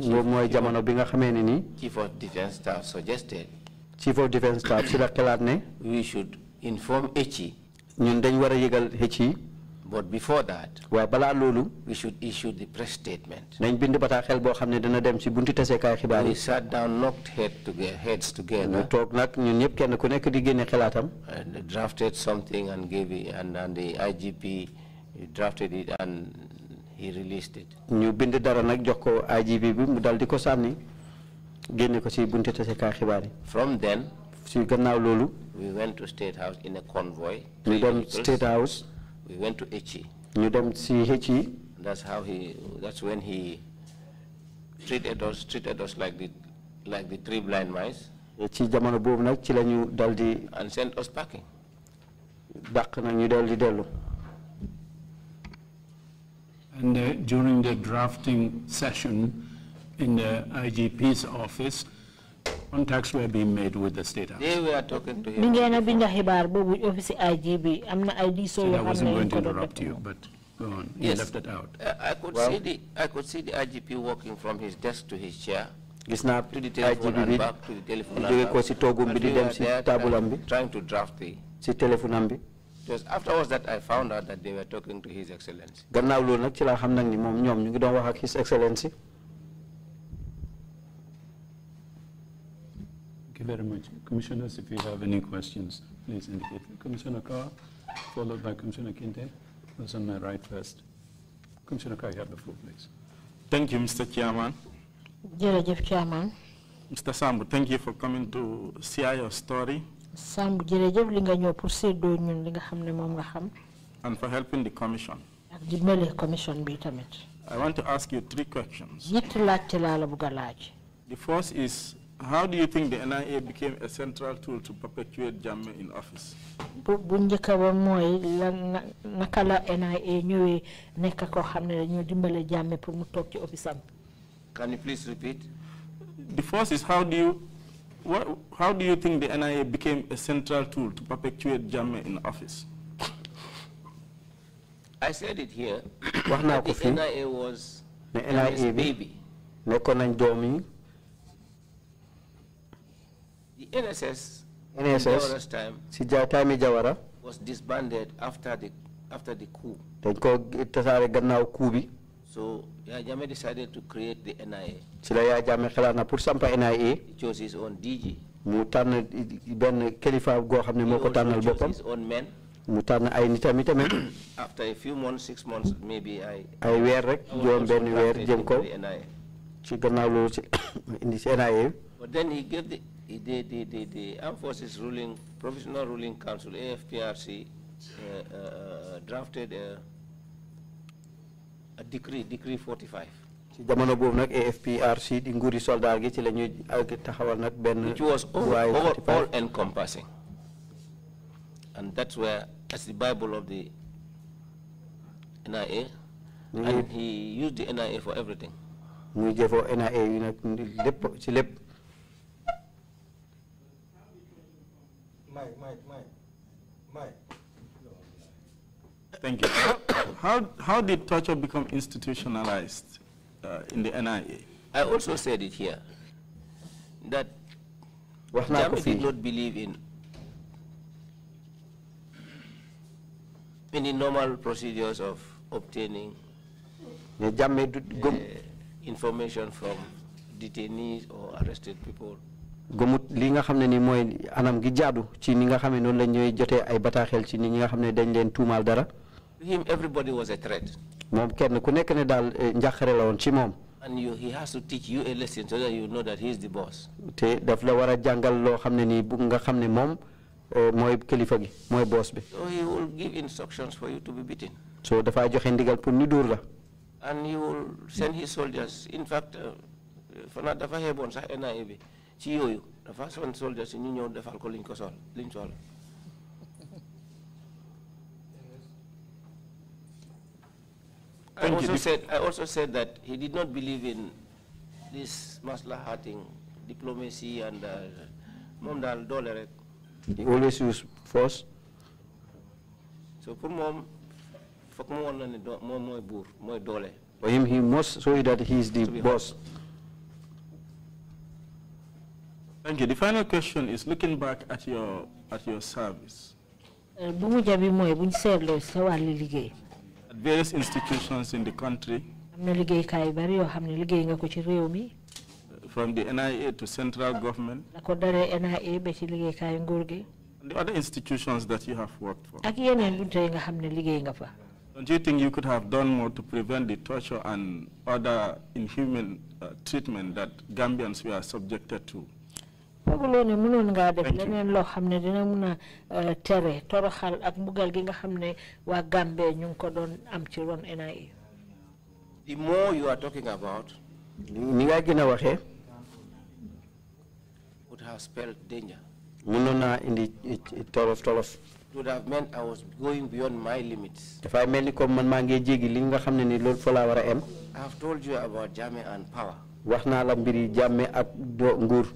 moom mooy jamono bi nga xamee ne chief of defence staff suggested. chief of defence staff si la xalaat ne. we should inform HE. ñun dañ war a yëgal HE. But before that, we should issue the press statement. we sat down knocked head heads together. and drafted something and gave it and and the IGP drafted it and he released it. IGP from then. we went to State House in a convoy. ñu dem State House. We went to HE. don't see HE. that's how he that's when he treated us treated us like the like the three blind mice. ci jamono boobu nag ci la dal di. and sent us packing. dàq na ñu dal di and uh, during the drafting session in the IGP's office, Contacts were being made with the state house. They were talking to him. Mingena binda hebar bobu office IGB. I'm not ID so. So I wasn't going to interrupt you, but go on. You yes. left it out. Uh, I could well, see the I could see the IGP walking from his desk to his chair. It's now to the telephone and back to the telephone. And back. Si togu and we were there trying, trying to draft the. Si telephone ambi. Just afterwards that I found out that they were talking to His Excellency. Gannaaw loolu nag ci laa xam nag ni moom ñoom ñu ngi doon wax ak His Excellency. you very much. Commissioners, if you have any questions, please indicate. Commissioner Carr, followed by Commissioner Kinte, who's on my right first. Commissioner Carr, you have the floor, please. Thank you, Mr. Chairman. Jerejef Chairman. Mr. Sambu, thank you for coming to share your story. Sambu, jerejef li nga ñëw pour séddoo ñun li ne And for helping the commission. Ak commission bi I want to ask you three questions. ñetti laajte la The first is how do you think the NIA became a central tool to perpetuate Jammeh in office? Bunge njëkk ba mooy lan NIA ñëwee nekk koo xam ne dañoo dimbale Jammeh pour mu Can you please repeat? The first is how do you what, how do you think the NIA became a central tool to perpetuate Jammeh in office? I said it here. the NIA was the NIA baby. NSS, NSS Jawara's time, si time Jawara, was disbanded after the after the coup. coup So Yaya Jammeh decided to create the NIA. So, la Yaya Jammeh xalaat na pour NIA. He chose his own DG. Mu tànn chose his own men. after a few months six months maybe I. I wear it. John Ben wear jëm kaw. NIA. but then he gave the the, the, Armed Forces Ruling, Provisional Ruling Council, AFPRC, uh, uh, uh, drafted a, decree, Decree 45. ci jamono boobu nag AFPRC di nguuri soldat gi ci la ñuy taxawal nag benn. which was all all encompassing. and that's where as the Bible of the NIA. and he used the NIA for everything. muy jëfoo NIA yi nag lépp Mike, Mike, Mike, Mike. Thank you. how, how did torture become institutionalized uh, in the NIA? I also said it here, that Germany did not believe in any normal procedures of obtaining uh, information from detainees or arrested people gëmut li nga ni anam gi jaadu ci ni nga la ay ci ni nga dañ leen dara. him everybody was a threat. moom kenn ku nekk ne daal eh, njàqare la woon ci Mom? and you he has to teach you a lesson so that you know that he is the boss. te daf la war jàngal loo xam ne bu nga eh, gi boss bi. so he will give instructions for you to be beaten. so dafaa joxe ndigal pour ñu dóor la. and he will send his soldiers in fact eh, fanaa dafa xeeboon sax NIA bi ci yooyu dafa son soldier si ñu ñëw defal ko liñ ko sol liñ sol I also said I also said that he did not believe in this maslahating diplomacy and uh, moom dal doole rek. he always use force. so for moom foog mu woon na ne moom mooy buur mooy doole. for him he must show that he is the boss. Thank you. The final question is looking back at your at your service. Eh, at various institutions in the country. From the NIA to central government. And the other institutions that you have worked for. Don't you think you could have done more to prevent the torture and other inhuman uh, treatment that Gambians were subjected to? def leneen loo xam ne dina mun a euh, tere toroxal ak mbugal gi nga xam ne waa ñu ngi ko doon am ci ron the more you are talking about. ni nga gën a waxee. would have spelled danger. indi tolof tolof. would have meant I was going beyond my limits. dafay mel ni comme man maa ngi jéggi li nga xam ne ni loolu fa laa war a am. I have told you about Jammeh and power. wax naa la mbiri jàmme ak do nguur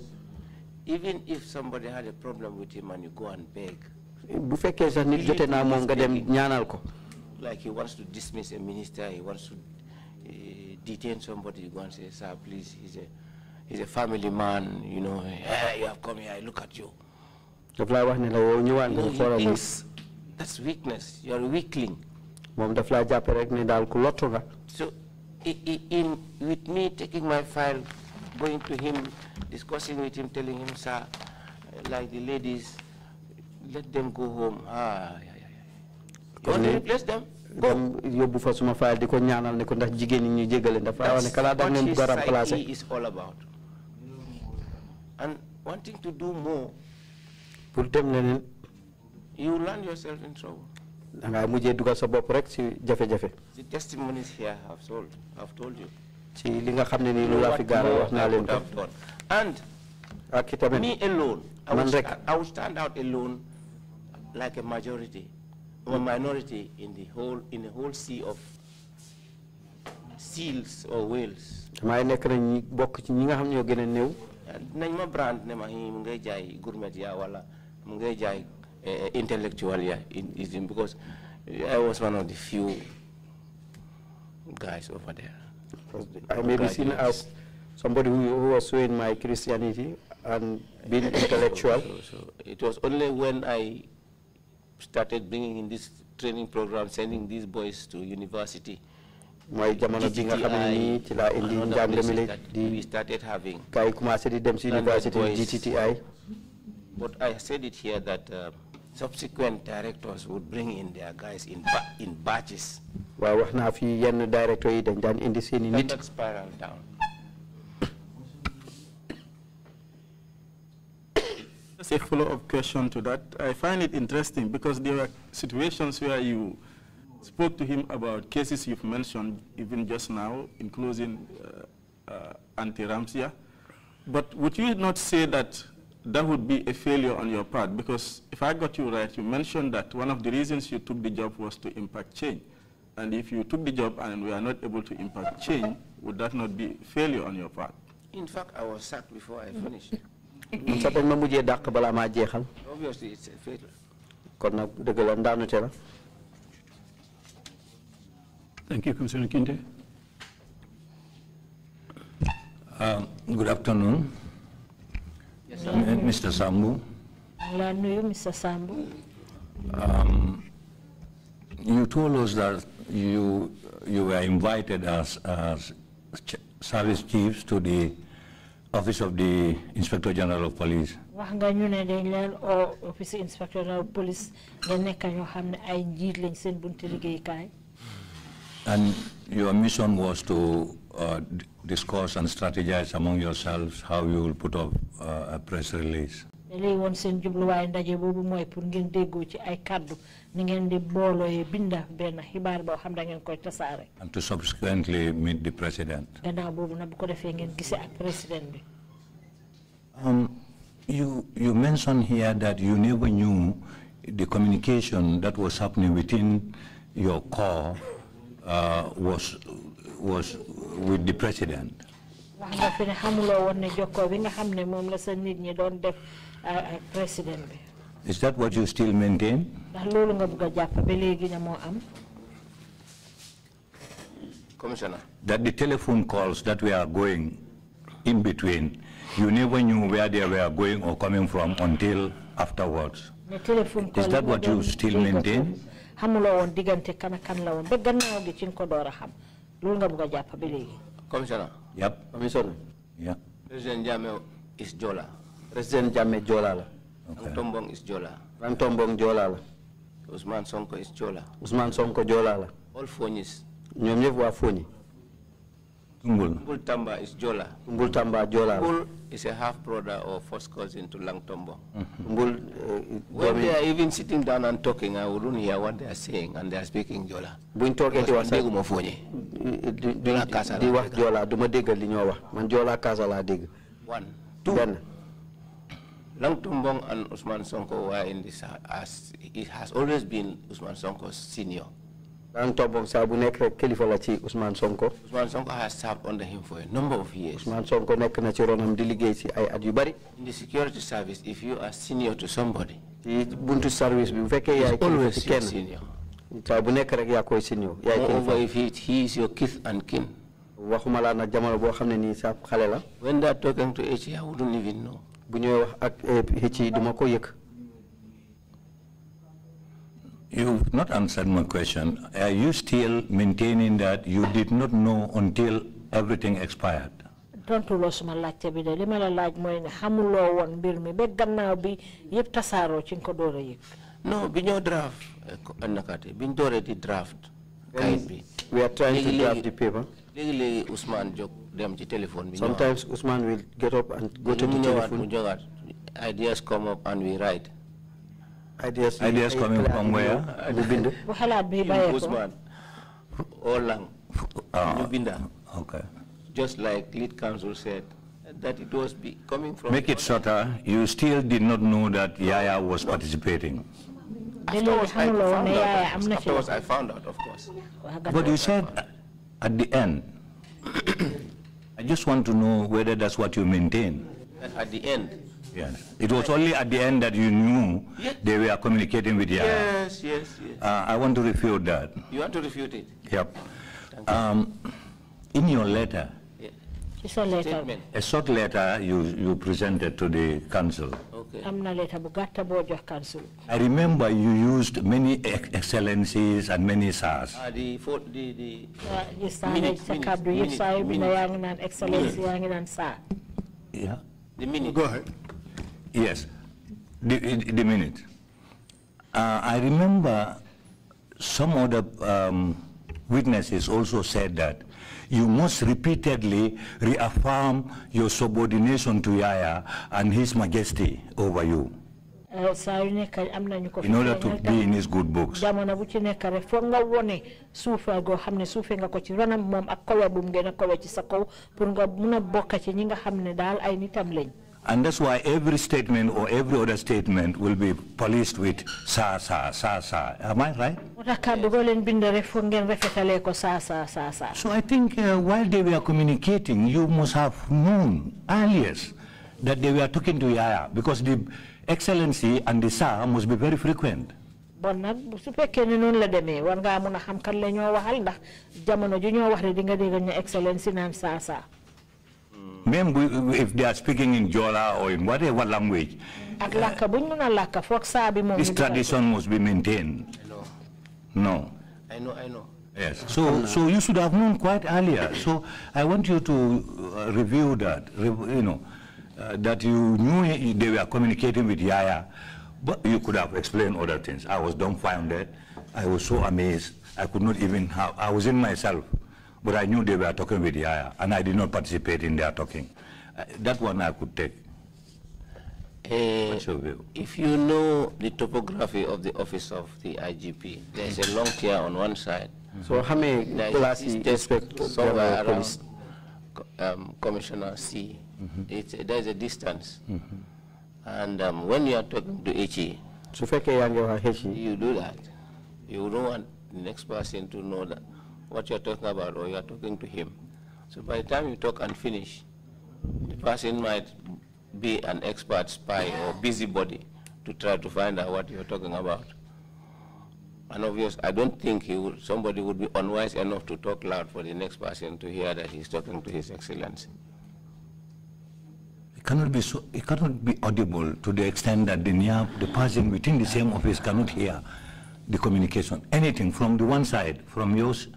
even if somebody had a problem with him and you go and beg like he wants to dismiss a minister he wants to uh, detain somebody you go and say sir please he's a he's a family man you know hey, eh, you have come here I look at you daf laa that's weakness you are a weakling moom daf so in with me taking my file going to him, discussing with him, telling him, sir, like the ladies, let them go home. Ah, yeah, yeah, yeah. You want to replace them? Go. yobbu fa suma faal di ko ñaanal ne ko ndax jigéen ñi ñu jégale ndax faawa kala daf leen garam placé is all about and wanting to do more pour dem leneen you land yourself in trouble da nga mujjé dugal sa bopp rek ci jafe-jafe the testimonies here have told have told you ci li nga lu fi wax ko and ak me alone man rek I will stand out alone like a majority or a minority in the whole in the whole sea of seals or whales may nekk na ñi bokk ci ñi nga xam ne a nañ ma brand ne ma ngay jaay gourmet ya wala ngay jaay eh, intellectual ya in because I was one of the few guys over there I may be seen as somebody who, who was showing my Christianity and being intellectual. So, so it was only when I started bringing in this training program, sending these boys to university. my jamono bi nga xam ne nii ci laa indi dem si GTTI. But I said it here that. Uh, subsequent directors would bring in their guys in ba in batches. waaw wax naa fi yenn directeurs then dañ daan indi seeni nit. It spiral down. Just a follow-up question to that. I find it interesting because there are situations where you spoke to him about cases you've mentioned even just now, including uh, uh, anti-Ramsia. But would you not say that that would be a failure on your part because if I got you right, you mentioned that one of the reasons you took the job was to impact change. And if you took the job and we are not able to impact change, would that not be failure on your part? In fact, I was sacked before I finished. Obviously, it's a failure. Thank you, Commissioner Kinte. Uh, good afternoon. Mr. Sambu. I Mr. Um, you told us that you you were invited as as service chiefs to the office of the Inspector General of Police. office Inspector General of Police And your mission was to uh, discuss and strategize among yourselves how you will put up uh, a press release. binda and to subsequently meet the president. président um, you you mentioned here that you never knew the communication that was happening within your core uh, was was with the president. Is that what you still maintain? Commissioner. That the telephone calls that we are going in between, you never knew where they were going or coming from until afterwards. Is that what you still maintain? la loolu nga bëgg a commissioner. yep. commissioner. yep. président Jammeh is Jola. président Jammeh Jola la. ok Tombong is Jola. Tombong Jola la. Usman Sonko is Jola. Usman Sonko Jola la. all Fonyis. ñoom ñëpp waa phone. Ungul Tamba is Jola. Ungul Tamba Jola. Ungul is a half brother or first cousin to Lang Tombo. Mm -hmm. uh, when they are even sitting down and talking, I wouldn't hear what they are saying, and they are speaking Jola. Buñ talking to wax dégguma fooñe. Jola Kaasa di wax Jola duma dégg li ñoo wax man Jola One. Two. Benn. Lang Tombong and Usman Sonko were in this as it has always been Usman Sonko's senior. Bang Tobong Sabu nek kilifa la Sonko. Ousmane Sonko has served under him for a number of years. Ousmane Sonko nek na ci ronam di liggéey ci In the security service if you are senior to somebody. the buntu service bi bu fekkee yaay always senior. Saa bu nekk rek senior. Yaay if it, he is your kith and kin. Waxuma la nag jamono boo xam ne nii When they are talking to each I wouldn't even know. Bu ñuy wax ak You've not answered my question. Are you still maintaining that you did not know until everything expired? Don't lose my de li Let la laaj My ne one bill me. Beg ba gannaaw bi yep tasaro ci nga ko No, a draft nakaate bi ñu dooree draft. we are trying to draft the paper. léegi léegi Ousmane jóg to ci téléphone bi. sometimes Usman will get up and go to the telephone. ideas come up and we write ideas, ideas coming from where? Usman or Lang. Ah, okay. Just like lead council said, that it was coming from... Make it shorter. You still did not know that Yaya was no. participating. Afterwards I, found out, afterwards, I found out, of course. But you said at the end, I just want to know whether that's what you maintain. At the end, Yes. It was only at the end that you knew yes. they were communicating with you. Yes, yes, yes. Uh, I want to refute that. You want to refute it? Yep. Um, in your letter, yeah. a short letter. A short letter you, you presented to the council. Okay. I remember you used many ex excellencies and many SARS. Uh, ah, the, for, the, the uh, minute, minute, minute, minute. Yeah. The minute. Go ahead. Yes, the, the minute. Uh, I remember some other um, witnesses also said that you must repeatedly reaffirm your subordination to Yaya and his majesty over you uh, in order to be in his good books. And that's why every statement or every other statement will be policed with sa, sa, sa, sa. Am I right? So I think uh, while they were communicating, you must have known earlier that they were talking to Yaya because the excellency and the sa must be very frequent. bon même if they are speaking in Jola or in whatever language, uh, this tradition must be maintained. I know. No. I know, I know. Yes. So, so you should have known quite earlier. So I want you to uh, review that, you know, uh, that you knew they were communicating with Yaya, but you could have explained other things. I was dumbfounded. I was so amazed. I could not even have, I was in myself. But I knew they were talking with Yaya, and I did not participate in their talking. Uh, that one I could take. Uh, if you know the topography of the office of the IGP, there's a long chair on one side. Mm -hmm. So how many classes expect somewhere around um, Commissioner C? Mm -hmm. there's a distance. Mm -hmm. And um, when you are talking to HE, you do that. You don't want the next person to know that what you're talking about or you're talking to him. So by the time you talk and finish, the person might be an expert spy or busybody to try to find out what you're talking about. And obviously, I don't think would, somebody would be unwise enough to talk loud for the next person to hear that he's talking to His Excellency. It cannot be so, it cannot be audible to the extent that the near, the person within the same office cannot hear the communication. Anything from the one side, from yours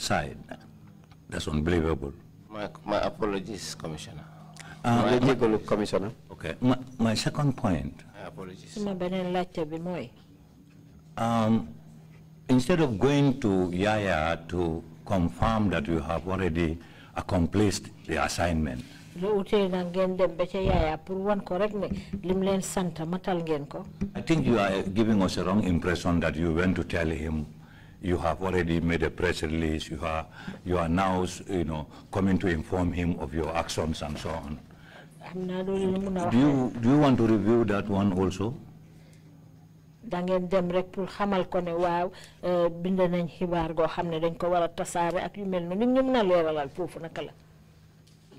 side. That's unbelievable. My, my apologies, Commissioner. Uh, my, my, Commissioner. Okay. My, my second point. My apologies. Um, instead of going to Yaya to confirm that you have already accomplished the assignment, I think you are giving us a wrong impression that you went to tell him you have already made a press release, you are, you are now you know, coming to inform him of your actions and so on. Do you, do you want to review that one also? Euh,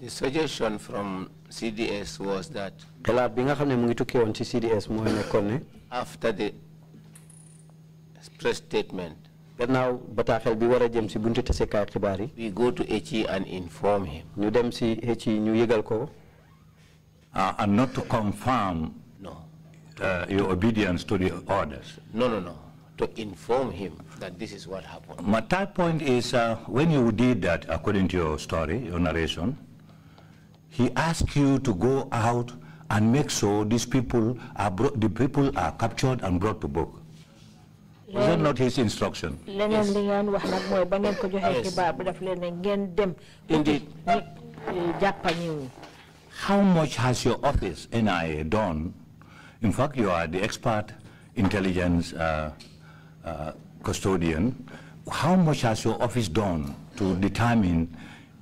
the suggestion from CDS was that. CDS after the press statement gannaaw bi war a jëm si xibaar yi. we go to HE and inform him. ñu dem si HE ñu yëgal ko. Uh, and not to confirm. no. Uh, your obedience to the orders. no no no to inform him that this is what happened. My third point is uh, when you did that, according to your story, your narration, he asked you to go out and make sure these people are the people are captured and brought to book was that not his instruction indeed eh, how much has your office NIA done in fact you are the expert intelligence uh, uh, custodian how much has your office done to determine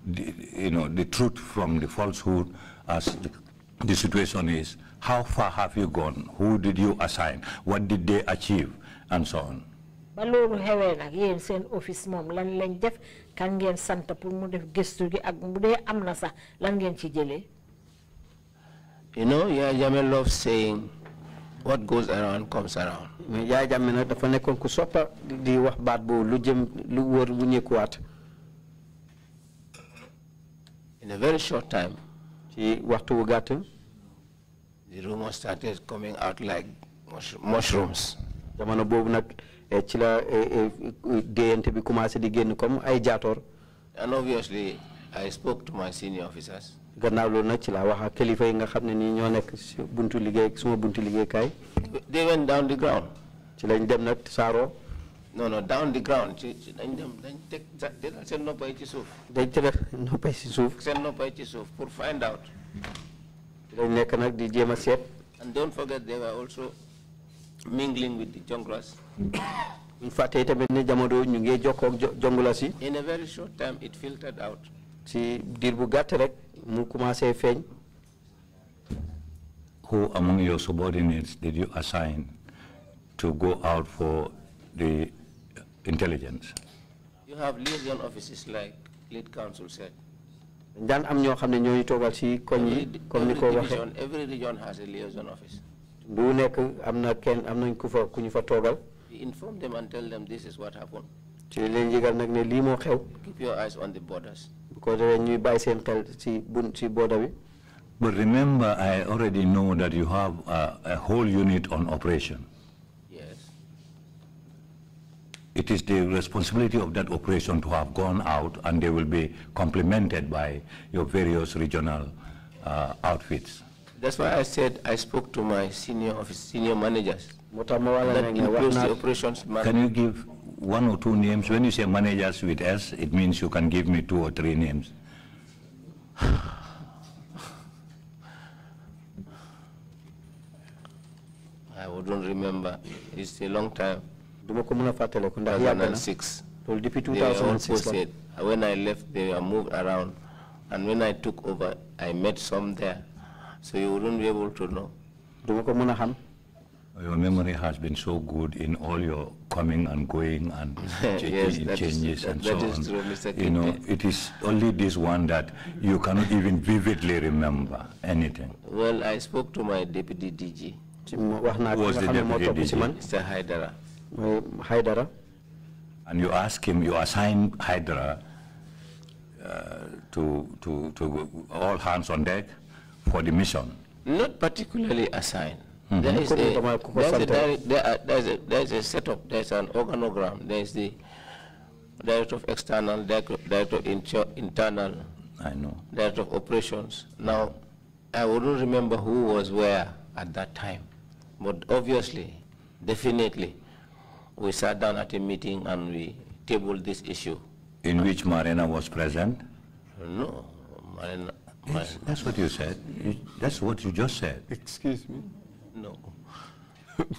the, you know the truth from the falsehood as the, the situation is how far have you gone who did you assign what did they achieve and so on. yéen office lan lañ def kan ngeen pour mu def gi ak sax lan ngeen ci you know Yaya Jammeh saying what goes around comes around. mais Yaya Jammeh nag dafa nekkoon ku soppa di wax baat boobu lu jëm lu wër bu ñëkkuwaat. in a very short time. ci waxtu wu gàtt. the rumor started coming out like mushrooms jamono eh, ci la eh, eh, bi commencé di génn comme ay and obviously I spoke to my senior officers. gannaaw loolu nag ci laa wax ak yi nga xam ne nii ñoo buntu liggéey suma buntu they went down the ground. ci lañ dem nag saaro. non non down the ground ci dañ dem dañ teg dañ seen noppay ci suuf. dañ teg noppay ci suuf. seen noppay ci suuf pour find out. dañ nekk nag di jéem a and don't forget they were also mingling with the junglers. In fact, it in a very short time, it filtered out. Who among your subordinates did you assign to go out for the intelligence? You have liaison offices like lead council said. am Every division, every region has a liaison office inform them and tell them this is what happened. ci leen ne lii moo keep your eyes on the borders. because when you buy bàyyi seen xel bun ci But remember, I already know that you have a, a, whole unit on operation. Yes. It is the responsibility of that operation to have gone out and they will be complemented by your various regional uh, outfits. That's why I said I spoke to my senior office, senior managers. operations manager. Can you give one or two names? When you say managers with S, it means you can give me two or three names. I do not remember. It's a long time. 2006. They 2006 said, when I left, they were moved around. And when I took over, I met some there. So you wouldn't be able to know. Your memory has been so good in all your coming and going and yes, changes is, and so on. True, you know, it is only this one that you cannot even vividly remember anything. Well, I spoke to my deputy DG. Who was the deputy DG? Mr. Haidara. Well, Haidara. And you ask him, you assign Haidara uh, to, to, to all hands on deck? for the mission? Not particularly assigned. Mm -hmm. there, is a, there, is a, there, are, there, is a, there is a setup, there is an organogram, there is the director of external, director of internal, I know. director of operations. Now, I wouldn't remember who was where at that time, but obviously, definitely, we sat down at a meeting and we tabled this issue. In which Marina was present? No, Marina, Yes, that's what you said. You, that's what you just said. Excuse me? No.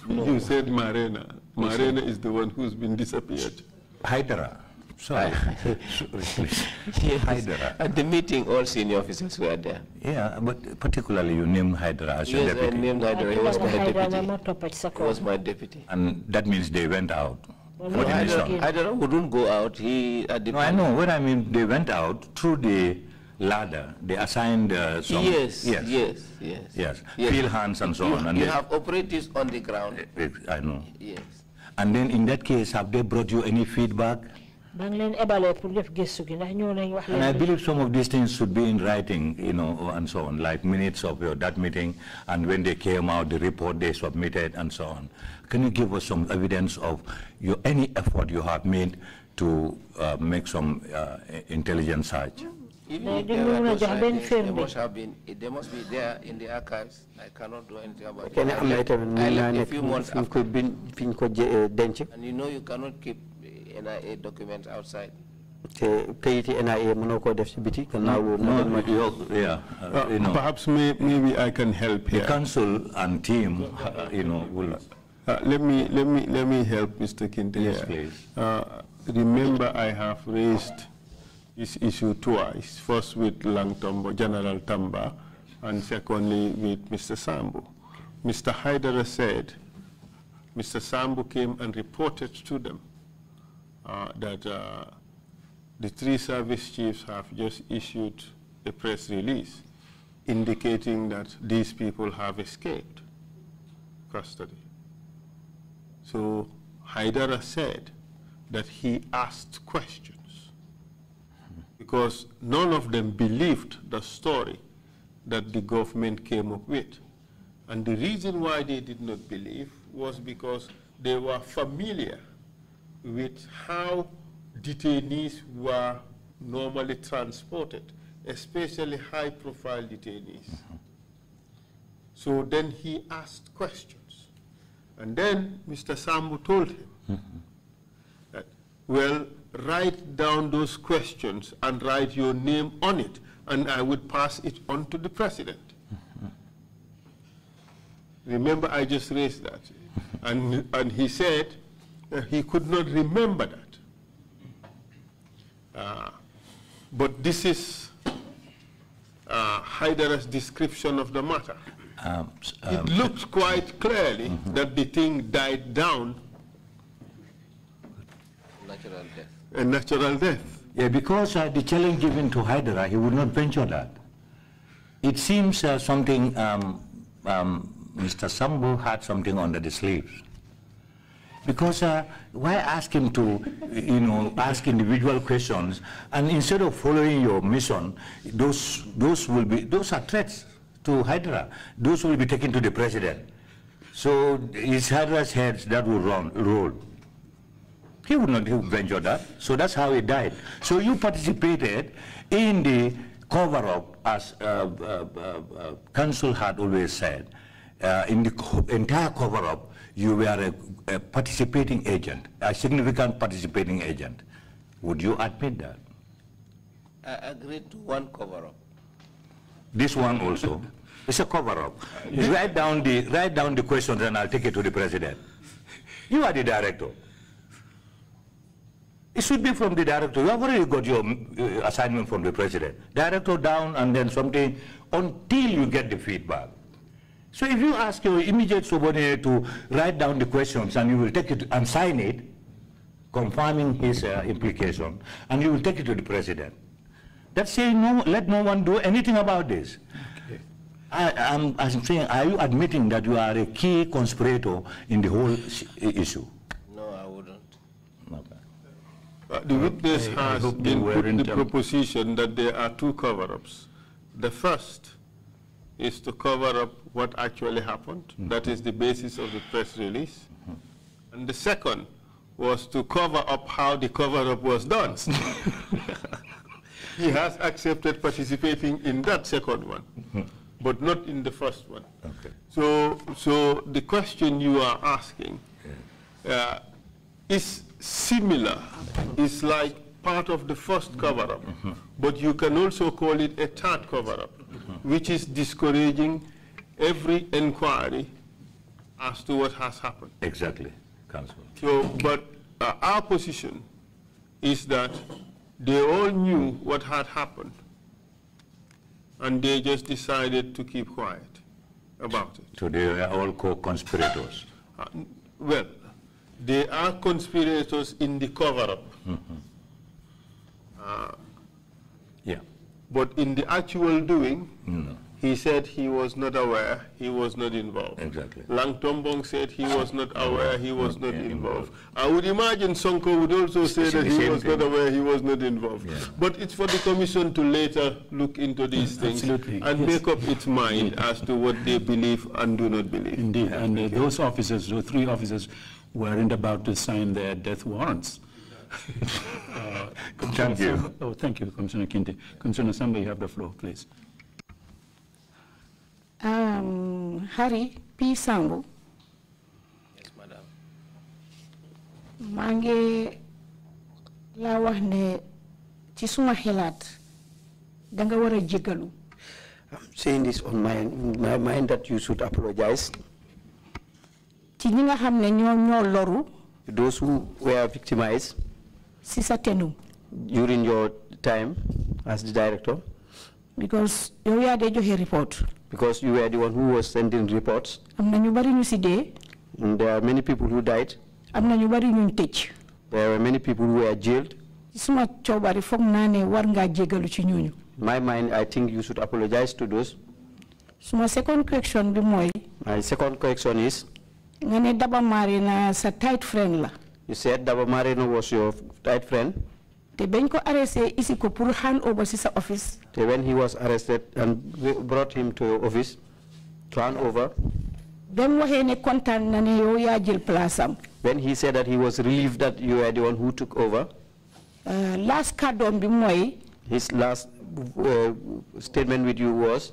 no. You said Marina. Marina is the one who's been disappeared. Hydra. Sorry. yes. At the meeting, all senior officers were there. Yeah, but particularly you named Hydra as yes, your deputy. Yes, I named Hydra. He was my deputy. He was my deputy. And that means they went out. Well, no, don't know. wouldn't go out. He, at the no, I know. What I mean, they went out through the ladder, they assigned uh, some... Yes, yes, yes, yes. Yes, yes. field hands and so you, on. And you have operatives on the ground. Eh, eh, I know. Yes. And then in that case, have they brought you any feedback? And I believe some of these things should be in writing, you know, and so on, like minutes of your, that meeting, and when they came out, the report they submitted, and so on. Can you give us some evidence of your, any effort you have made to uh, make some uh, intelligence search? there must have been, they must be there in the archives. I cannot do anything about it. I left, I left a few months after. Uh, and you know you cannot keep NIA documents outside. Okay. No, no, yeah, uh, you know. Perhaps may, maybe I can help here. The council and team, uh, you know, will. Uh, let me let me let me help Mr. Kinte. Yes, please. Uh, remember, I have raised this issue twice, first with Lang Tombo, General Tamba, and secondly with Mr. Sambu. Mr. Haidara said Mr. Sambu came and reported to them uh, that uh, the three service chiefs have just issued a press release indicating that these people have escaped custody. So Haidara said that he asked questions because none of them believed the story that the government came up with. And the reason why they did not believe was because they were familiar with how detainees were normally transported, especially high-profile detainees. So then he asked questions. And then Mr. Sambu told him mm -hmm. that, well, write down those questions and write your name on it, and I would pass it on to the president. Remember, I just raised that. And, and he said uh, he could not remember that. Uh, but this is uh, Haidara's description of the matter. Um, um, it looks quite clearly mm -hmm. that the thing died down. Natural death a natural death. Yeah, because uh, the challenge given to Hydra, he would not venture that. It seems uh, something, um, um, Mr. Sambu had something under the sleeves. Because uh, why ask him to, you know, ask individual questions, and instead of following your mission, those, those will be, those are threats to Hydra. Those will be taken to the president. So it's Hydra's heads that will run, roll. He would not have ventured that. So that's how he died. So you participated in the cover-up, as uh uh, uh, uh, Council had always said. Uh, in the co entire cover-up, you were a, a participating agent, a significant participating agent. Would you admit that? I agreed to one cover-up. This one also? It's a cover-up. write down the write down the questions, and I'll take it to the president. You are the director. It should be from the director. You have already got your uh, assignment from the president. Director down and then something until you get the feedback. So if you ask your immediate subordinate to write down the questions and you will take it and sign it, confirming his uh, implication, and you will take it to the president. That's saying no, let no one do anything about this. Okay. I, am saying, are you admitting that you are a key conspirator in the whole issue? Uh, the witness has put the proposition that there are two cover-ups. The first is to cover up what actually happened. Mm -hmm. That is the basis of the press release. Mm -hmm. And the second was to cover up how the cover-up was done. he has accepted participating in that second one, mm -hmm. but not in the first one. Okay. So, so the question you are asking yeah. uh, is similar. It's like part of the first cover-up, mm -hmm. but you can also call it a third cover-up, mm -hmm. which is discouraging every inquiry as to what has happened. Exactly, Council. So, but uh, our position is that they all knew what had happened, and they just decided to keep quiet about it. So they are all co-conspirators? Uh, well, they are conspirators in the cover-up. Mm -hmm. uh, yeah. But in the actual doing, no. he said he was not aware, he was not involved. Exactly. Lang Tombong said he was not aware, he was not, not involved. involved. I would imagine Sonko would also say it's that he was thing. not aware, he was not involved. Yeah. But it's for the commission to later look into these things Absolutely. and yes. make up its mind as to what they believe and do not believe. Indeed, yeah. and uh, those officers, those three officers, weren't about to sign their death warrants. uh, thank you. oh, thank you, Commissioner Kinte. Commissioner Samba, you have the floor, please. Um, Hari P. Sambu. Yes, madam. Mange la wax ne ci wara xelaat i I'm saying this on my, my mind that you should apologize ci ñi nga ñoo ñoo loru. those who were victimized. si sa during your time as the director. because yow yaa dee joxe report. because you were the one who was sending reports. am ñu bari ñu there are many people who died. am ñu bari ñu there were many people who were jailed. suma coobari war jégalu ci ñooñu. my mind I think you should apologize to those. suma second question bi my second question is nga Daba Marina sa tight friend la. you said Daba Marina was your tight friend. te bañ ko arrêté isi ko pour hand over si sa office. te when he was arrested and brought him to your office to hand over. bem waxee ne kontaan na ne yow yaa jël when he said that he was relieved that you were the one who took over. Uh, last kàddoom bi mooy. his last uh, statement with you was.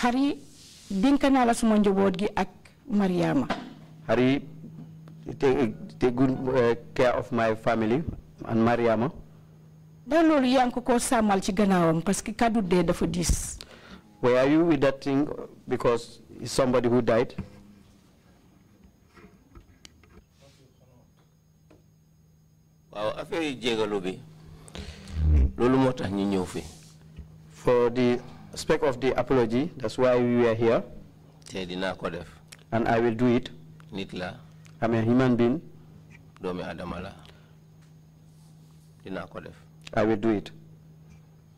hari dénk naa la suma njaboot gi ak Mariama. Hari, take, take good uh, care of my family and Mariama. Dans lolu yang ko ko samal ci gannaawam parce que kaddu dé dafa dis. Were you with that thing because it's somebody who died? waaw affaire yi jégalu bi loolu moo tax ñu ñëw fi for the sake of the apology that's why we are here te dinaa ko def and I will do it nit I'm a human being doomi adama la dinaa ko def I will do it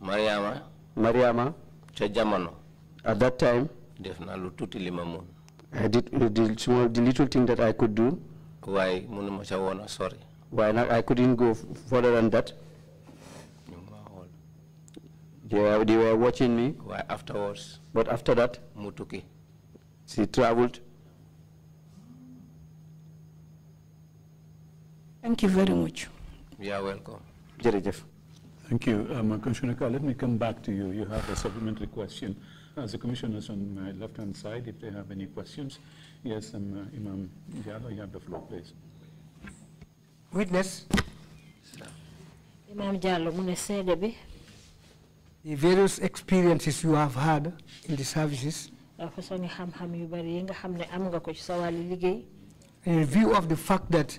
Mariama Mariama ca at that time Defna naa lu I did the small the little thing that I could do Why, mënuma ca woon a sorry. I couldn't go further than that They were, they were watching me. Why afterwards? But after that, Mutuki. She traveled. Thank you very much. You are welcome. Jeff. Thank you. Um, Commissioner Carr, let me come back to you. You have a supplementary question. As the commissioners on my left-hand side, if they have any questions. Yes, um, uh, Imam Jalo, you have the floor, please. Witness. Imam Jalo, The various experiences you have had in the services. Uh, in view of the fact that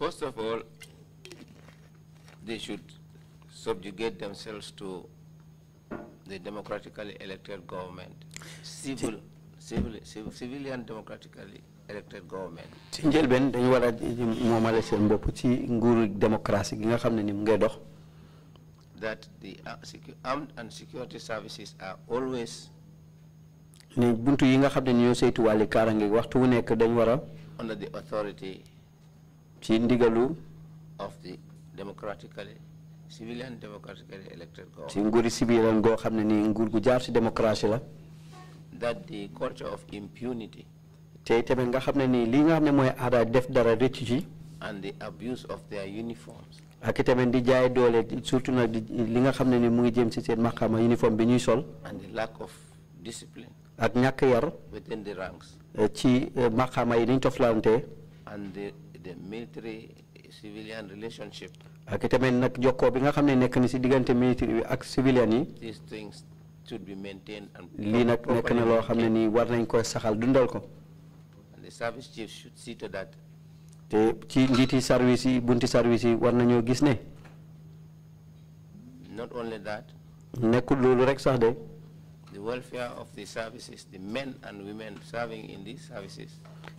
First of all, they should subjugate themselves to the democratically elected government, civil, civil, civil civilian democratically elected government. that the uh, armed and security services are always. under the authority of the democratically civilian democratically elected government civilian goo xam ni nguur gu jaar la that the culture of impunity def dara and the abuse of their uniforms ni and the lack of discipline within the ranks ci maxaama and the the military civilian relationship. military these things should be maintained and. and the service chief should see to that. The service bunti service war nañoo gis not only that. nekkul loolu rek sax de the welfare of the services, the men and women serving in these services.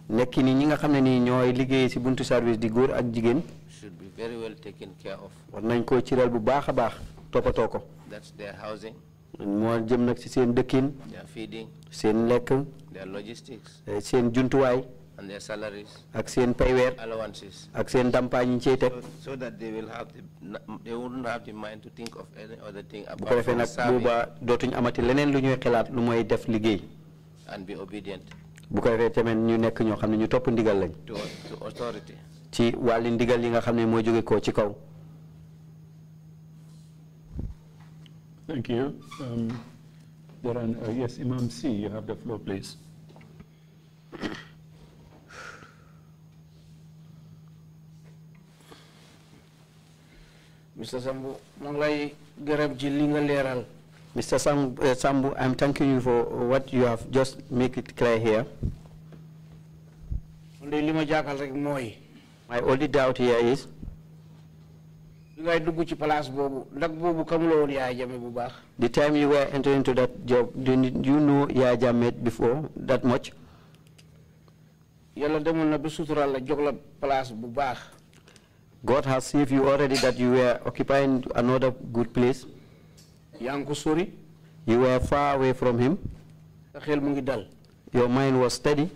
nekki ni ñi nga xam ne ni ñooy liggéey ci buntu service di góor ak jigéen. should be very well taken care of. war nañ koo ciral bu baax a baax toppatoo that's their housing. moo jëm nag ci seen dëkkin. their feeding. seen lekk. their logistics. Eh, seen jumtuwaay and their salaries accident payware allowances accident seen so that they will have the they wouldn't have the mind to think of any other thing bu ko and be obedient bu to authority ci walin ndigal yi nga xam ne jóge koo ci kaw Thank you. Um, uh, Imam C, you have the floor, please. Mr. Sambu, manglay garab ji leral. Mr. Sambu, uh, I'm thanking you for what you have just make it clear here. My only doubt here is the time you were entering into that job, did you know Yaya Jamet before that much? Yalla demoon na ba sutural la jox la place bu baax God has saved you already that you were occupying another good place. yaa You were far away from him. Your mind was steady.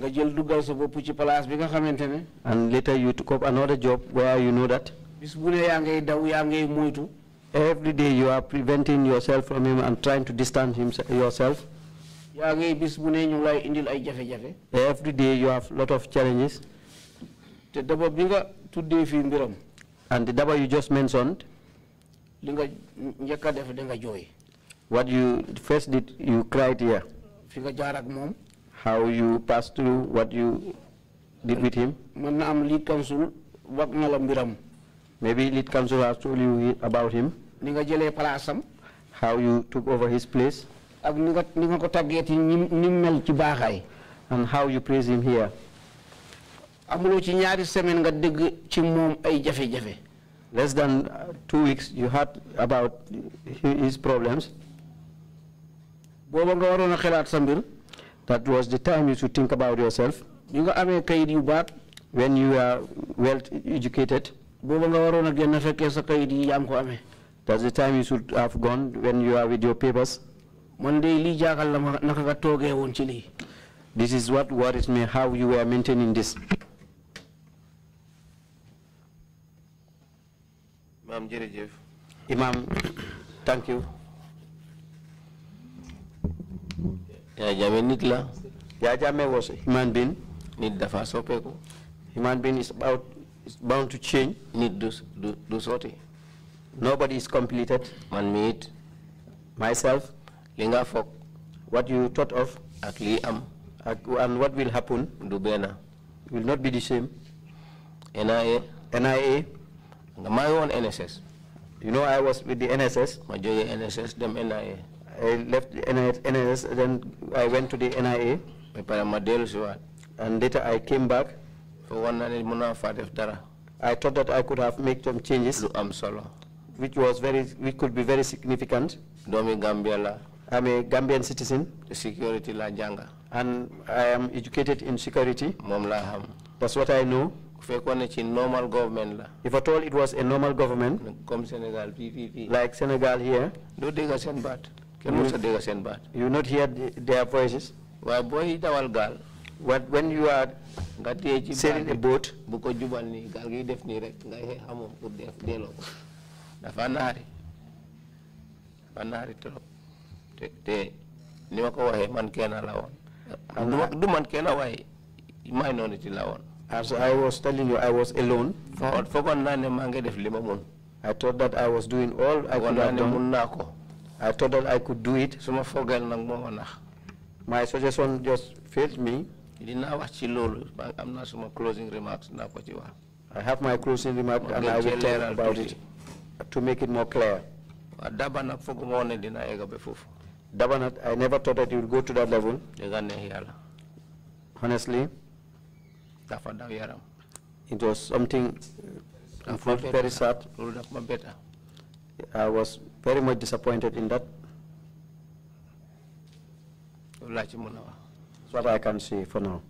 ne. and later you took up another job where you know that. bis bu ne yaa ngay Every day you are preventing yourself from him and trying to distance yourself. day you have lot of challenges te daba bi nga tuddee mbiram. and the daba you just mentioned. li nga njëkk a def da nga what you first did you cried here. fi jarak mom. how you passed through what you did with him. Man, na am lead council wax na la maybe lead council has told you about him. ni jele jëlee how you took over his place. ak ni nga ni nga ko tàggee ci ni mel ci and how you praise him here ci ñaari semaine nga ci ay jafe-jafe. less than uh, two weeks you heard about his problems. nga sa mbir. that was the time you should think about yourself. bi nga amee kayit yu baat. when you are well educated. booba nga génn sa kayit yi ko that's the time you should have gone when you are with your papers. man naka ci This is what worries me, how you are maintaining this. am Jeff, Imam thank you. Yeah, Jammeh nit la. Yaya was a human being. Nit dafa soppeeku. Human being is about is bound to change. Need do do do Nobody is completed. Man mi Myself. Li nga What you thought of. Actually, i am. and what will happen. Du Will not be the same. NIA. NIA. My own NSS. You know, I was with the NSS. My NSS, Them NIA. I left the NSS, then I went to the NIA. And later I came back. For one night, I thought that I could have made some changes. I'm solo. Which was very, which could be very significant. Domi Gambia I'm a Gambian citizen. The security la janga. And I am educated in security. Mom la ham. That's what I know. If at all it was a normal government, Senegal, PPP. like Senegal here, you, You not hear their voices? Why boy our girl? What when you are sailing a boat? Buko jubal ni gal gi def ni delo ko. Dafa naari. man kena la won. kena man may as I was telling you, I was alone. I thought that I was doing all I could have done. I thought that I could do it. My suggestion just failed me. I'm not closing remarks. I have my closing remark and I will talk about it to make it more clear. I never thought that you would go to that level. Honestly yaram. It was something not very sad. I was very much disappointed in that. That's what I can say for now.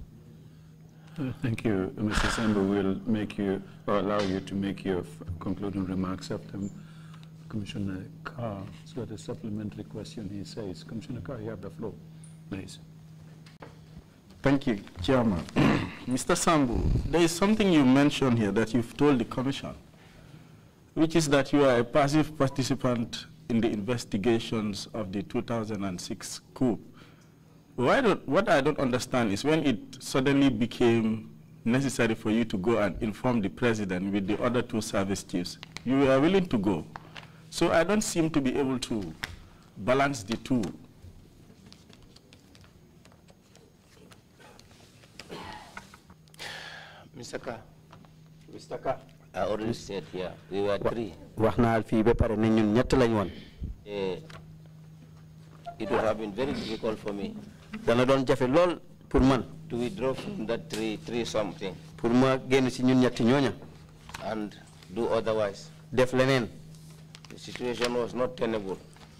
Uh, thank you, Mr. Sembo. We'll make you or allow you to make your concluding remarks after Commissioner Carr. So the supplementary question he says. Commissioner Carr, you have the floor, please. Thank you, Chairman. Mr. Sambu, there is something you mentioned here that you've told the Commission, which is that you are a passive participant in the investigations of the 2006 coup. Don't, what I don't understand is when it suddenly became necessary for you to go and inform the president with the other two service chiefs, you were willing to go. So I don't seem to be able to balance the two. Mr. Ka. Mr. Ka. I already said, yeah, we were three. wax naa fii ba pare ne ñun ñett lañ woon. Eh, it would have been very difficult for me. dana doon jafe lool pour man. to withdraw from that three three something. pour ma génn si ñun ñetti ñooña. and do otherwise. def leneen. the situation was not tenable.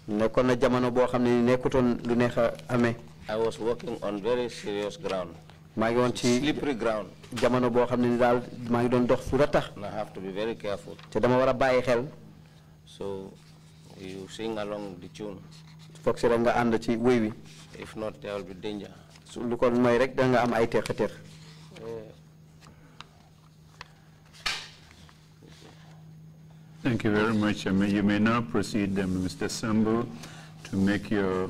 nekkoon jamono boo xam ne lu neex a I was working on very serious ground maa ngi slippery ground. jamono boo xam ne ni daal maa ngi doon dox fu I have to be very careful. te dama war a so you sing along the tune. foog si rek nga ànd ci wéy if not there will be danger. su lu kon mooy rek da nga am ay kater. Thank you very much. You may now proceed, Mr. Sambo, to make your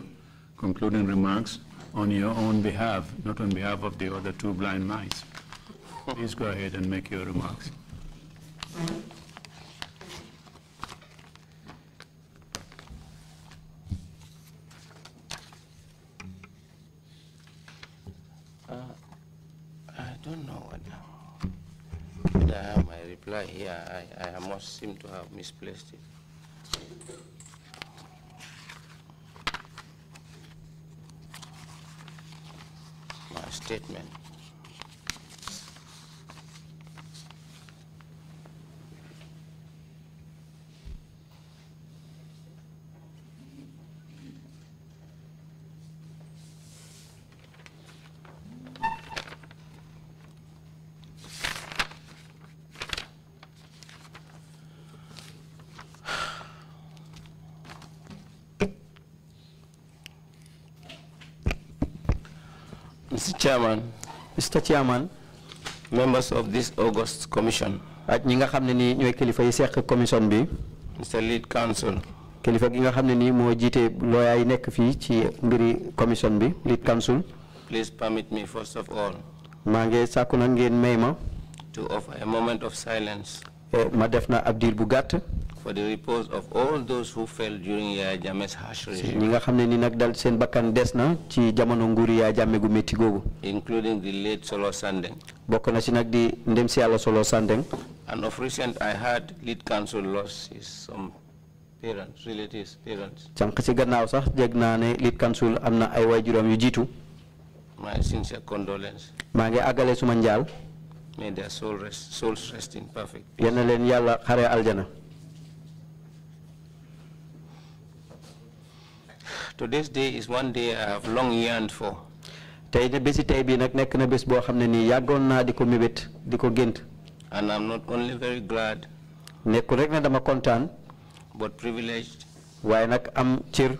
concluding remarks on your own behalf, not on behalf of the other two blind mice. Please go ahead and make your remarks. Uh, I don't know whether, have my reply here. I, I must seem to have misplaced it. statement Mr. Chairman. Mr. Chairman. Members of this August Commission. commission Mr. Lead Counsel. commission Lead Counsel. Please permit me first of all. to offer a moment of silence. Eh, for the repose of all those who fell during Yaya Jammeh's harsh regime. nga ni na including the late Solo Sandeng. Solo Sandeng. and of recent I heard lead counsel lost his some parents relatives parents. sànq si gannaaw lead counsel amna na ay my sincere condolences. may their soul rest souls rest in perfect peace. aljana. today's day is one day I have long yearned for. tey ne bési tey bii nag nekk na gént. and I'm not only very glad. nekkul rek ne dama but privileged. waaye nag am cër.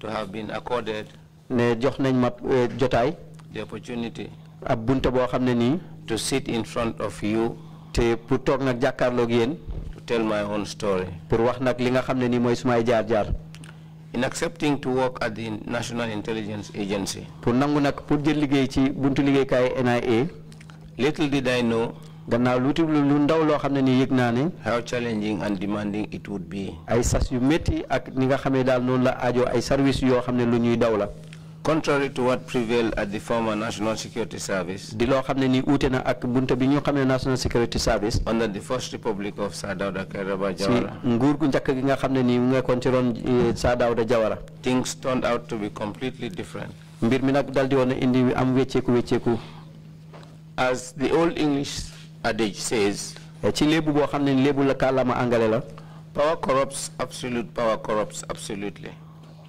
to have been accorded. ne jox nañ ma eh, the opportunity. ab bunta to sit in front of you. te pour toog nag jàkkaarloog yéen. to tell my own story. pour wax nag li nga xam ne nii sumay jaar jaar in accepting to work at the National Intelligence Agency. Pour nangu nak pour jël liggéey ci buntu NIA. Little did I know gannaaw lu ti lu ndaw loo xam ne nii how challenging and demanding it would be. I sas yu métti ak ni nga xamee daal noonu la aajo ay service yoo xam ne lu contrary to what prevailed at the former National Security Service. di loo xam ne nii uute na ak bunte bi ñu xam National Security Service. under the First Republic of Sir Dawda Kairaba Jawara. things turned out to be completely different. as the old English adage says. Eh, power corrupts absolute power corrupts absolutely.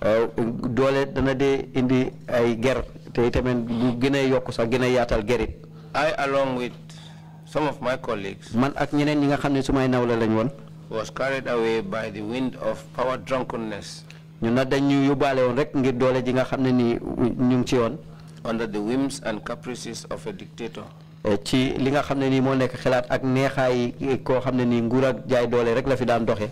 Uh, doole dana dee indi ay ger te itamit lu gën a sax gën yaatal gerit I along with some of my colleagues man ak ñeneen ñi nga xam sumay nawle lañ woon was carried away by the wind of power drunkenness ñu nag dañ ñu yóbbaale rek ngir doole ji nga xam ni ñu ci yoon under the whims and caprices of a dictator uh, ci li nga xam ne nii moo nekk ak neexaay koo xam ne nii ak jaay doole rek la fi daan doxe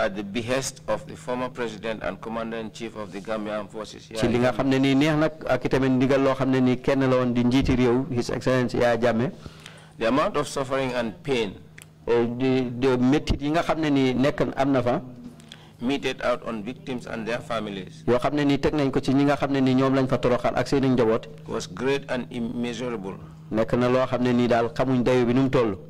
at the behest of the former president and commander-in-chief of the Gambia Armed Forces. ci li nga xam ne neex nag ak itamit ndigal loo kenn la di His Excellency Yaya Jammeh. the amount of suffering and pain. The oh, de métit yi nga xam fa. meted out on victims and their families. yoo xam ne nii nañ ko ci ñi nga lañ fa toroxal ak seen was great and immeasurable. nekk na loo xamuñ bi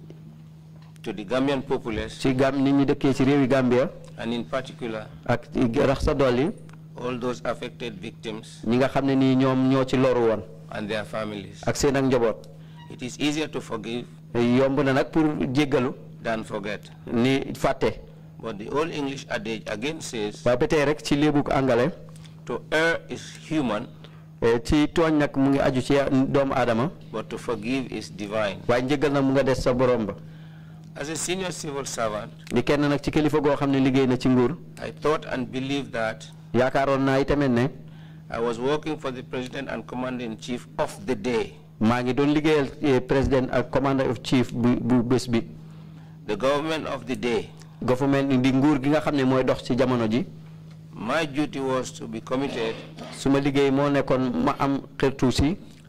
to the Gambian populace Gambia and in particular all those affected victims ñi and their families it is easier to forgive na than forget ni but the old English adage again says to err is human eh, but to forgive is divine na as a senior civil servant. I thought and believed that. I was working for the president and commander in chief of the day. Eh, président ak commander of chief The government of the day. government di nguur nga My duty was to be committed.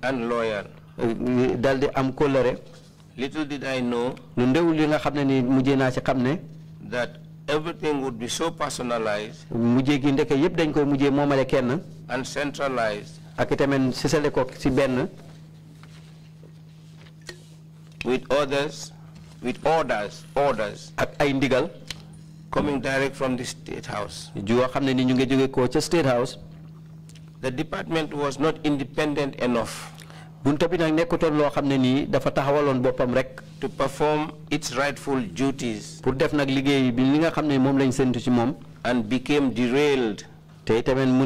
and loyal. Eh, Little did I know that everything would be so personalized and centralized with others, with orders, orders coming direct from the State House. The department was not independent enough bunta bi dafa rek. to perform its rightful duties. pour def nag liggéey bi li nga xam lañ séntu ci and became derailed. te itamit mu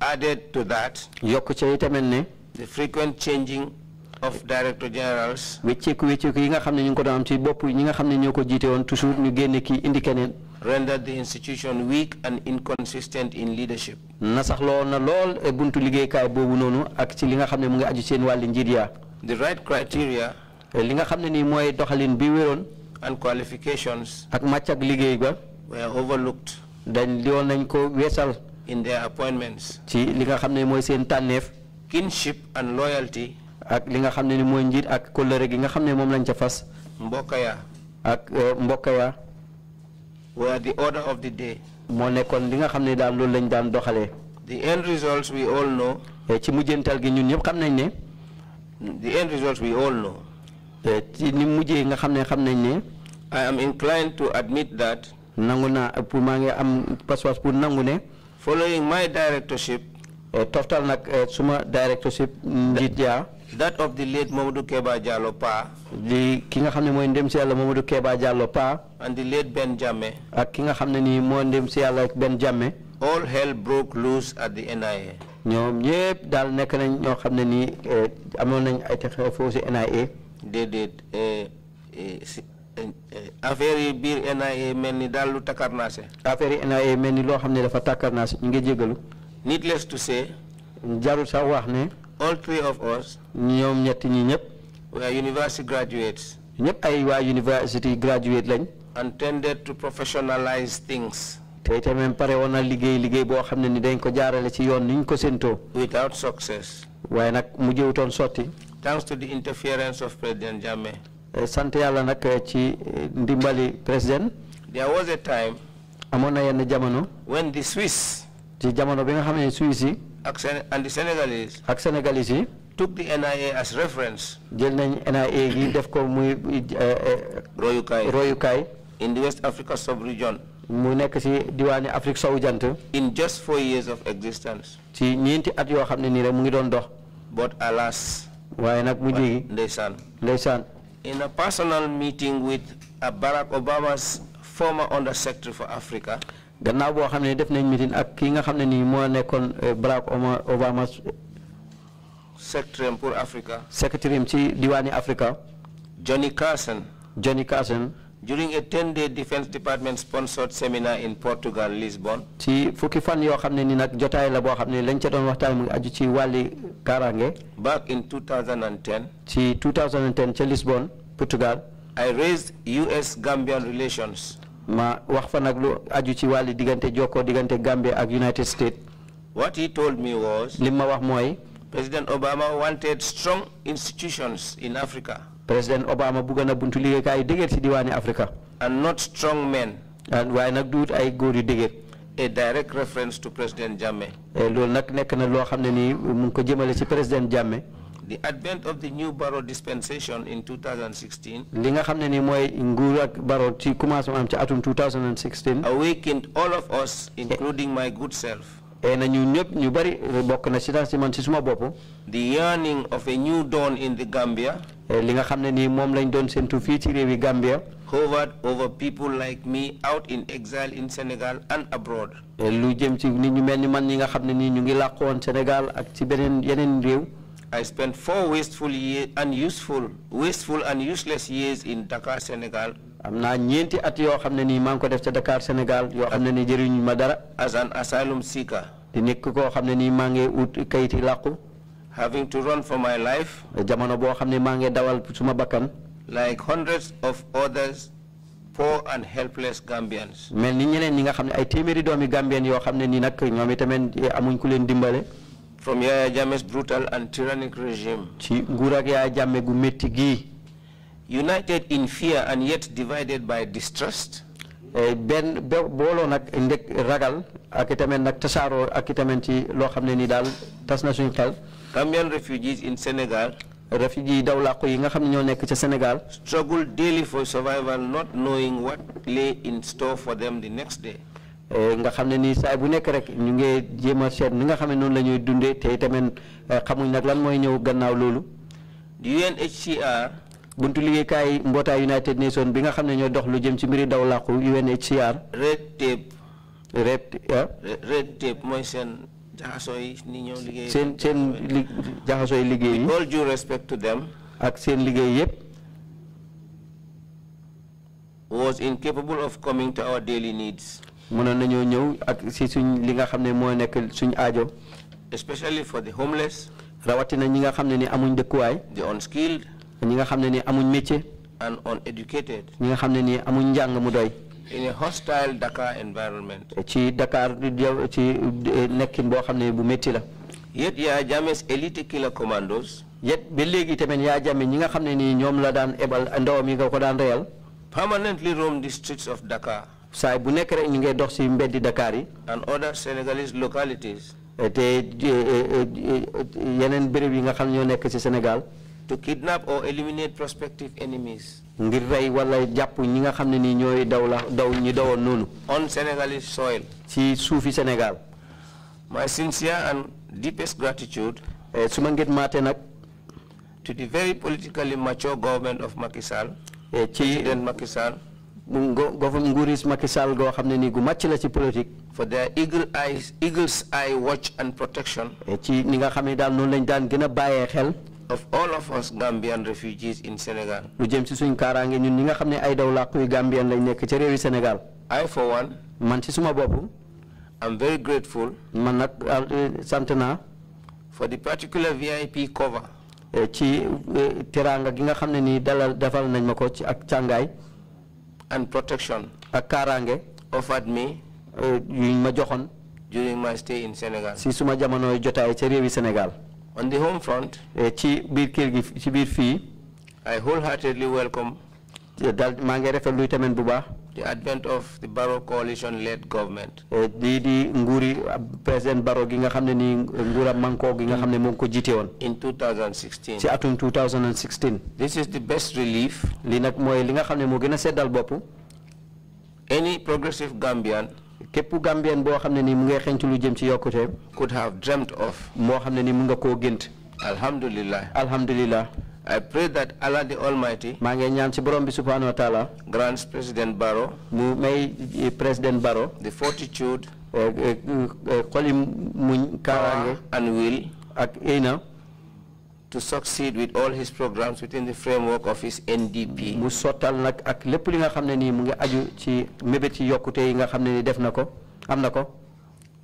added to that. yokk ne. the frequent changing of director generals. wécceeku wécceeku yi nga xam ne ñu ngi ko doon am ci bopp ñi nga xam toujours ñu indi rendered the institution weak and inconsistent in leadership. na eh, the right criteria. Eh, and qualifications. ak were overlooked. ko in their appointments. kinship and loyalty. ak ni were the order of the day. the end results we all know. Eh, the end results we all know. Eh, I am inclined to admit that. Eh, following my directorship. toftal nag directorship that of the late Mamadou Keba Diallo Pa. di ki nga xam ne Mamadou Keba Diallo and the late Ben Jammeh. ak ki nga xam ne nii Ben Jammeh. all hell broke loose at the NIA. ñoom ñëpp dal nekane, nañ ñoo Ni, ne eh, nii amoon nañ ay taxaw foofu si NIA. déedéet eh, eh, affaire yi NIA mel ni daal lu takkarnaase. affaire NIA mel ni loo xam ne dafa takkarnaase ñu ngi jégalu. needless to say. jarul sax wax ne all three of us ñoom ñett ñi we are university graduates ñëpp ay waa university graduate lañ and tended to professionalize things te itamit pare woon na liggéey liggéey boo xam ne ni dañ ko jaarale ci yoon ni ko séentoo without success waaye nag mu jëwutoon sotti thanks to the interference of President Jammeh eh, sant yàlla nag eh, ci ndimbali président there was a time amoon na yenn jamono when the Swiss ci jamono bi nga xam swiss yi and the Senegalese. ak Senegalese took the NIA as reference. jël nañ NIA yi def ko muy. Eh, royukaay eh, royukaay. in the West Africa sub-region. mu nekk ci diwaani Afrique sowu in just four years of existence. ci ñeenti at yoo xam ne nii rek mu ngi doon dox. but alas. waaye nag mu jigi. ndeysaan. ndeysaan. in a personal meeting with Barack Obama's former Under Secretary for Africa gannaaw boo xam ne def nañ meeting ak ki nga xam ne nii moo nekkoon eh, Barack Obama. secrétaire pour Africa. secrétaire ci diwaani Africa. Johnny Carson. Johnny Carson. during a 10-day Defense Department sponsored seminar in Portugal, Lisbon. ci fukki fan yoo xam ne ni nag jotaay la boo xam ne lañ ca doon waxtaan mu aju ci wàlli kaaraange. back in 2010. ci 2010 ca Lisbon Portugal. I raised U.S. Gambian relations ma wax fa lu aju ci Gambia ak United States. What he told me was. wax President Obama wanted strong institutions in Africa. President Obama bëgg na buntu liggéeykaay yu dëgër ci diwaani and not strong men. and waaye nag duut ay góor yu a direct reference to President Jammeh. Eh, loolu nag nekk na loo xam ne nii mu ko ci President Jammeh the advent of the new Barrow dispensation in 2016 awakened all of us including my good self eh, the yearning of a new dawn in the Gambia eh, Gambia hovered over people like me out in exile in Senegal and abroad eh, lu jëm ci nit ñu mel ni man ñi nga xam ne nii ñu ngi Sénégal ak ci I spent four wasteful, year, unuseful, wasteful and useless years in Dakar, Senegal. am not ñeenti at yoo xam ne nii Dakar Sénégal You're ne nii jëriñu as an asylum seeker. the nekk koo xam ne nii maa ngi having to run for my life. like hundreds of others poor and helpless Gambians from Yaya Jammeh's brutal and tyrannic regime. United in fear and yet divided by distrust. Ben, booloo nag ndek ragal ak itamit nag tasaaroo ak itamit ci loo xam refugees in Senegal. refugees daw làqu yi nga xam ne Sénégal. struggle daily for survival not knowing what lay in store for them the next day. Eh, nga xam ne nii bu nekk rek ñu ngi nga te eh, xamuñ lan ñëw gannaaw UNHCR. buntu United Nations bi nga xam ne dox lu jëm ci mbiri daw UNHCR. red tape. red eh? red tape mooy seen jaxasoo ni ñoo liggéey. seen seen li liggéey all due respect to them. ak seen liggéey yëpp. was incapable of coming to our daily needs mënoon nañoo ñëw ak si suñ li nga xam ne nekk suñ aajo. especially for the homeless. rawatina ñi nga xam ni amuñ dëkkuwaay. the unskilled. ñi nga xam ni amuñ métier. and uneducated. ñi nga xam ni amuñ njàng mu doy. in a hostile Dakar environment. ci Dakar ci eh, nekkin boo xam ne bu métti la. yet Yaya Jammeh's elite killer commandos. yet ba léegi tamit Yaya Jammeh ñi nga xam ni nii la daan ebal ndawam yi nga ko daan reyal. permanently roam the streets of Dakar saay bu nekk rek ñu ngi dox ci mbeddi Dakar yi. and other Senegalese localities. te eh, eh, eh, yeneen béréb yi nga xam ñoo nekk ci Sénégal. to kidnap or eliminate prospective enemies. ngir rey wala jàpp ñi nga xam ne ni ñooy daw la daw ñi dawoon noonu. on Senegalese soil. ci Soufi Sénégal. my sincere and deepest gratitude. su ma ngeen maate to the very politically mature government of Macky Sall. ci President Macky Sall for their eagle eyes eagle's eye watch and protection. Eh, of all of us Gambian refugees in Senegal. Sénégal. I for one. man am very grateful. Ah, for the particular VIP cover. Eh, eh, dalal and protection ak offered me eh, during my stay in Senegal si suma Sénégal on the home front eh, ci kër gi ci I wholeheartedly welcome eh, ngi rafetlu bu baax the advent of the Barrow coalition-led government. Eh, eh, président Barrow eh, in 2016. this is the best relief. any progressive Gambian. képp Gambian boo xam ne nii mu ngi xenc lu jëm ci could have dreamt of. moo xam ne nii mu nga koo gént. Alhamdulillah. Alhamdulillah. I pray that Allah the Almighty Tala, grants President Barrow may President Barrow the fortitude power and will to succeed with all his programs within the framework of his NDP. mu sottal nag ak lépp li nga xam ne nii mu ngi aju ci mébét yi yokkute yi nga xam ni def na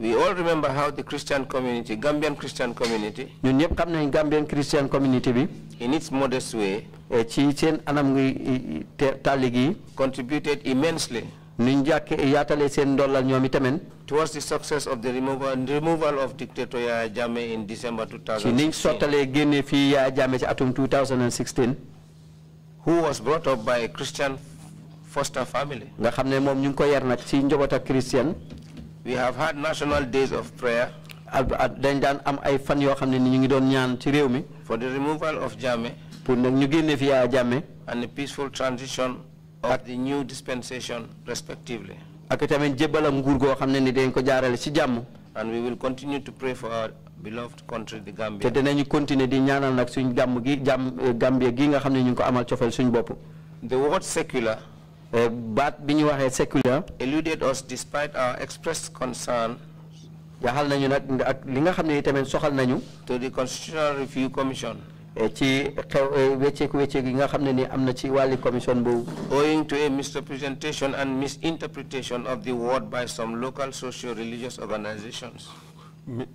we all remember how the Christian community, Gambian Christian community, Gambian Christian community In its modest way, eh, Contributed immensely. Eh, towards the success of the removal removal of dictator Yaya Jammeh in December 2016. who was brought up by a Christian foster family. Christian. We have had national days of prayer for the removal of Jame and a peaceful transition of the new dispensation, respectively. And we will continue to pray for our beloved country, the Gambia. The word secular uh, baat bi ñu secular eluded us despite our expressed concern jaaxal nañu nag ak li nga xam ne soxal nañu to the constitutional review commission eh, ci xew eh, wecceeku wecceeku yi nga xam ni amna ci commission boobu owing to a misrepresentation and misinterpretation of the word by some local socio religious organizations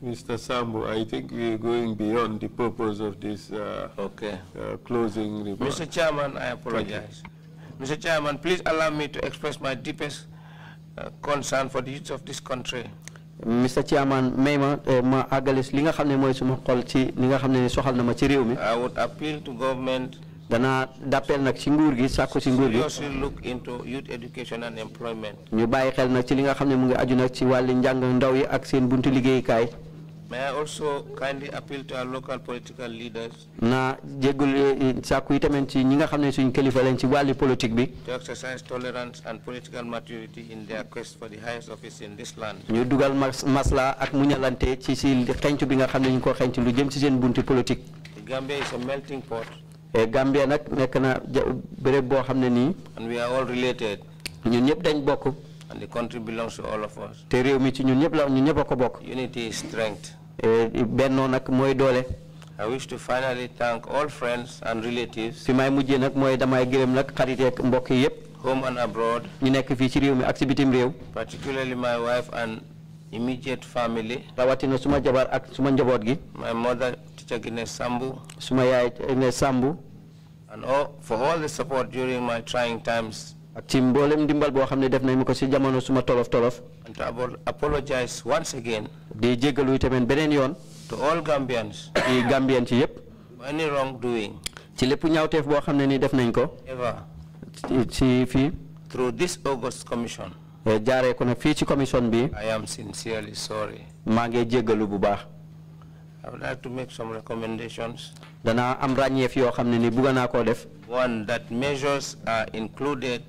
Mr. Sambo, I think we are going beyond the purpose of this uh, okay. uh, closing report. Mr. Chairman, I apologize. Mr. Chairman, please allow me to express my deepest uh, concern for the youth of this country. Mr. Chairman, may ma eh, ma agalis "Linga nga xamne moy suma xol ci li nga xamne soxal na ma ci rew mi. I would appeal to government dana d'appel nak ci nguur gi sàkku ci nguur gi. seriously look into youth education and employment. ñu bàyyi xel nag ci li nga xam ne mu ngi aju nag ci wàllu njàng ndaw yi ak seen buntu liggéeyukaay. May I also kindly appeal to our local political leaders. na jégalu eh, eh, sàkku yi tamit ci ñi nga xam ne suñ kilifa lañ bi. to exercise tolerance and political maturity in their quest for the highest office in this land. ñu dugal masla ak muñalante ci si xencu bi nga xam ne ñu ko xencu lu jëm bunti Gambia is a melting pot. Eh, Gambia nak nekk na béréb boo and we are all related. ñun ñëpp and the country belongs to all of us. unity is strength. Eh, I wish to finally thank all friends and relatives. home and abroad. particularly my wife and immediate family. my mother teacher Guinness Sambu. and all for all the support during my trying times ci def jamono suma tolof tolof. apologize once again. di jéggalu tamit yoon. to all Gambians. ci Gambian ci yëpp. any wrong doing. ci lépp ñaawteef boo xam ni def nañ ko. ever. ci through this August commission. Eh, ko ci commission bi. I am sincerely sorry. jéggalu bu baax. I would like to make some recommendations. am ni def. one that measures are included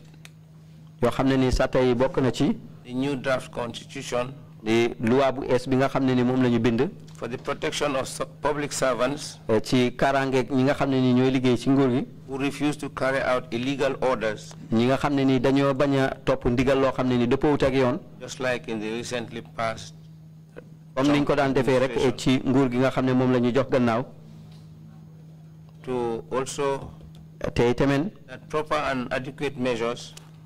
yoo xam ne ni yi bokk na ci. the new draft constitution. di loi bu es bi nga xam ne ni moom la ñu bind. for the protection of public servants. Eh, ci ñi nga xam ne ni ñooy liggéey ci nguur gi. who refuse to carry out illegal orders. ñi nga xam ne ni dañoo bañ a topp ndigal loo xam ne ni ak yoon. just like in the recently passed. comme niñ ko daan defee rek eh, ci nguur gi nga xam ne moom la ñu jox gannaaw. to also. Eh, te itamit. that proper and adequate measures.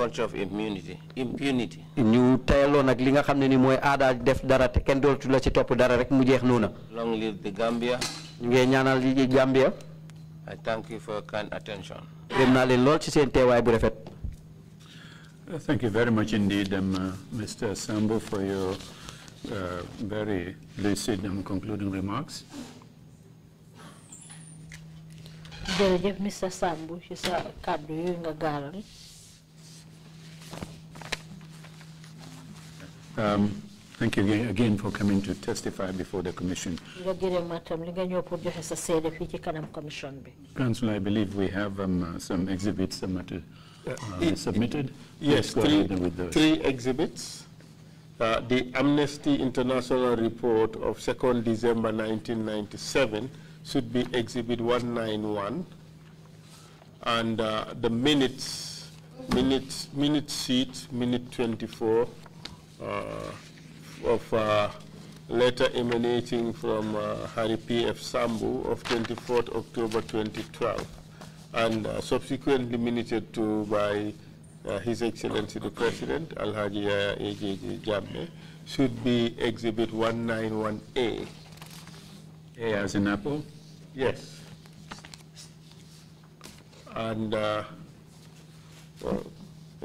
culture of immunity. Impunity. def long live the Gambia. ñu ngi Gambia. I thank you for your kind attention. Uh, thank you very much indeed, um, uh, Mr. Sambo, for your uh, very lucid and concluding remarks. jërëjëf Mr. Sambu ci sa kàddu yooyu nga gaaral Um, thank you again, again, for coming to testify before the commission. Councilor, I believe we have um, uh, some exhibits um, uh, uh submitted. yes, three, three, exhibits. Uh, the Amnesty International report of 2nd December 1997 should be exhibit 191 and uh, the minutes, minutes, minute sheet, minute 24, uh, of a letter emanating from uh, Harry P. F. Sambu of 24th October 2012 and uh, subsequently minuted to by His Excellency the President, Alhaji Yaya AJJ Jambe, should be Exhibit 191A. A as in apple? Yes. And uh, uh,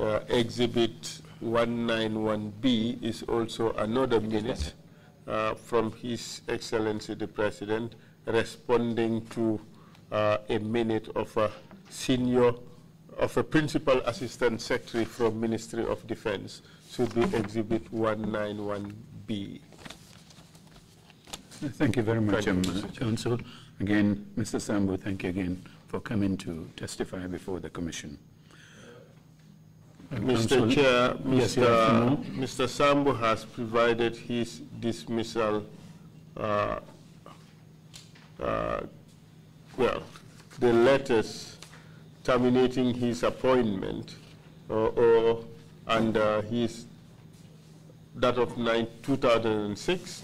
uh, Exhibit 191B is also another minute uh, from His Excellency the President responding to uh, a minute of a senior, of a principal assistant secretary from Ministry of Defense to the Exhibit 191B. Thank you very much, um, Council. Again, Mr. Sambu, thank you again for coming to testify before the Commission. Mr. Chair, Mr. Mr. Mr. has provided his dismissal, uh, uh, well, the letters terminating his appointment or, or and uh, his, that of nine, 2006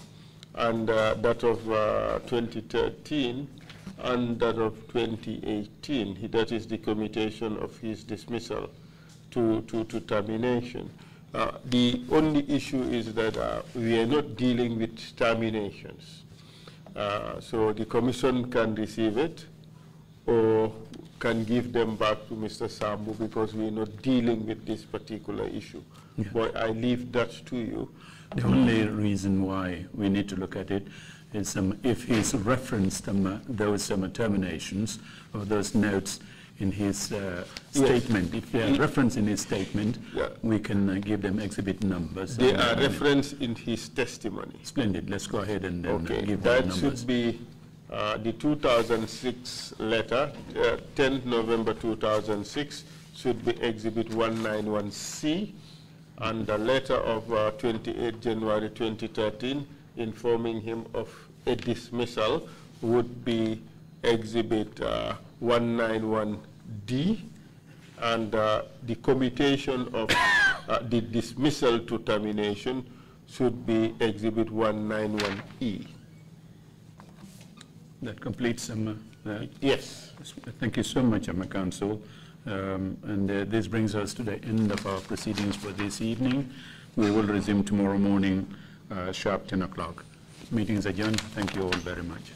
uh, uh, and that of 2013 and that of 2018. That is the commutation of his dismissal to, to, to termination. Uh, the only issue is that uh, we are not dealing with terminations. Uh, so the commission can receive it or can give them back to Mr. Sambu because we're not dealing with this particular issue. Yeah. But I leave that to you. The only reason why we need to look at it is um, if he's referenced um, uh, those um, terminations or those notes in his uh, statement. Yes. If they are referenced in his statement, yeah. we can uh, give them exhibit numbers. They are uh, referenced in his testimony. Splendid. Let's go ahead and then uh, okay. give that numbers. That should be uh, the 2006 letter, 10th uh, November 2006, should be exhibit 191C, and the letter of 28 January 2013 informing him of a dismissal would be exhibit 191 D, and uh, the commutation of uh, the dismissal to termination should be Exhibit 191E. That completes um, uh, Yes. Thank you so much, Amma um, Council. Um, and uh, this brings us to the end of our proceedings for this evening. We will resume tomorrow morning, uh, sharp 10 o'clock. Meeting is adjourned. Thank you all very much.